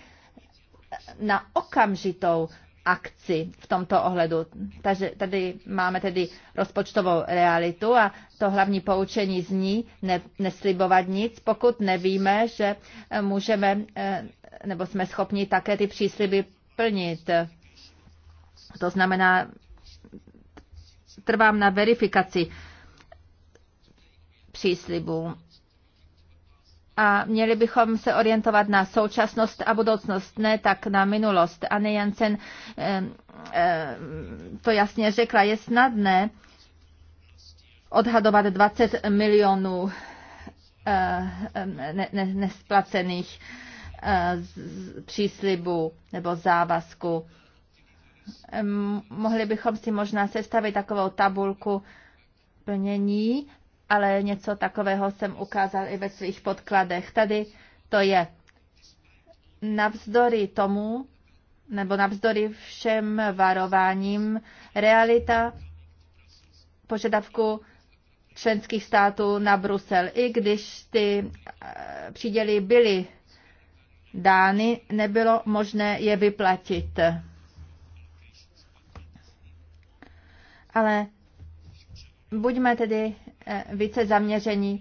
na okamžitou akci v tomto ohledu. Takže tady máme tedy rozpočtovou realitu a to hlavní poučení zní ne, neslibovat nic, pokud nevíme, že eh, můžeme eh, nebo jsme schopni také ty přísliby plnit. To znamená trvám na verifikaci příslibů. A měli bychom se orientovat na současnost a budoucnost, ne tak na minulost. Anne Jansen eh, eh, to jasně řekla, je snadné odhadovat 20 milionů eh, nesplacených příslibů nebo závazků. Mohli bychom si možná sestavit takovou tabulku plnění, ale něco takového jsem ukázal i ve svých podkladech. Tady to je. Navzdory tomu, nebo navzdory všem varováním, realita požadavku členských států na Brusel. I když ty eh, příděly byly dány, nebylo možné je vyplatit. ale buďme tedy eh, více zaměření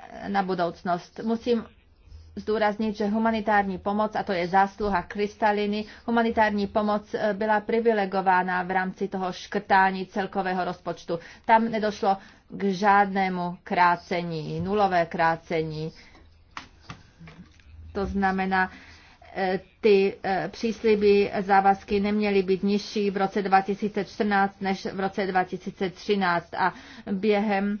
eh, na budoucnost. Musím zdůraznit, že humanitární pomoc, a to je zásluha Kristaliny, humanitární pomoc eh, byla privilegována v rámci toho škrtání celkového rozpočtu. Tam nedošlo k žádnému krácení, nulové krácení. To znamená, E, ty e, přísliby závazky neměly být nižší v roce 2014 než v roce 2013 a během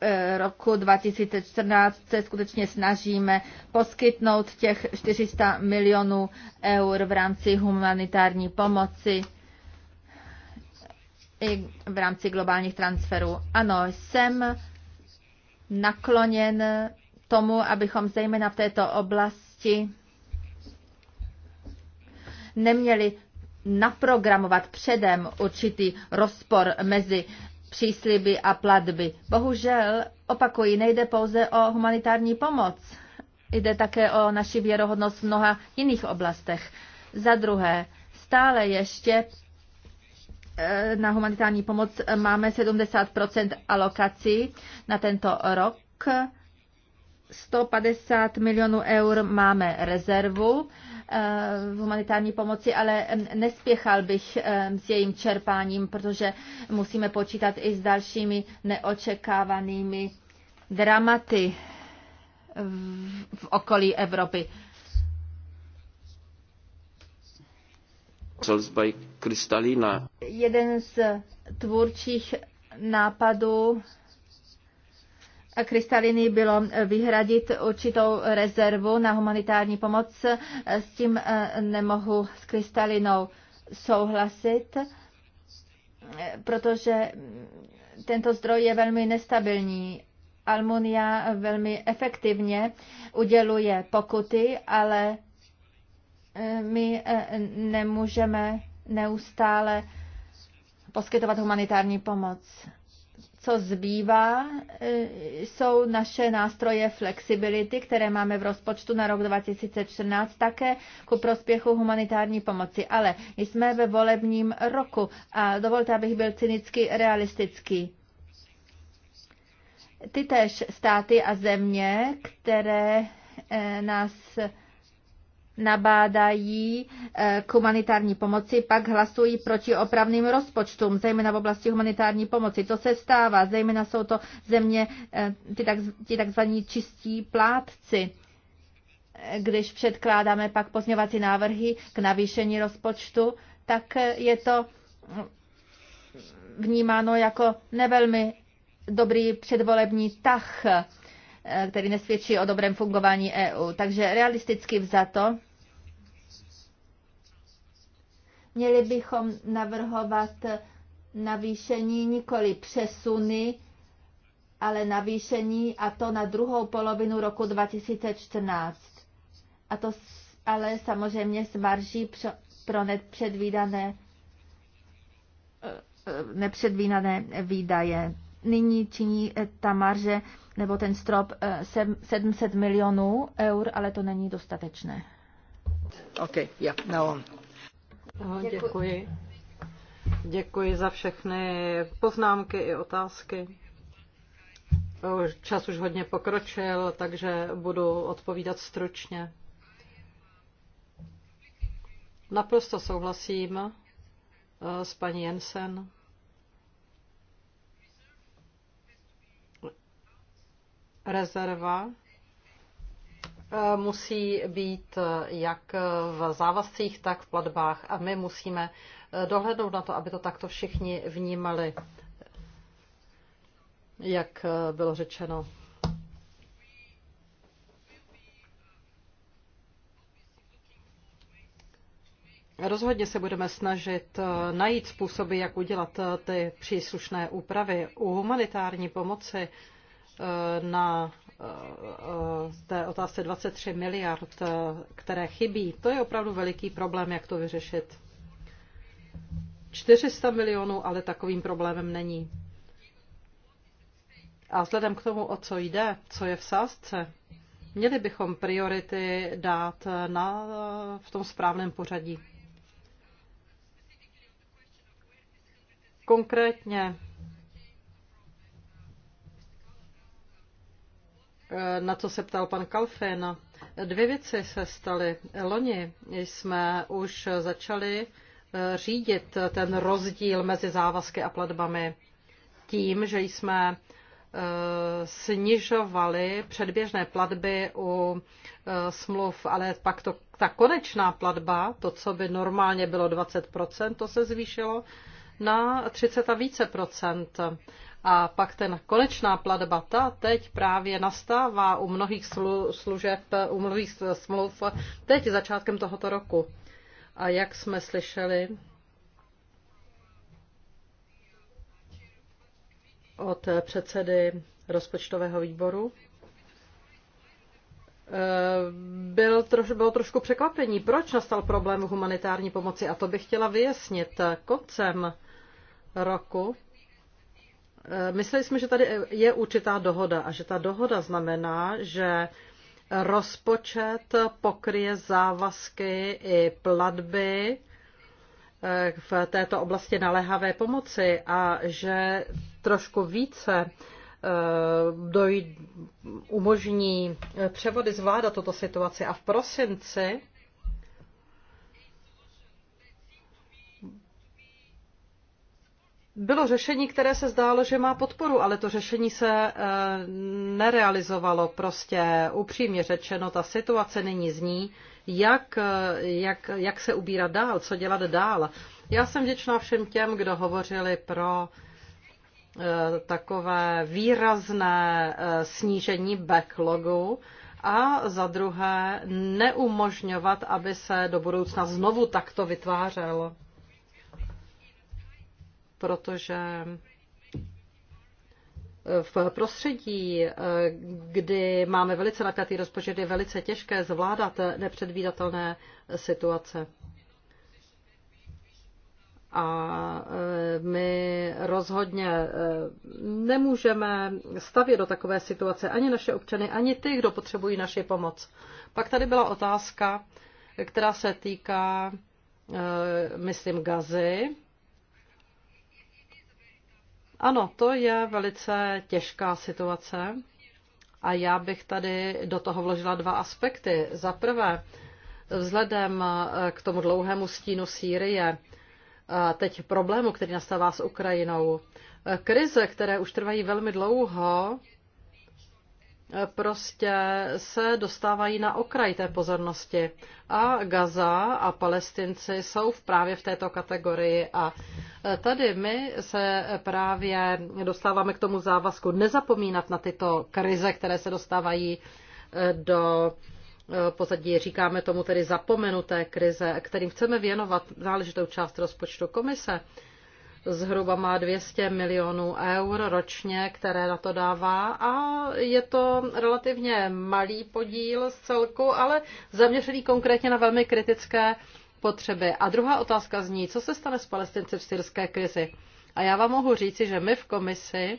e, roku 2014 se skutečně snažíme poskytnout těch 400 milionů eur v rámci humanitární pomoci i v rámci globálních transferů. Ano, jsem nakloněn tomu, abychom zejména v této oblasti ti neměli naprogramovat předem určitý rozpor mezi přísliby a platby. Bohužel, opakuji, nejde pouze o humanitární pomoc. Jde také o naši věrohodnost v mnoha jiných oblastech. Za druhé, stále ještě eh, na humanitární pomoc máme 70 alokací na tento rok 150 milionů eur máme rezervu eh, v humanitární pomoci, ale nespěchal bych s jejím čerpáním, protože musíme počítat i s dalšími neočekávanými dramaty v okolí Evropy. Jeden z tvůrčích nápadů krystaliny bylo vyhradit určitou rezervu na humanitární pomoc. S tím eh, nemohu s krystalinou souhlasit, protože tento zdroj je velmi nestabilní. Almunia velmi efektivně uděluje pokuty, ale eh, my eh, nemůžeme neustále poskytovat humanitární pomoc co zbývá, e, jsou naše nástroje flexibility, které máme v rozpočtu na rok 2014 také ku prospěchu humanitární pomoci. Ale jsme ve volebním roku a dovolte, abych byl cynicky realistický. Ty též státy a země, které e, nás nabádají eh, k humanitární pomoci, pak hlasují proti opravným rozpočtům, zejména v oblasti humanitární pomoci. To se stává, zejména jsou to země, eh, ty, tak, ty takzvaní čistí plátci eh, když předkládáme pak pozměňovací návrhy k navýšení rozpočtu, tak je to mm, vnímáno jako nevelmi dobrý předvolební tah, který nesvědčí o dobrém fungování EU. Takže realisticky vzato Měli bychom navrhovat navýšení, nikoli přesuny, ale navýšení a to na druhou polovinu roku 2014. A to ale samozřejmě s marží pro nepředvídané, eh, eh, nepředvídané výdaje. Nyní činí eh, ta marže nebo ten strop 700 milionů eur, ale to není dostatečné. Okay, yeah, now on. Děkuji. Děkuji za všechny poznámky i otázky. Čas už hodně pokročil, takže budu odpovídat stručně. Naprosto souhlasím eh, s paní Jensen. Rezerva Eh, musí být eh, jak v závazcích, tak v platbách a my musíme eh, dohlednout na to, aby to takto všichni vnímali, jak bylo řečeno. Rozhodně se budeme snažit najít způsoby, jak udělat ty příslušné úpravy u humanitární pomoci na Eh, té otázce 23 miliard, eh, které chybí, to je opravdu veliký problém, jak to vyřešit. 400 milionů ale takovým problémem není. A vzhledem k tomu, o co jde, co je v sázce, měli bychom priority dát na, v tom správném pořadí. Konkrétně Eh, na co se ptal pan Kalfin. Dvě věci se staly. Loni jsme už začali eh, řídit ten rozdíl mezi závazky a platbami tím, že jsme eh, snižovali předběžné platby u smluv, ale pak to, ta konečná platba, to, co by normálně bylo 20%, to se zvýšilo na 30 a více procent. A pak ten konečná platba, ta teď právě nastává u mnohých slu, služeb, u mnohých smluv, teď začátkem tohoto roku. A jak jsme slyšeli od předsedy rozpočtového výboru, eh, byl troš, bylo trošku překvapení, proč nastal problém v humanitární pomoci. A to bych chtěla vyjasnit. Koncem roku Eh, mysleli jsme, že tady je určitá dohoda a že ta dohoda znamená, že rozpočet pokryje závazky i platby eh, v této oblasti naléhavé pomoci a že trošku více eh, dojde umožní převody zvládat tuto situaci. A v prosinci bylo řešení, které se zdálo, že má podporu, ale to řešení se eh, nerealizovalo. Prostě upřímně řečeno, ta situace není zní, jak, eh, jak, jak se ubírat dál, co dělat dál. Já jsem vděčná všem těm, kdo hovořili pro eh, takové výrazné snížení backlogu a za druhé neumožňovat, aby se do budoucna znovu takto vytvářelo protože v prostředí, kdy máme velice napjatý rozpočet, je velice těžké zvládat nepředvídatelné situace. A e, my rozhodně e, nemůžeme stavět do takové situace ani naše občany, ani ty, kdo potřebují naši pomoc. Pak tady byla otázka, která se týká, e, myslím, gazy ano, to je velice těžká situace a já bych tady do toho vložila dva aspekty. Za prvé, vzhledem k tomu dlouhému stínu Sýrie, teď problému, který nastává s Ukrajinou, krize, které už trvají velmi dlouho, prostě se dostávají na okraj té pozornosti. A Gaza a Palestinci jsou právě v této kategorii. A tady my se právě dostáváme k tomu závazku nezapomínat na tyto krize, které se dostávají eh, do eh, pozadí, říkáme tomu tedy zapomenuté krize, kterým chceme věnovat náležitou část rozpočtu komise zhruba má 200 milionů eur ročně, které na to dává a je to relativně malý podíl z celku, ale zaměřený konkrétně na velmi kritické potřeby. A druhá otázka zní, co se stane s palestinci v syrské krizi? A já vám mohu říci, že my v komisi,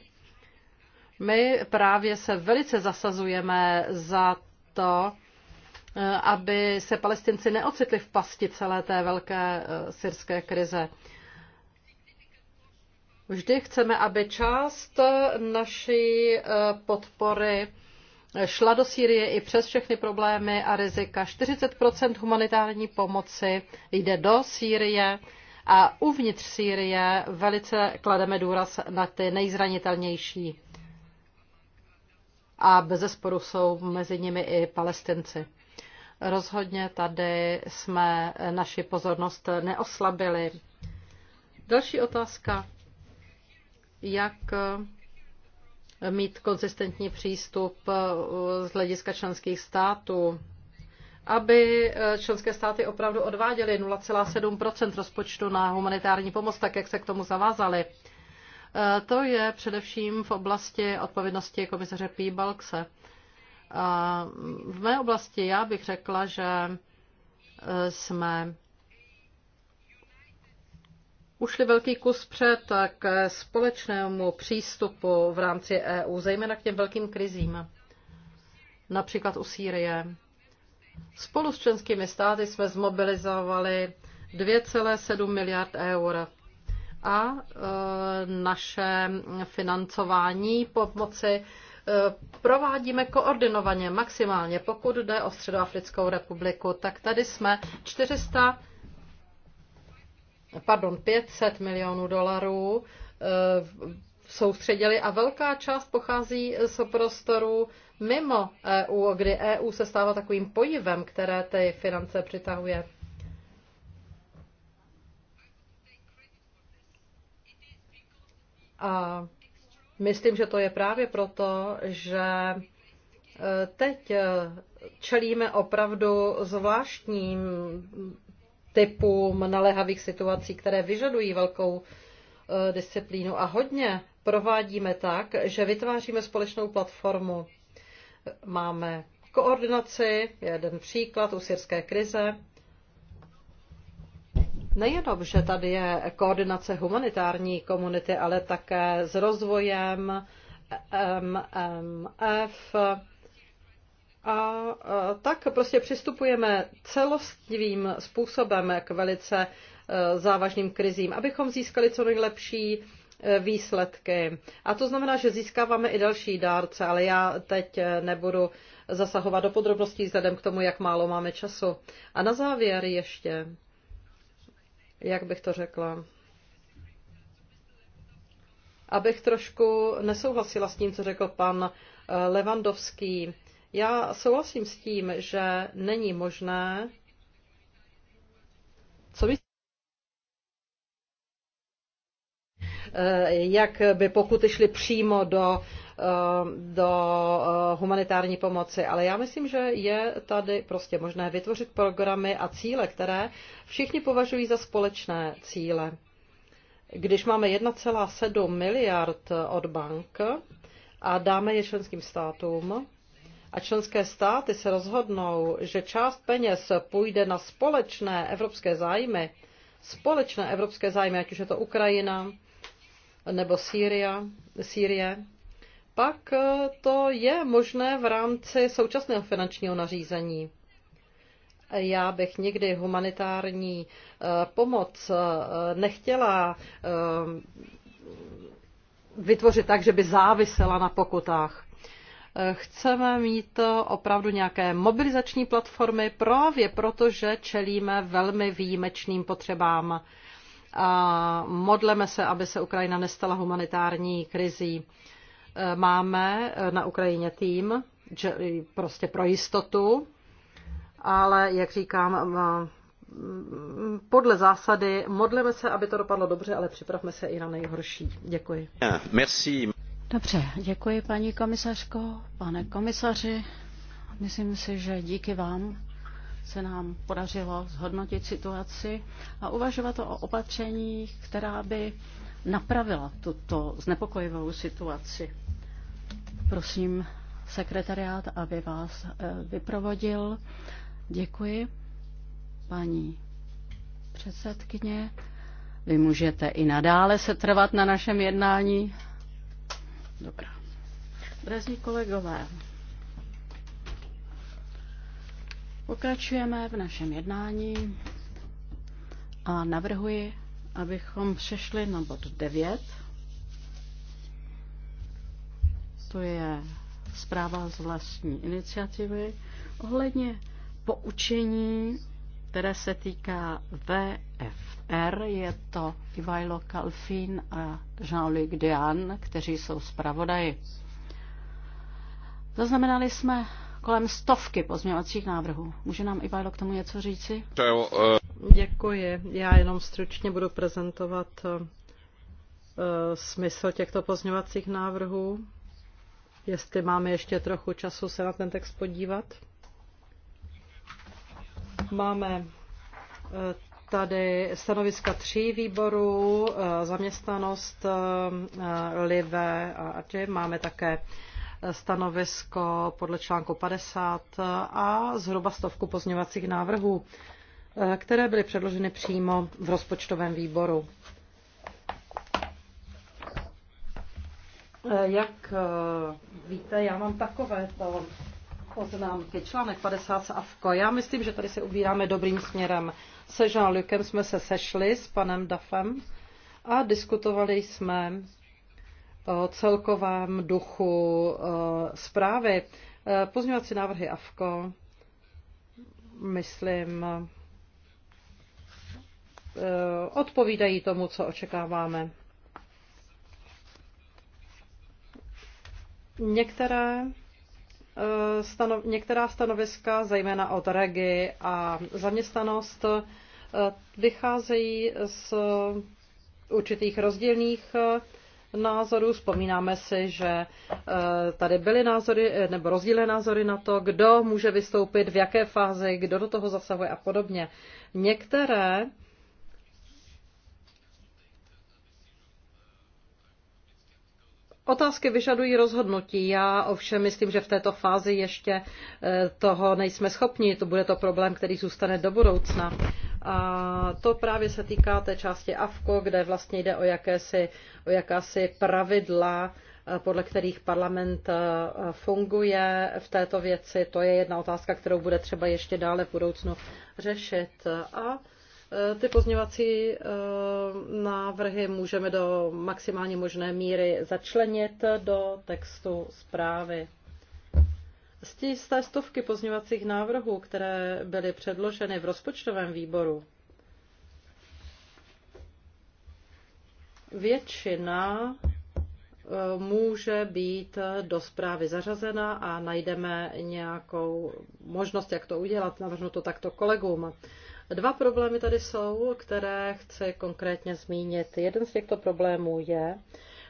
my právě se velice zasazujeme za to, eh, aby se palestinci neocitli v pasti celé té velké eh, syrské krize. Vždy chceme, aby část naší eh, podpory šla do Sýrie i přes všechny problémy a rizika. 40 humanitární pomoci jde do Sýrie a uvnitř Sýrie velice klademe důraz na ty nejzranitelnější. A bez zesporu jsou mezi nimi i palestinci. Rozhodně tady jsme eh, naši pozornost neoslabili. Další otázka jak eh, mít konzistentní přístup eh, z hlediska členských států, aby eh, členské státy opravdu odváděly 0,7 rozpočtu na humanitární pomoc, tak jak se k tomu zavázaly. To je především v oblasti odpovědnosti komisaře Balkse. V mé oblasti já bych řekla, že jsme ušli velký kus před k společnému přístupu v rámci EU, zejména k těm velkým krizím, například u Sýrie. Spolu s členskými státy jsme zmobilizovali 2,7 miliard eur a e, naše financování pomoci e, provádíme koordinovaně maximálně. Pokud jde o Středoafrickou republiku, tak tady jsme 400 pardon, 500 milionů dolarů eh, soustředili a velká část pochází z prostoru mimo EU, kdy EU se stává takovým pojivem, které ty finance přitahuje. A myslím, že to je právě proto, že eh, teď eh, čelíme opravdu zvláštním typu naléhavých situací, které vyžadují velkou eh, disciplínu. A hodně provádíme tak, že vytváříme společnou platformu. Máme koordinaci, jeden příklad u syrské krize. Nejenom, že tady je koordinace humanitární komunity, ale také s rozvojem MMF, a tak prostě přistupujeme celostivým způsobem k velice e, závažným krizím, abychom získali co nejlepší e, výsledky. A to znamená, že získáváme i další dárce, ale já teď e, nebudu zasahovat do podrobností vzhledem k tomu, jak málo máme času. A na závěr ještě, jak bych to řekla, abych trošku nesouhlasila s tím, co řekl pan Levandovský. Já souhlasím s tím, že není možné. Co by... Eh, jak by pokuty šly přímo do, eh, do eh, humanitární pomoci. Ale já myslím, že je tady prostě možné vytvořit programy a cíle, které všichni považují za společné cíle. Když máme 1,7 miliard od bank a dáme je členským státům, a členské státy se rozhodnou, že část peněz půjde na společné evropské zájmy, společné evropské zájmy, ať už je to Ukrajina nebo Sýria, Sýrie, pak eh, to je možné v rámci současného finančního nařízení. Já bych nikdy humanitární eh, pomoc eh, nechtěla vytvořit tak, že by závisela na pokutách. Chceme mít opravdu nějaké mobilizační platformy právě proto, že čelíme velmi výjimečným potřebám. A modleme se, aby se Ukrajina nestala humanitární krizí. Máme na Ukrajině tým, prostě pro jistotu, ale jak říkám, podle zásady modleme se, aby to dopadlo dobře, ale připravme se i na nejhorší. Děkuji. Merci. Dobře, děkuji paní komisařko, pane komisaři. Myslím si, že díky vám se nám podařilo zhodnotit situaci a uvažovat o opatřeních, která by napravila tuto znepokojivou situaci. Prosím sekretariát, aby vás eh, vyprovodil. Děkuji, paní předsedkyně. Vy můžete i nadále se trvat na našem jednání. Dobrá. Drazí kolegové, pokračujeme v našem jednání a navrhuji, abychom přešli na bod 9. To je zpráva z vlastní iniciativy ohledně poučení které se týká VFR. Je to Ivajlo Kalfin a Jean-Luc Dean, kteří jsou zpravodaji. Zaznamenali jsme kolem stovky pozměňovacích návrhů. Může nám Ivajlo k tomu něco říci? Eh. Děkuji. Já jenom stručně budu prezentovat eh, smysl těchto pozměňovacích návrhů. Jestli máme ještě trochu času se na ten text podívat. Máme e, tady stanoviska tří výborů, e, zaměstnanost, e, live a ATI. Máme také stanovisko podle článku 50 a zhruba stovku pozměňovacích návrhů, které byly předloženy přímo v rozpočtovém výboru. Jak víte, já mám takovéto poznámky. Článek 50 vko. Já myslím, že tady se ubíráme dobrým směrem. Se jean Lukem jsme se sešli s panem Dafem a diskutovali jsme o celkovém duchu zprávy. E, pozměňovací návrhy Avko, myslím, e, odpovídají tomu, co očekáváme. Některé Eh, stano, některá stanoviska, zejména od regi a zaměstnanost, eh, vycházejí z určitých rozdílných eh, názorů. Vzpomínáme si, že tady byly názory nebo rozdílné názory na to, kdo může vystoupit, v jaké fázi, kdo do toho zasahuje a podobně. Některé Otázky vyžadují rozhodnutí. Já ovšem myslím, že v této fázi ještě eh, toho nejsme schopni. To bude to problém, který zůstane do budoucna. A to právě se týká té části AFKO, kde vlastně jde o, jakési, o jakási pravidla, eh, podle kterých parlament eh, funguje v této věci. To je jedna otázka, kterou bude třeba ještě dále v budoucnu řešit. A Eh, ty pozměvací eh, návrhy můžeme do maximálně možné míry začlenit do textu zprávy. Z té stovky pozměvacích návrhů, které byly předloženy v rozpočtovém výboru, většina eh, může být do zprávy zařazena a najdeme nějakou možnost, jak to udělat. Navrhnu to takto kolegům. Dva problémy tady jsou, které chci konkrétně zmínit. Jeden z těchto problémů je,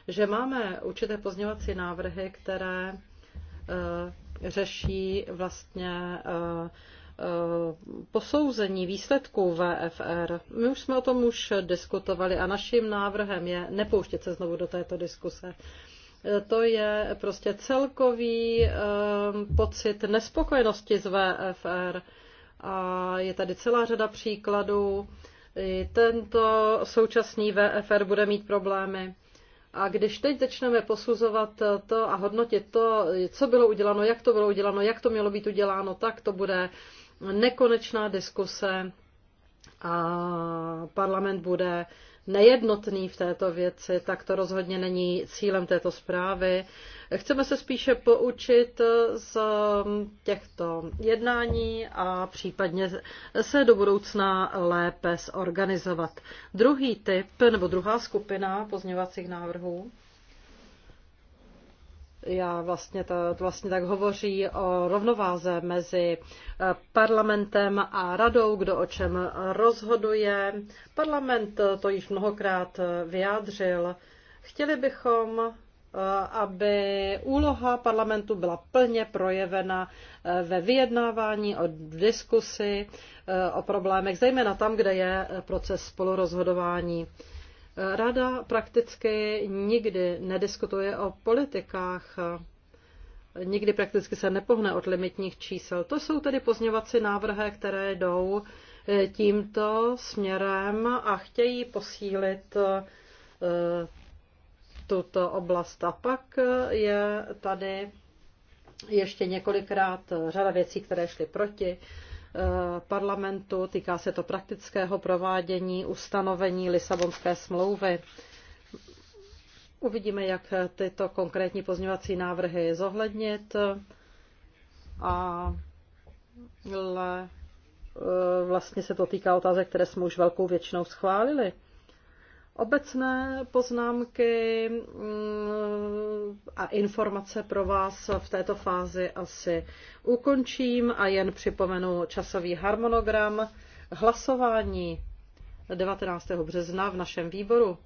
že máme určité pozněvací návrhy, které eh, řeší vlastně eh, eh, posouzení výsledků VFR. My už jsme o tom už diskutovali a naším návrhem je nepouštět se znovu do této diskuse. To je prostě celkový pocit nespokojenosti z VFR a je tady celá řada příkladů. Tento současný VFR bude mít problémy. A když teď začneme posuzovat to a hodnotit to, co bylo uděláno, jak to bylo uděláno, jak to mělo být uděláno, tak to bude nekonečná diskuse a parlament bude nejednotný v této věci, tak to rozhodně není cílem této zprávy. Chceme se spíše poučit z těchto jednání a případně se do budoucna lépe zorganizovat. Druhý typ nebo druhá skupina pozměňovacích návrhů já vlastně, to, vlastně tak hovoří o rovnováze mezi eh, parlamentem a radou, kdo o čem rozhoduje. Parlament to již mnohokrát vyjádřil. Chtěli bychom Eh, aby úloha parlamentu byla plně projevena eh, ve vyjednávání o diskusi eh, o problémech, zejména tam, kde je proces spolurozhodování. Rada prakticky nikdy nediskutuje o politikách, nikdy prakticky se nepohne od limitních čísel. To jsou tedy pozměvací návrhy, které jdou tímto směrem a chtějí posílit tuto oblast. A pak eh, je tady ještě několikrát eh, řada věcí, které šly proti eh, parlamentu. Týká se to praktického provádění ustanovení Lisabonské smlouvy. Uvidíme, jak tyto konkrétní pozměňovací návrhy zohlednit. A vlastně se to týká otázek, které jsme už velkou většinou schválili obecné poznámky mm, a informace pro vás v této fázi asi ukončím a jen připomenu časový harmonogram hlasování 19. března v našem výboru.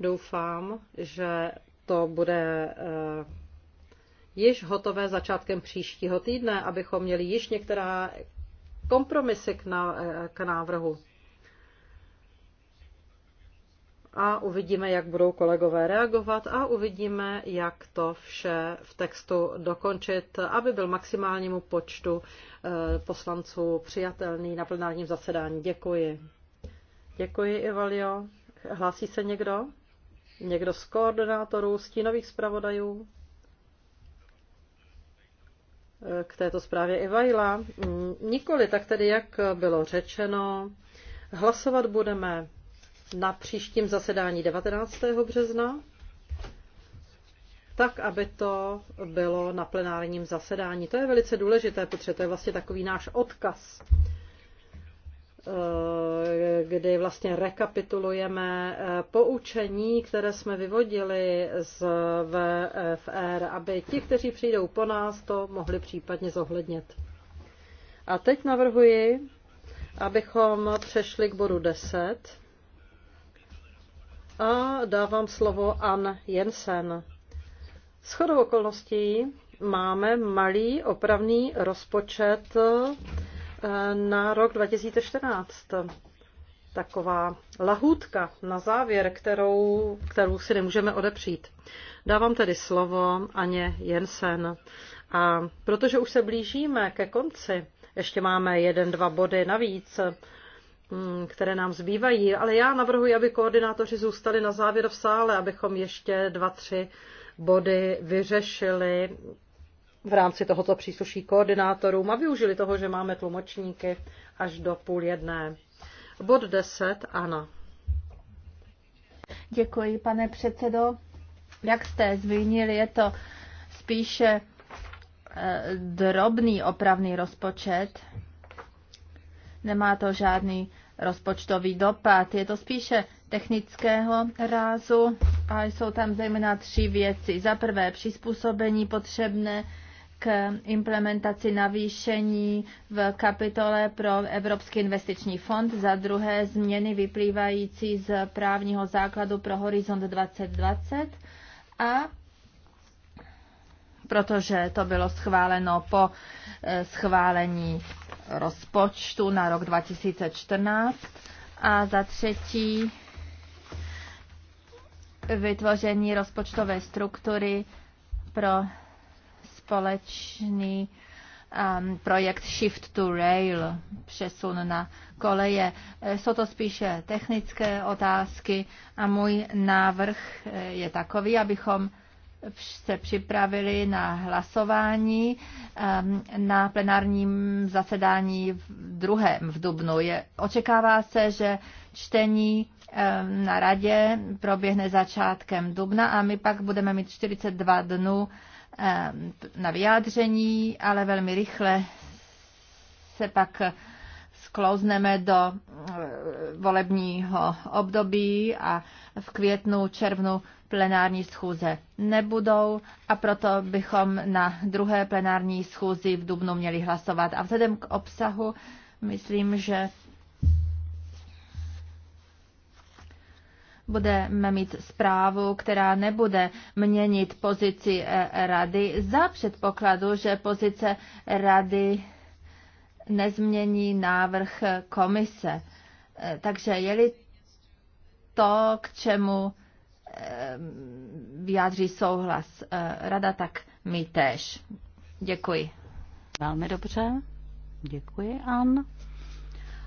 Doufám, že to bude eh, již hotové začátkem příštího týdne, abychom měli již některá kompromisy k, eh, k návrhu a uvidíme, jak budou kolegové reagovat a uvidíme, jak to vše v textu dokončit, aby byl maximálnímu počtu eh, poslanců přijatelný na plenárním zasedání. Děkuji. Děkuji, Ivalio. Hlásí se někdo? Někdo z koordinátorů, stínových zpravodajů? Eh, k této zprávě Ivaila. Mm, nikoli, tak tedy, jak bylo řečeno, hlasovat budeme na příštím zasedání 19. března, tak, aby to bylo na plenárním zasedání. To je velice důležité, protože to je vlastně takový náš odkaz, eh, kdy vlastně rekapitulujeme eh, poučení, které jsme vyvodili z VFR, aby ti, kteří přijdou po nás, to mohli případně zohlednit. A teď navrhuji, abychom přešli k bodu 10 a dávám slovo Ann Jensen. Shodou okolností máme malý opravný rozpočet eh, na rok 2014. Taková lahůdka na závěr, kterou, kterou si nemůžeme odepřít. Dávám tedy slovo Aně Jensen. A protože už se blížíme ke konci, ještě máme jeden, dva body navíc, Mm, které nám zbývají, ale já navrhuji, aby koordinátoři zůstali na závěr v sále, abychom ještě dva, tři body vyřešili v rámci tohoto přísluší koordinátorům a využili toho, že máme tlumočníky až do půl jedné. Bod 10, Ana. Děkuji, pane předsedo. Jak jste zmínil, je to spíše eh, drobný opravný rozpočet. Nemá to žádný rozpočtový dopad. Je to spíše technického rázu a jsou tam zejména tři věci. Za prvé přizpůsobení potřebné k implementaci navýšení v kapitole pro Evropský investiční fond, za druhé změny vyplývající z právního základu pro Horizont 2020 a protože to bylo schváleno po eh, schválení rozpočtu na rok 2014. A za třetí vytvoření rozpočtové struktury pro společný um, projekt Shift to Rail, přesun na koleje. Eh, jsou to spíše technické otázky a můj návrh eh, je takový, abychom se připravili na hlasování ehm, na plenárním zasedání v druhém v Dubnu. Je, očekává se, že čtení ehm, na radě proběhne začátkem Dubna a my pak budeme mít 42 dnů ehm, na vyjádření, ale velmi rychle se pak sklouzneme do volebního období a v květnu, červnu plenární schůze nebudou a proto bychom na druhé plenární schůzi v Dubnu měli hlasovat. A vzhledem k obsahu myslím, že budeme mít zprávu, která nebude měnit pozici eh, rady za předpokladu, že pozice rady nezmění návrh komise. Eh, takže je-li to, k čemu Eh, vyjádří souhlas eh, rada, tak my též. Děkuji. Velmi dobře. Děkuji, An.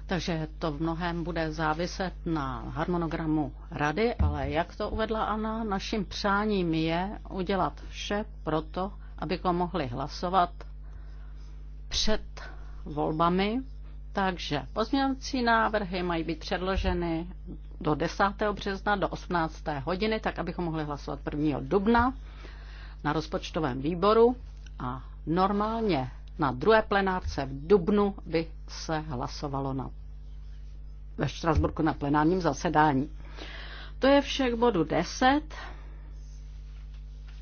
Takže to v mnohem bude záviset na harmonogramu rady, ale jak to uvedla Anna, naším přáním je udělat vše to, abychom mohli hlasovat před volbami. Takže pozměňovací návrhy mají být předloženy do 10. března do 18. hodiny, tak abychom mohli hlasovat 1. dubna na rozpočtovém výboru a normálně na druhé plenárce v dubnu by se hlasovalo na, ve Štrasburku na plenárním zasedání. To je vše k bodu 10.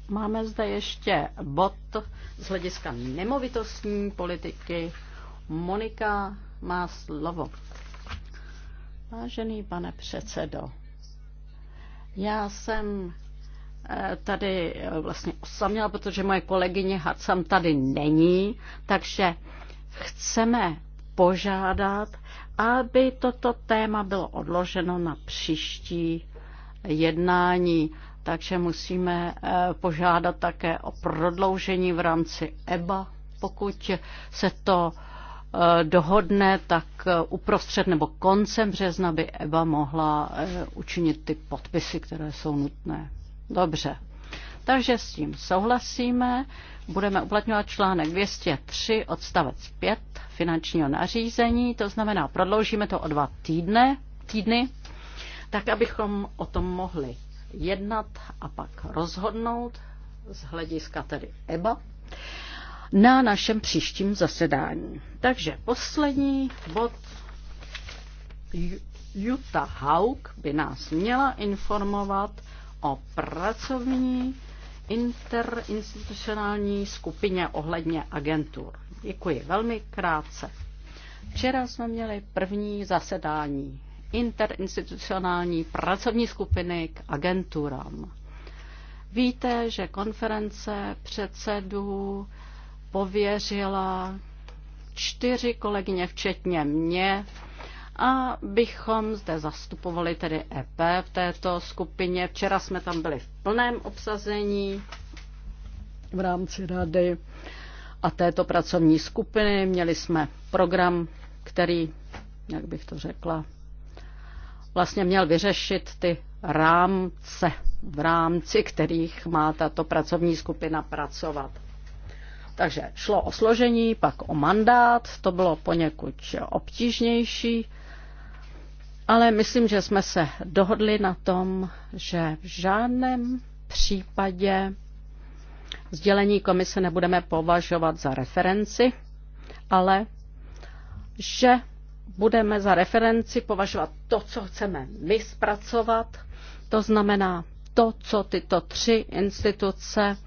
Máme zde ještě bod z hlediska nemovitostní politiky. Monika má slovo. Vážený pane předsedo, já jsem eh, tady eh, vlastně osaměla, protože moje kolegyně Hacam tady není, takže chceme požádat, aby toto téma bylo odloženo na příští jednání. Takže musíme eh, požádat také o prodloužení v rámci EBA, pokud se to Eh, dohodne, tak eh, uprostřed nebo koncem března by EBA mohla eh, učinit ty podpisy, které jsou nutné. Dobře. Takže s tím souhlasíme. Budeme uplatňovat článek 203 odstavec 5 finančního nařízení, to znamená, prodloužíme to o dva týdne, týdny, tak abychom o tom mohli jednat a pak rozhodnout z hlediska tedy EBA na našem příštím zasedání. Takže poslední bod. Jutta Haug by nás měla informovat o pracovní interinstitucionální skupině ohledně agentur. Děkuji velmi krátce. Včera jsme měli první zasedání interinstitucionální pracovní skupiny k agenturám. Víte, že konference předsedů pověřila čtyři kolegyně, včetně mě, a bychom zde zastupovali tedy EP v této skupině. Včera jsme tam byli v plném obsazení v rámci rady a této pracovní skupiny. Měli jsme program, který, jak bych to řekla, vlastně měl vyřešit ty rámce, v rámci kterých má tato pracovní skupina pracovat. Takže šlo o složení, pak o mandát, to bylo poněkud obtížnější, ale myslím, že jsme se dohodli na tom, že v žádném případě sdělení komise nebudeme považovat za referenci, ale že budeme za referenci považovat to, co chceme my zpracovat, to znamená to, co tyto tři instituce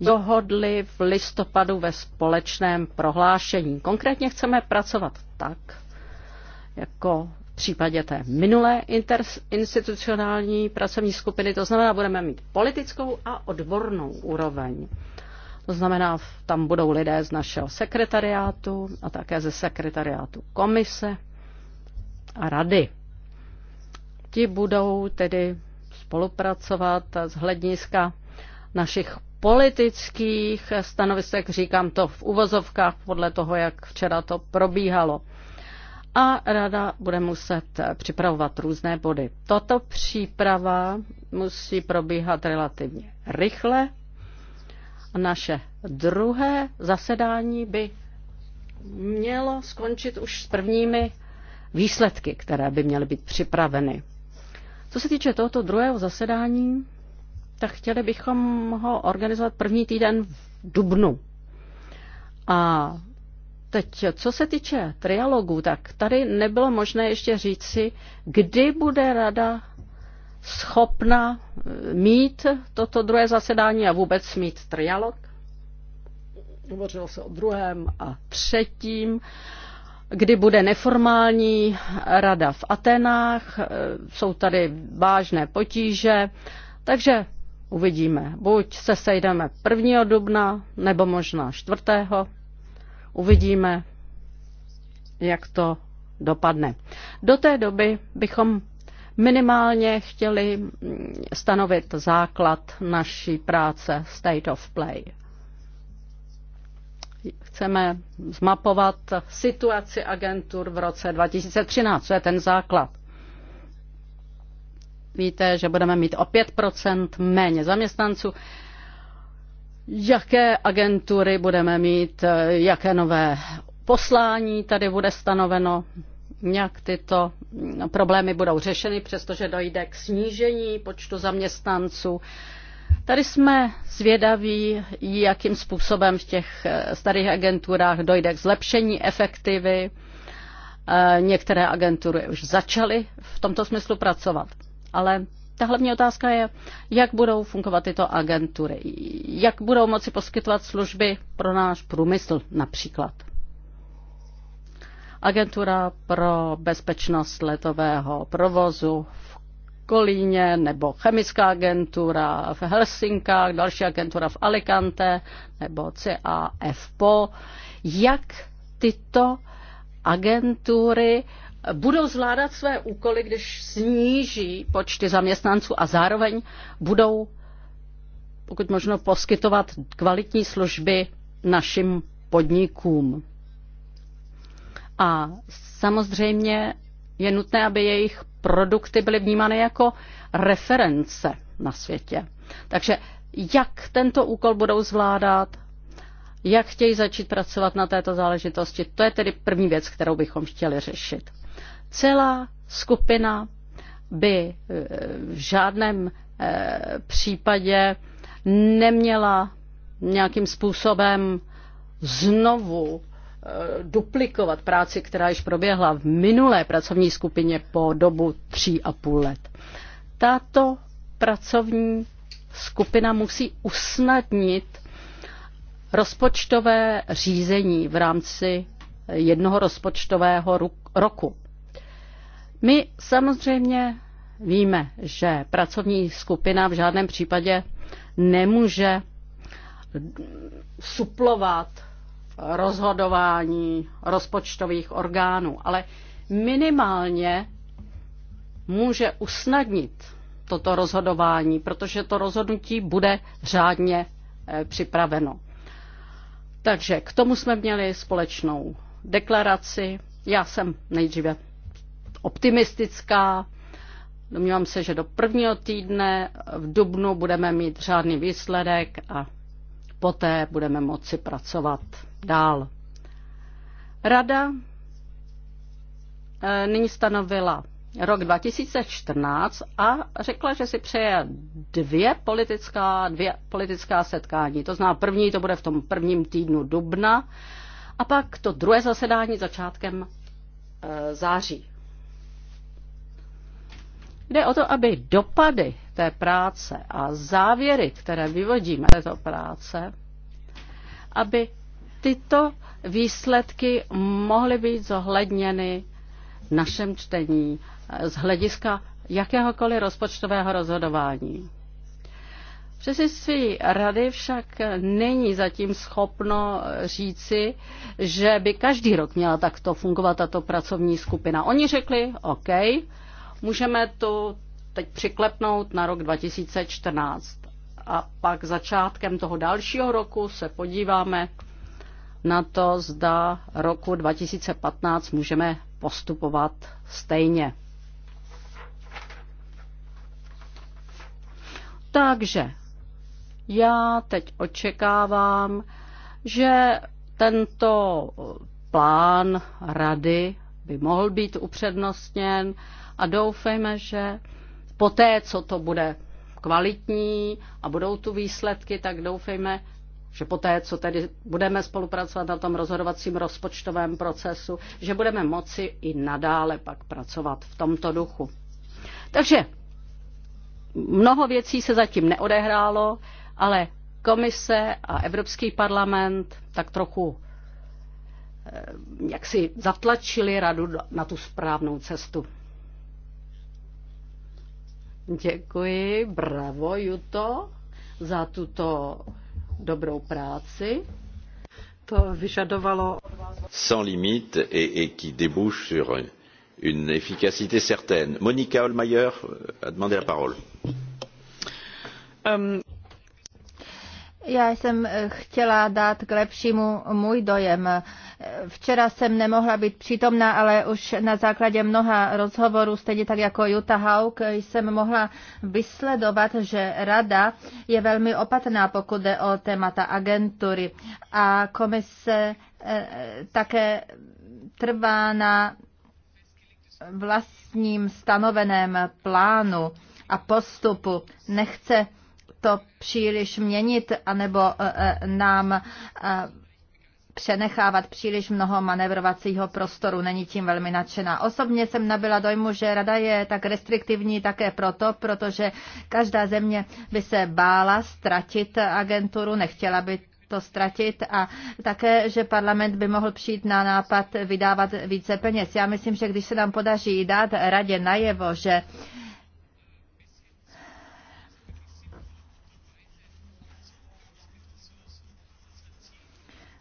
dohodli v listopadu ve společném prohlášení. Konkrétně chceme pracovat tak, jako v případě té minulé institucionální pracovní skupiny, to znamená, budeme mít politickou a odbornou úroveň. To znamená, tam budou lidé z našeho sekretariátu a také ze sekretariátu komise a rady. Ti budou tedy spolupracovat z hlediska našich politických stanovisek, říkám to v uvozovkách podle toho, jak včera to probíhalo. A rada bude muset připravovat různé body. Toto příprava musí probíhat relativně rychle. Naše druhé zasedání by mělo skončit už s prvními výsledky, které by měly být připraveny. Co se týče tohoto druhého zasedání, tak chtěli bychom ho organizovat první týden v dubnu. A teď, co se týče trialogu, tak tady nebylo možné ještě říci, kdy bude rada schopna eh, mít toto druhé zasedání a vůbec mít trialog. Hovořilo se o druhém a třetím, kdy bude neformální rada v Atenách. Eh, jsou tady vážné potíže. Takže Uvidíme. Buď se sejdeme 1. dubna, nebo možná 4. Uvidíme, jak to dopadne. Do té doby bychom minimálně chtěli mm, stanovit základ naší práce State of Play. Chceme zmapovat situaci agentur v roce 2013, co je ten základ. Víte, že budeme mít o 5% méně zaměstnanců. Jaké agentury budeme mít, jaké nové poslání tady bude stanoveno, jak tyto problémy budou řešeny, přestože dojde k snížení počtu zaměstnanců. Tady jsme zvědaví, jakým způsobem v těch starých agenturách dojde k zlepšení efektivy. Některé agentury už začaly v tomto smyslu pracovat ale ta hlavní otázka je, jak budou fungovat tyto agentury, jak budou moci poskytovat služby pro náš průmysl například. Agentura pro bezpečnost letového provozu v Kolíně nebo chemická agentura v Helsinkách, další agentura v Alicante nebo CAFPO. Jak tyto agentury uh, budou zvládat své úkoly, když sníží počty zaměstnanců a zároveň budou pokud možno poskytovat kvalitní služby našim podnikům. A samozřejmě je nutné, aby jejich produkty byly vnímány jako reference na světě. Takže jak tento úkol budou zvládat, jak chtějí začít pracovat na této záležitosti, to je tedy první věc, kterou bychom chtěli řešit. Celá skupina by eh, v žádném eh, případě neměla nějakým způsobem znovu eh, duplikovat práci, která již proběhla v minulé pracovní skupině po dobu tří a půl let. Tato pracovní skupina musí usnadnit rozpočtové řízení v rámci jednoho rozpočtového roku. My samozřejmě víme, že pracovní skupina v žádném případě nemůže suplovat rozhodování rozpočtových orgánů, ale minimálně může usnadnit toto rozhodování, protože to rozhodnutí bude řádně eh, připraveno. Takže k tomu jsme měli společnou deklaraci. Já jsem nejdříve optimistická. Domnívám se, že do prvního týdne v Dubnu budeme mít řádný výsledek a poté budeme moci pracovat dál. Rada eh, nyní stanovila rok 2014 a řekla, že si přeje dvě politická, dvě politická setkání. To zná první, to bude v tom prvním týdnu dubna a pak to druhé zasedání začátkem eh, září. Jde o to, aby dopady té práce a závěry, které vyvodíme této práce, aby tyto výsledky mohly být zohledněny v našem čtení eh, z hlediska jakéhokoliv rozpočtového rozhodování. Předsednictví rady však není zatím schopno říci, že by každý rok měla takto fungovat tato pracovní skupina. Oni řekli, OK, Můžeme to teď přiklepnout na rok 2014 a pak začátkem toho dalšího roku se podíváme na to, zda roku 2015 můžeme postupovat stejně. Takže já teď očekávám, že tento plán rady by mohl být upřednostněn a doufejme, že poté, co to bude kvalitní a budou tu výsledky, tak doufejme, že poté, co tedy budeme spolupracovat na tom rozhodovacím rozpočtovém procesu, že budeme moci i nadále pak pracovat v tomto duchu. Takže mnoho věcí se zatím neodehrálo, ale komise a Evropský parlament tak trochu eh, jak si zatlačili radu na tu správnou cestu. Děkuji, bravo Juto, za tuto dobrou práci. To vyžadovalo sans limite et, et qui débouche sur une efficacité certaine. Monika Holmeyer a demandé la parole. Um já jsem eh, chtěla dát k lepšímu můj dojem. Včera jsem nemohla být přítomná, ale už na základě mnoha rozhovorů, stejně tak jako Jutta Hauk, jsem mohla vysledovat, že rada je velmi opatrná, pokud jde o témata agentury. A komise eh, také trvá na vlastním stanoveném plánu a postupu. Nechce to příliš měnit anebo e, e, nám e, přenechávat příliš mnoho manevrovacího prostoru, není tím velmi nadšená. Osobně jsem nabila dojmu, že rada je tak restriktivní také proto, protože každá země by se bála ztratit agenturu, nechtěla by to ztratit a také, že parlament by mohl přijít na nápad vydávat více peněz. Já myslím, že když se nám podaří dát radě najevo, že uh,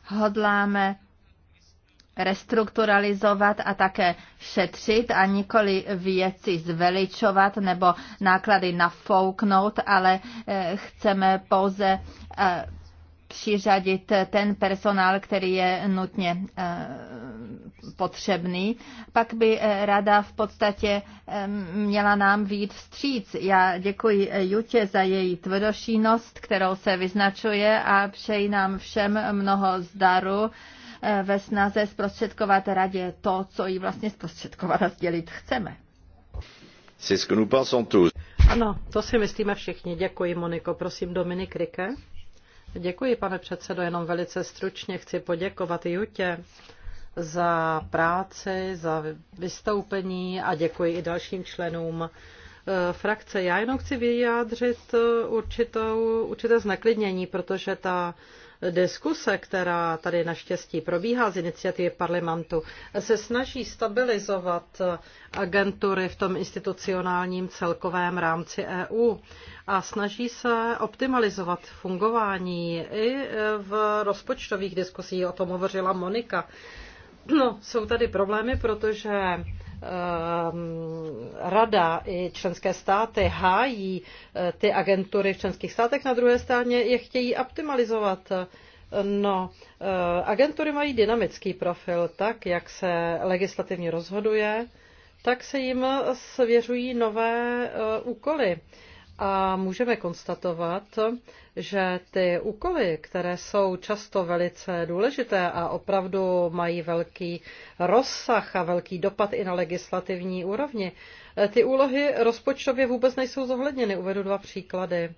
hodláme restrukturalizovat a také šetřit a nikoli věci zveličovat nebo náklady nafouknout, ale eh, chceme pouze eh, přiřadit ten personál, který je nutně eh, potřebný. Pak by eh, rada v podstatě eh, měla nám výjít vstříc. Já děkuji Jutě za její tvrdošínost, kterou se vyznačuje a přeji nám všem mnoho zdaru ve snaze zprostředkovat radě to, co jí vlastně zprostředkovat a sdělit chceme. Ano, to si myslíme všichni. Děkuji, Moniko. Prosím, Dominik Rike. Děkuji, pane předsedo, jenom velice stručně chci poděkovat Jutě za práci, za vystoupení a děkuji i dalším členům eh, frakce. Já jenom chci vyjádřit eh, určitou, určité zneklidnění, protože ta diskuse, která tady naštěstí probíhá z iniciativy parlamentu, se snaží stabilizovat agentury v tom institucionálním celkovém rámci EU a snaží se optimalizovat fungování i v rozpočtových diskusích, o tom hovořila Monika. No, jsou tady problémy, protože Ehm, rada i členské státy hájí eh, ty agentury v členských státech, na druhé straně je chtějí optimalizovat. No, eh, agentury mají dynamický profil, tak jak se legislativně rozhoduje, tak se jim svěřují nové eh, úkoly a můžeme konstatovat, že ty úkoly, které jsou často velice důležité a opravdu mají velký rozsah a velký dopad i na legislativní úrovni, ty úlohy rozpočtově vůbec nejsou zohledněny. Uvedu dva příklady.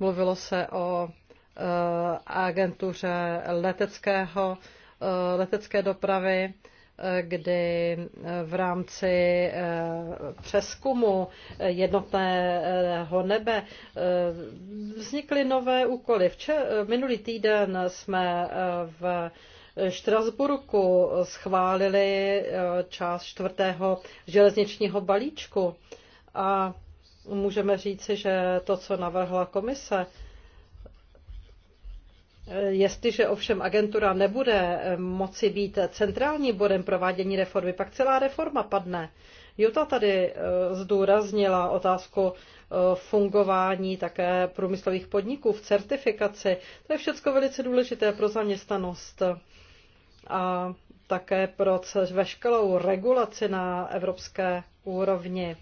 Mluvilo se o eh, agentuře leteckého, eh, letecké dopravy, kdy eh, v rámci eh, přeskumu jednotného nebe eh, vznikly nové úkoly. Vče- minulý týden jsme v Štrasburku schválili část čtvrtého železničního balíčku a můžeme říci, že to, co navrhla komise, Eh, jestliže ovšem agentura nebude eh, moci být centrálním bodem provádění reformy, pak celá reforma padne. Juta tady eh, zdůraznila otázku fungování také průmyslových podniků v certifikaci. To je všechno velice důležité pro zaměstnanost a také pro veškerou regulaci na evropské úrovni.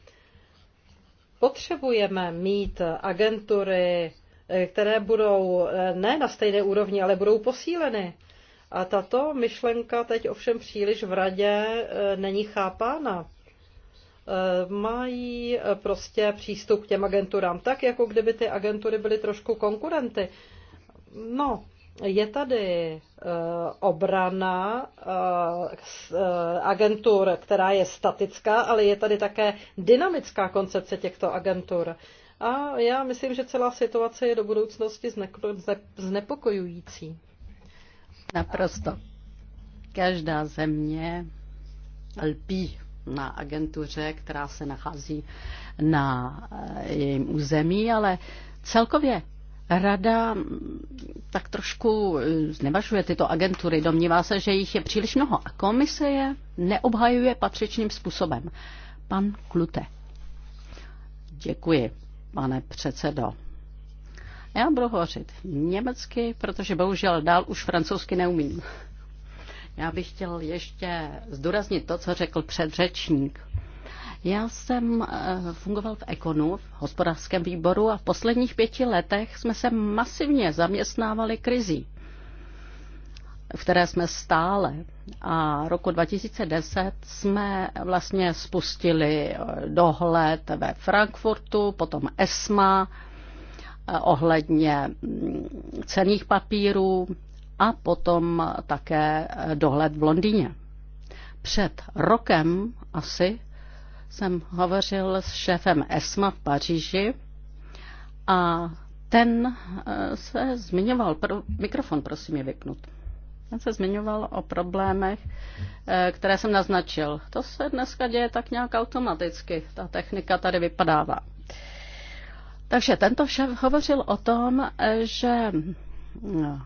Potřebujeme mít agentury Eh, které budou eh, ne na stejné úrovni, ale budou posíleny. A tato myšlenka teď ovšem příliš v radě eh, není chápána. Mají prostě přístup k těm agenturám tak, jako kdyby ty agentury byly trošku konkurenty. No, je tady obrana agentur, která je statická, ale je tady také dynamická koncepce těchto agentur. A já myslím, že celá situace je do budoucnosti znepokojující. Naprosto. Každá země lpí na agentuře, která se nachází na eh, jejím území, ale celkově rada mm, tak trošku eh, znevažuje tyto agentury, domnívá se, že jich je příliš mnoho a komise je neobhajuje patřičným způsobem. Pan Klute. Děkuji pane předsedo. Já budu hovořit německy, protože bohužel dál už francouzsky neumím. Já bych chtěl ještě zdůraznit to, co řekl předřečník. Já jsem eh, fungoval v Ekonu, v hospodářském výboru a v posledních pěti letech jsme se masivně zaměstnávali krizí v které jsme stále. A roku 2010 jsme vlastně spustili eh, dohled ve Frankfurtu, potom ESMA eh, ohledně mm, cených papírů a potom také eh, dohled v Londýně. Před rokem asi jsem hovořil s šéfem ESMA v Paříži a ten se zmiňoval, pro, mikrofon prosím je vypnut. Ten se zmiňoval o problémech, eh, které jsem naznačil. To se dneska děje tak nějak automaticky. Ta technika tady vypadává. Takže tento šéf hovořil o tom, eh, že no,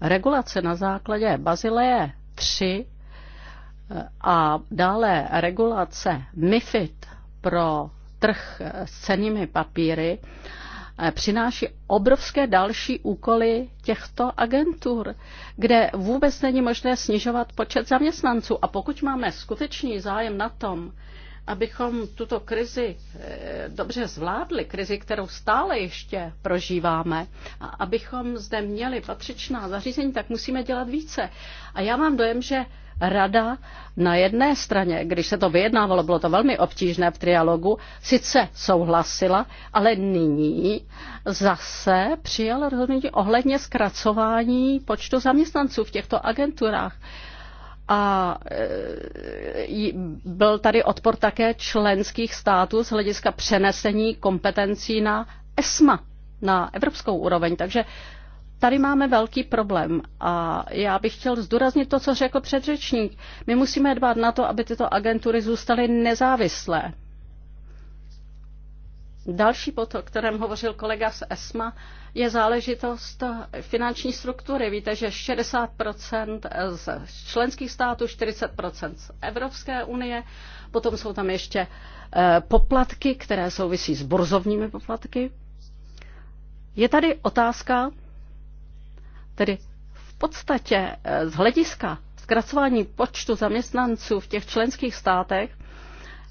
regulace na základě Bazileje 3 eh, a dále regulace MIFID pro trh s cenými papíry Eh, přináší obrovské další úkoly těchto agentur, kde vůbec není možné snižovat počet zaměstnanců. A pokud máme skutečný zájem na tom, abychom tuto krizi eh, dobře zvládli, krizi, kterou stále ještě prožíváme, a abychom zde měli patřičná zařízení, tak musíme dělat více. A já mám dojem, že Rada na jedné straně, když se to vyjednávalo, bylo to velmi obtížné v trialogu, sice souhlasila, ale nyní zase přijal rozhodnutí ohledně zkracování počtu zaměstnanců v těchto agenturách. A e, byl tady odpor také členských států z hlediska přenesení kompetencí na ESMA, na evropskou úroveň. Takže Tady máme velký problém a já bych chtěl zdůraznit to, co řekl předřečník. My musíme dbát na to, aby tyto agentury zůstaly nezávislé. Další bod, o kterém hovořil kolega z ESMA, je záležitost finanční struktury. Víte, že 60 z členských států, 40 z Evropské unie, potom jsou tam ještě eh, poplatky, které souvisí s burzovními poplatky. Je tady otázka, Tedy v podstatě eh, z hlediska zkracování počtu zaměstnanců v těch členských státech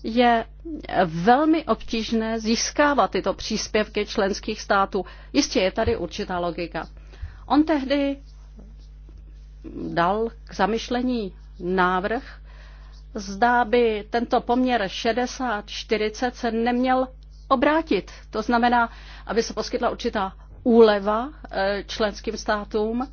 je eh, velmi obtížné získávat tyto příspěvky členských států. Jistě je tady určitá logika. On tehdy dal k zamyšlení návrh, zdá by tento poměr 60-40 se neměl obrátit. To znamená, aby se poskytla určitá úleva eh, členským státům,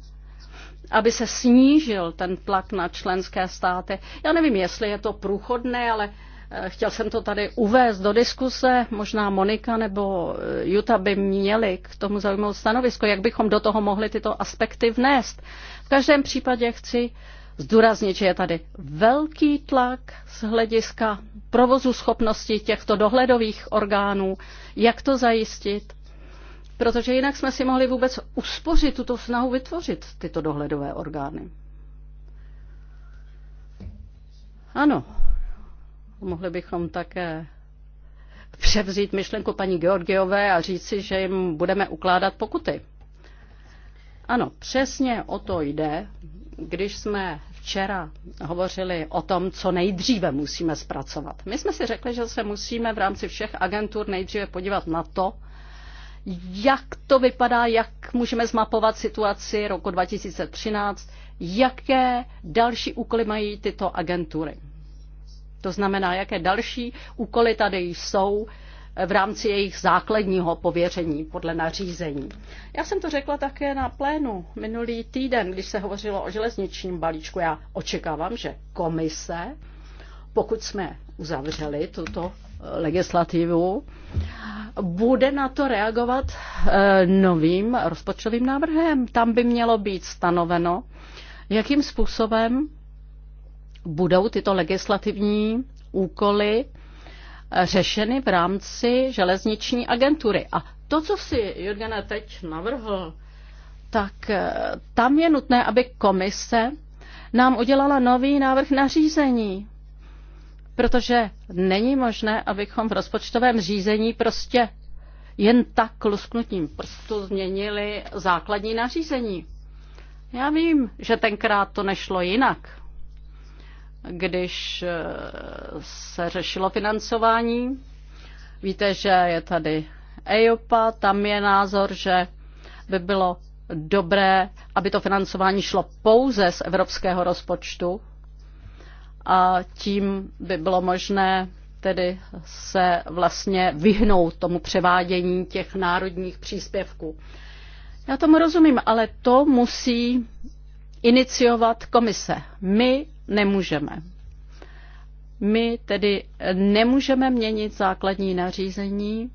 aby se snížil ten tlak na členské státy. Já nevím, jestli je to průchodné, ale eh, chtěl jsem to tady uvést do diskuse. Možná Monika nebo eh, Juta by měli k tomu zaujmout stanovisko, jak bychom do toho mohli tyto aspekty vnést. V každém případě chci zdůraznit, že je tady velký tlak z hlediska provozu schopnosti těchto dohledových orgánů, jak to zajistit protože jinak jsme si mohli vůbec uspořit tuto snahu vytvořit tyto dohledové orgány. Ano, mohli bychom také převzít myšlenku paní Georgiové a říci, že jim budeme ukládat pokuty. Ano, přesně o to jde, když jsme včera hovořili o tom, co nejdříve musíme zpracovat. My jsme si řekli, že se musíme v rámci všech agentur nejdříve podívat na to, jak to vypadá, jak můžeme zmapovat situaci roku 2013, jaké další úkoly mají tyto agentury. To znamená, jaké další úkoly tady jsou v rámci jejich základního pověření podle nařízení. Já jsem to řekla také na plénu minulý týden, když se hovořilo o železničním balíčku. Já očekávám, že komise, pokud jsme uzavřeli tuto legislativu, bude na to reagovat eh, novým rozpočtovým návrhem. Tam by mělo být stanoveno, jakým způsobem budou tyto legislativní úkoly eh, řešeny v rámci železniční agentury. A to, co si Jurgena teď navrhl, tak eh, tam je nutné, aby komise nám udělala nový návrh nařízení protože není možné, abychom v rozpočtovém řízení prostě jen tak lusknutím prstu změnili základní nařízení. Já vím, že tenkrát to nešlo jinak. Když eh, se řešilo financování, víte, že je tady EIOPA, tam je názor, že by bylo dobré, aby to financování šlo pouze z evropského rozpočtu, a tím by bylo možné tedy se vlastně vyhnout tomu převádění těch národních příspěvků. Já tomu rozumím, ale to musí iniciovat komise. My nemůžeme. My tedy nemůžeme měnit základní nařízení,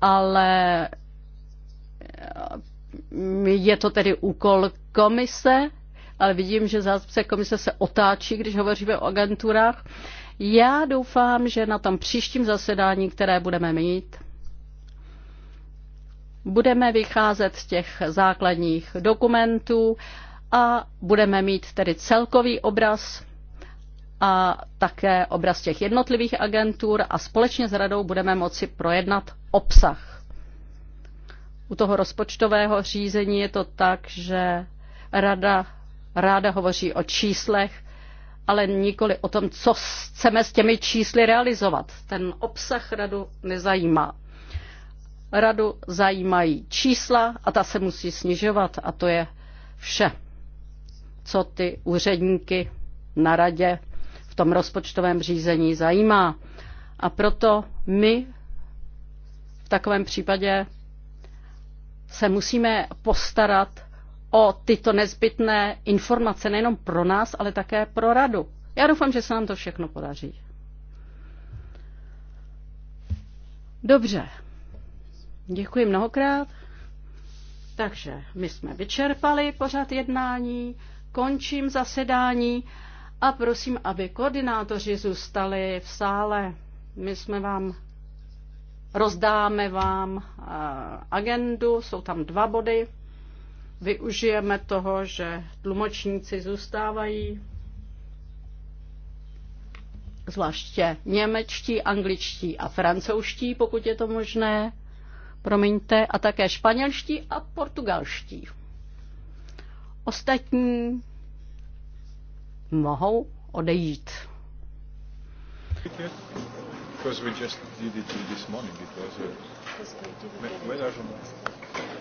ale je to tedy úkol komise ale vidím, že zástupce komise se otáčí, když hovoříme o agenturách. Já doufám, že na tom příštím zasedání, které budeme mít, budeme vycházet z těch základních dokumentů a budeme mít tedy celkový obraz a také obraz těch jednotlivých agentur a společně s radou budeme moci projednat obsah. U toho rozpočtového řízení je to tak, že rada ráda hovoří o číslech, ale nikoli o tom, co chceme s těmi čísly realizovat. Ten obsah radu nezajímá. Radu zajímají čísla a ta se musí snižovat a to je vše, co ty úředníky na radě v tom rozpočtovém řízení zajímá. A proto my v takovém případě se musíme postarat o tyto nezbytné informace nejenom pro nás, ale také pro radu. Já doufám, že se nám to všechno podaří. Dobře. Děkuji mnohokrát. Takže my jsme vyčerpali pořad jednání, končím zasedání a prosím, aby koordinátoři zůstali v sále. My jsme vám rozdáme vám eh, agendu, jsou tam dva body využijeme toho, že tlumočníci zůstávají, zvláště němečtí, angličtí a francouzští, pokud je to možné, promiňte, a také španělští a portugalští. Ostatní mohou odejít. Because we just did it this morning. It was uh, a...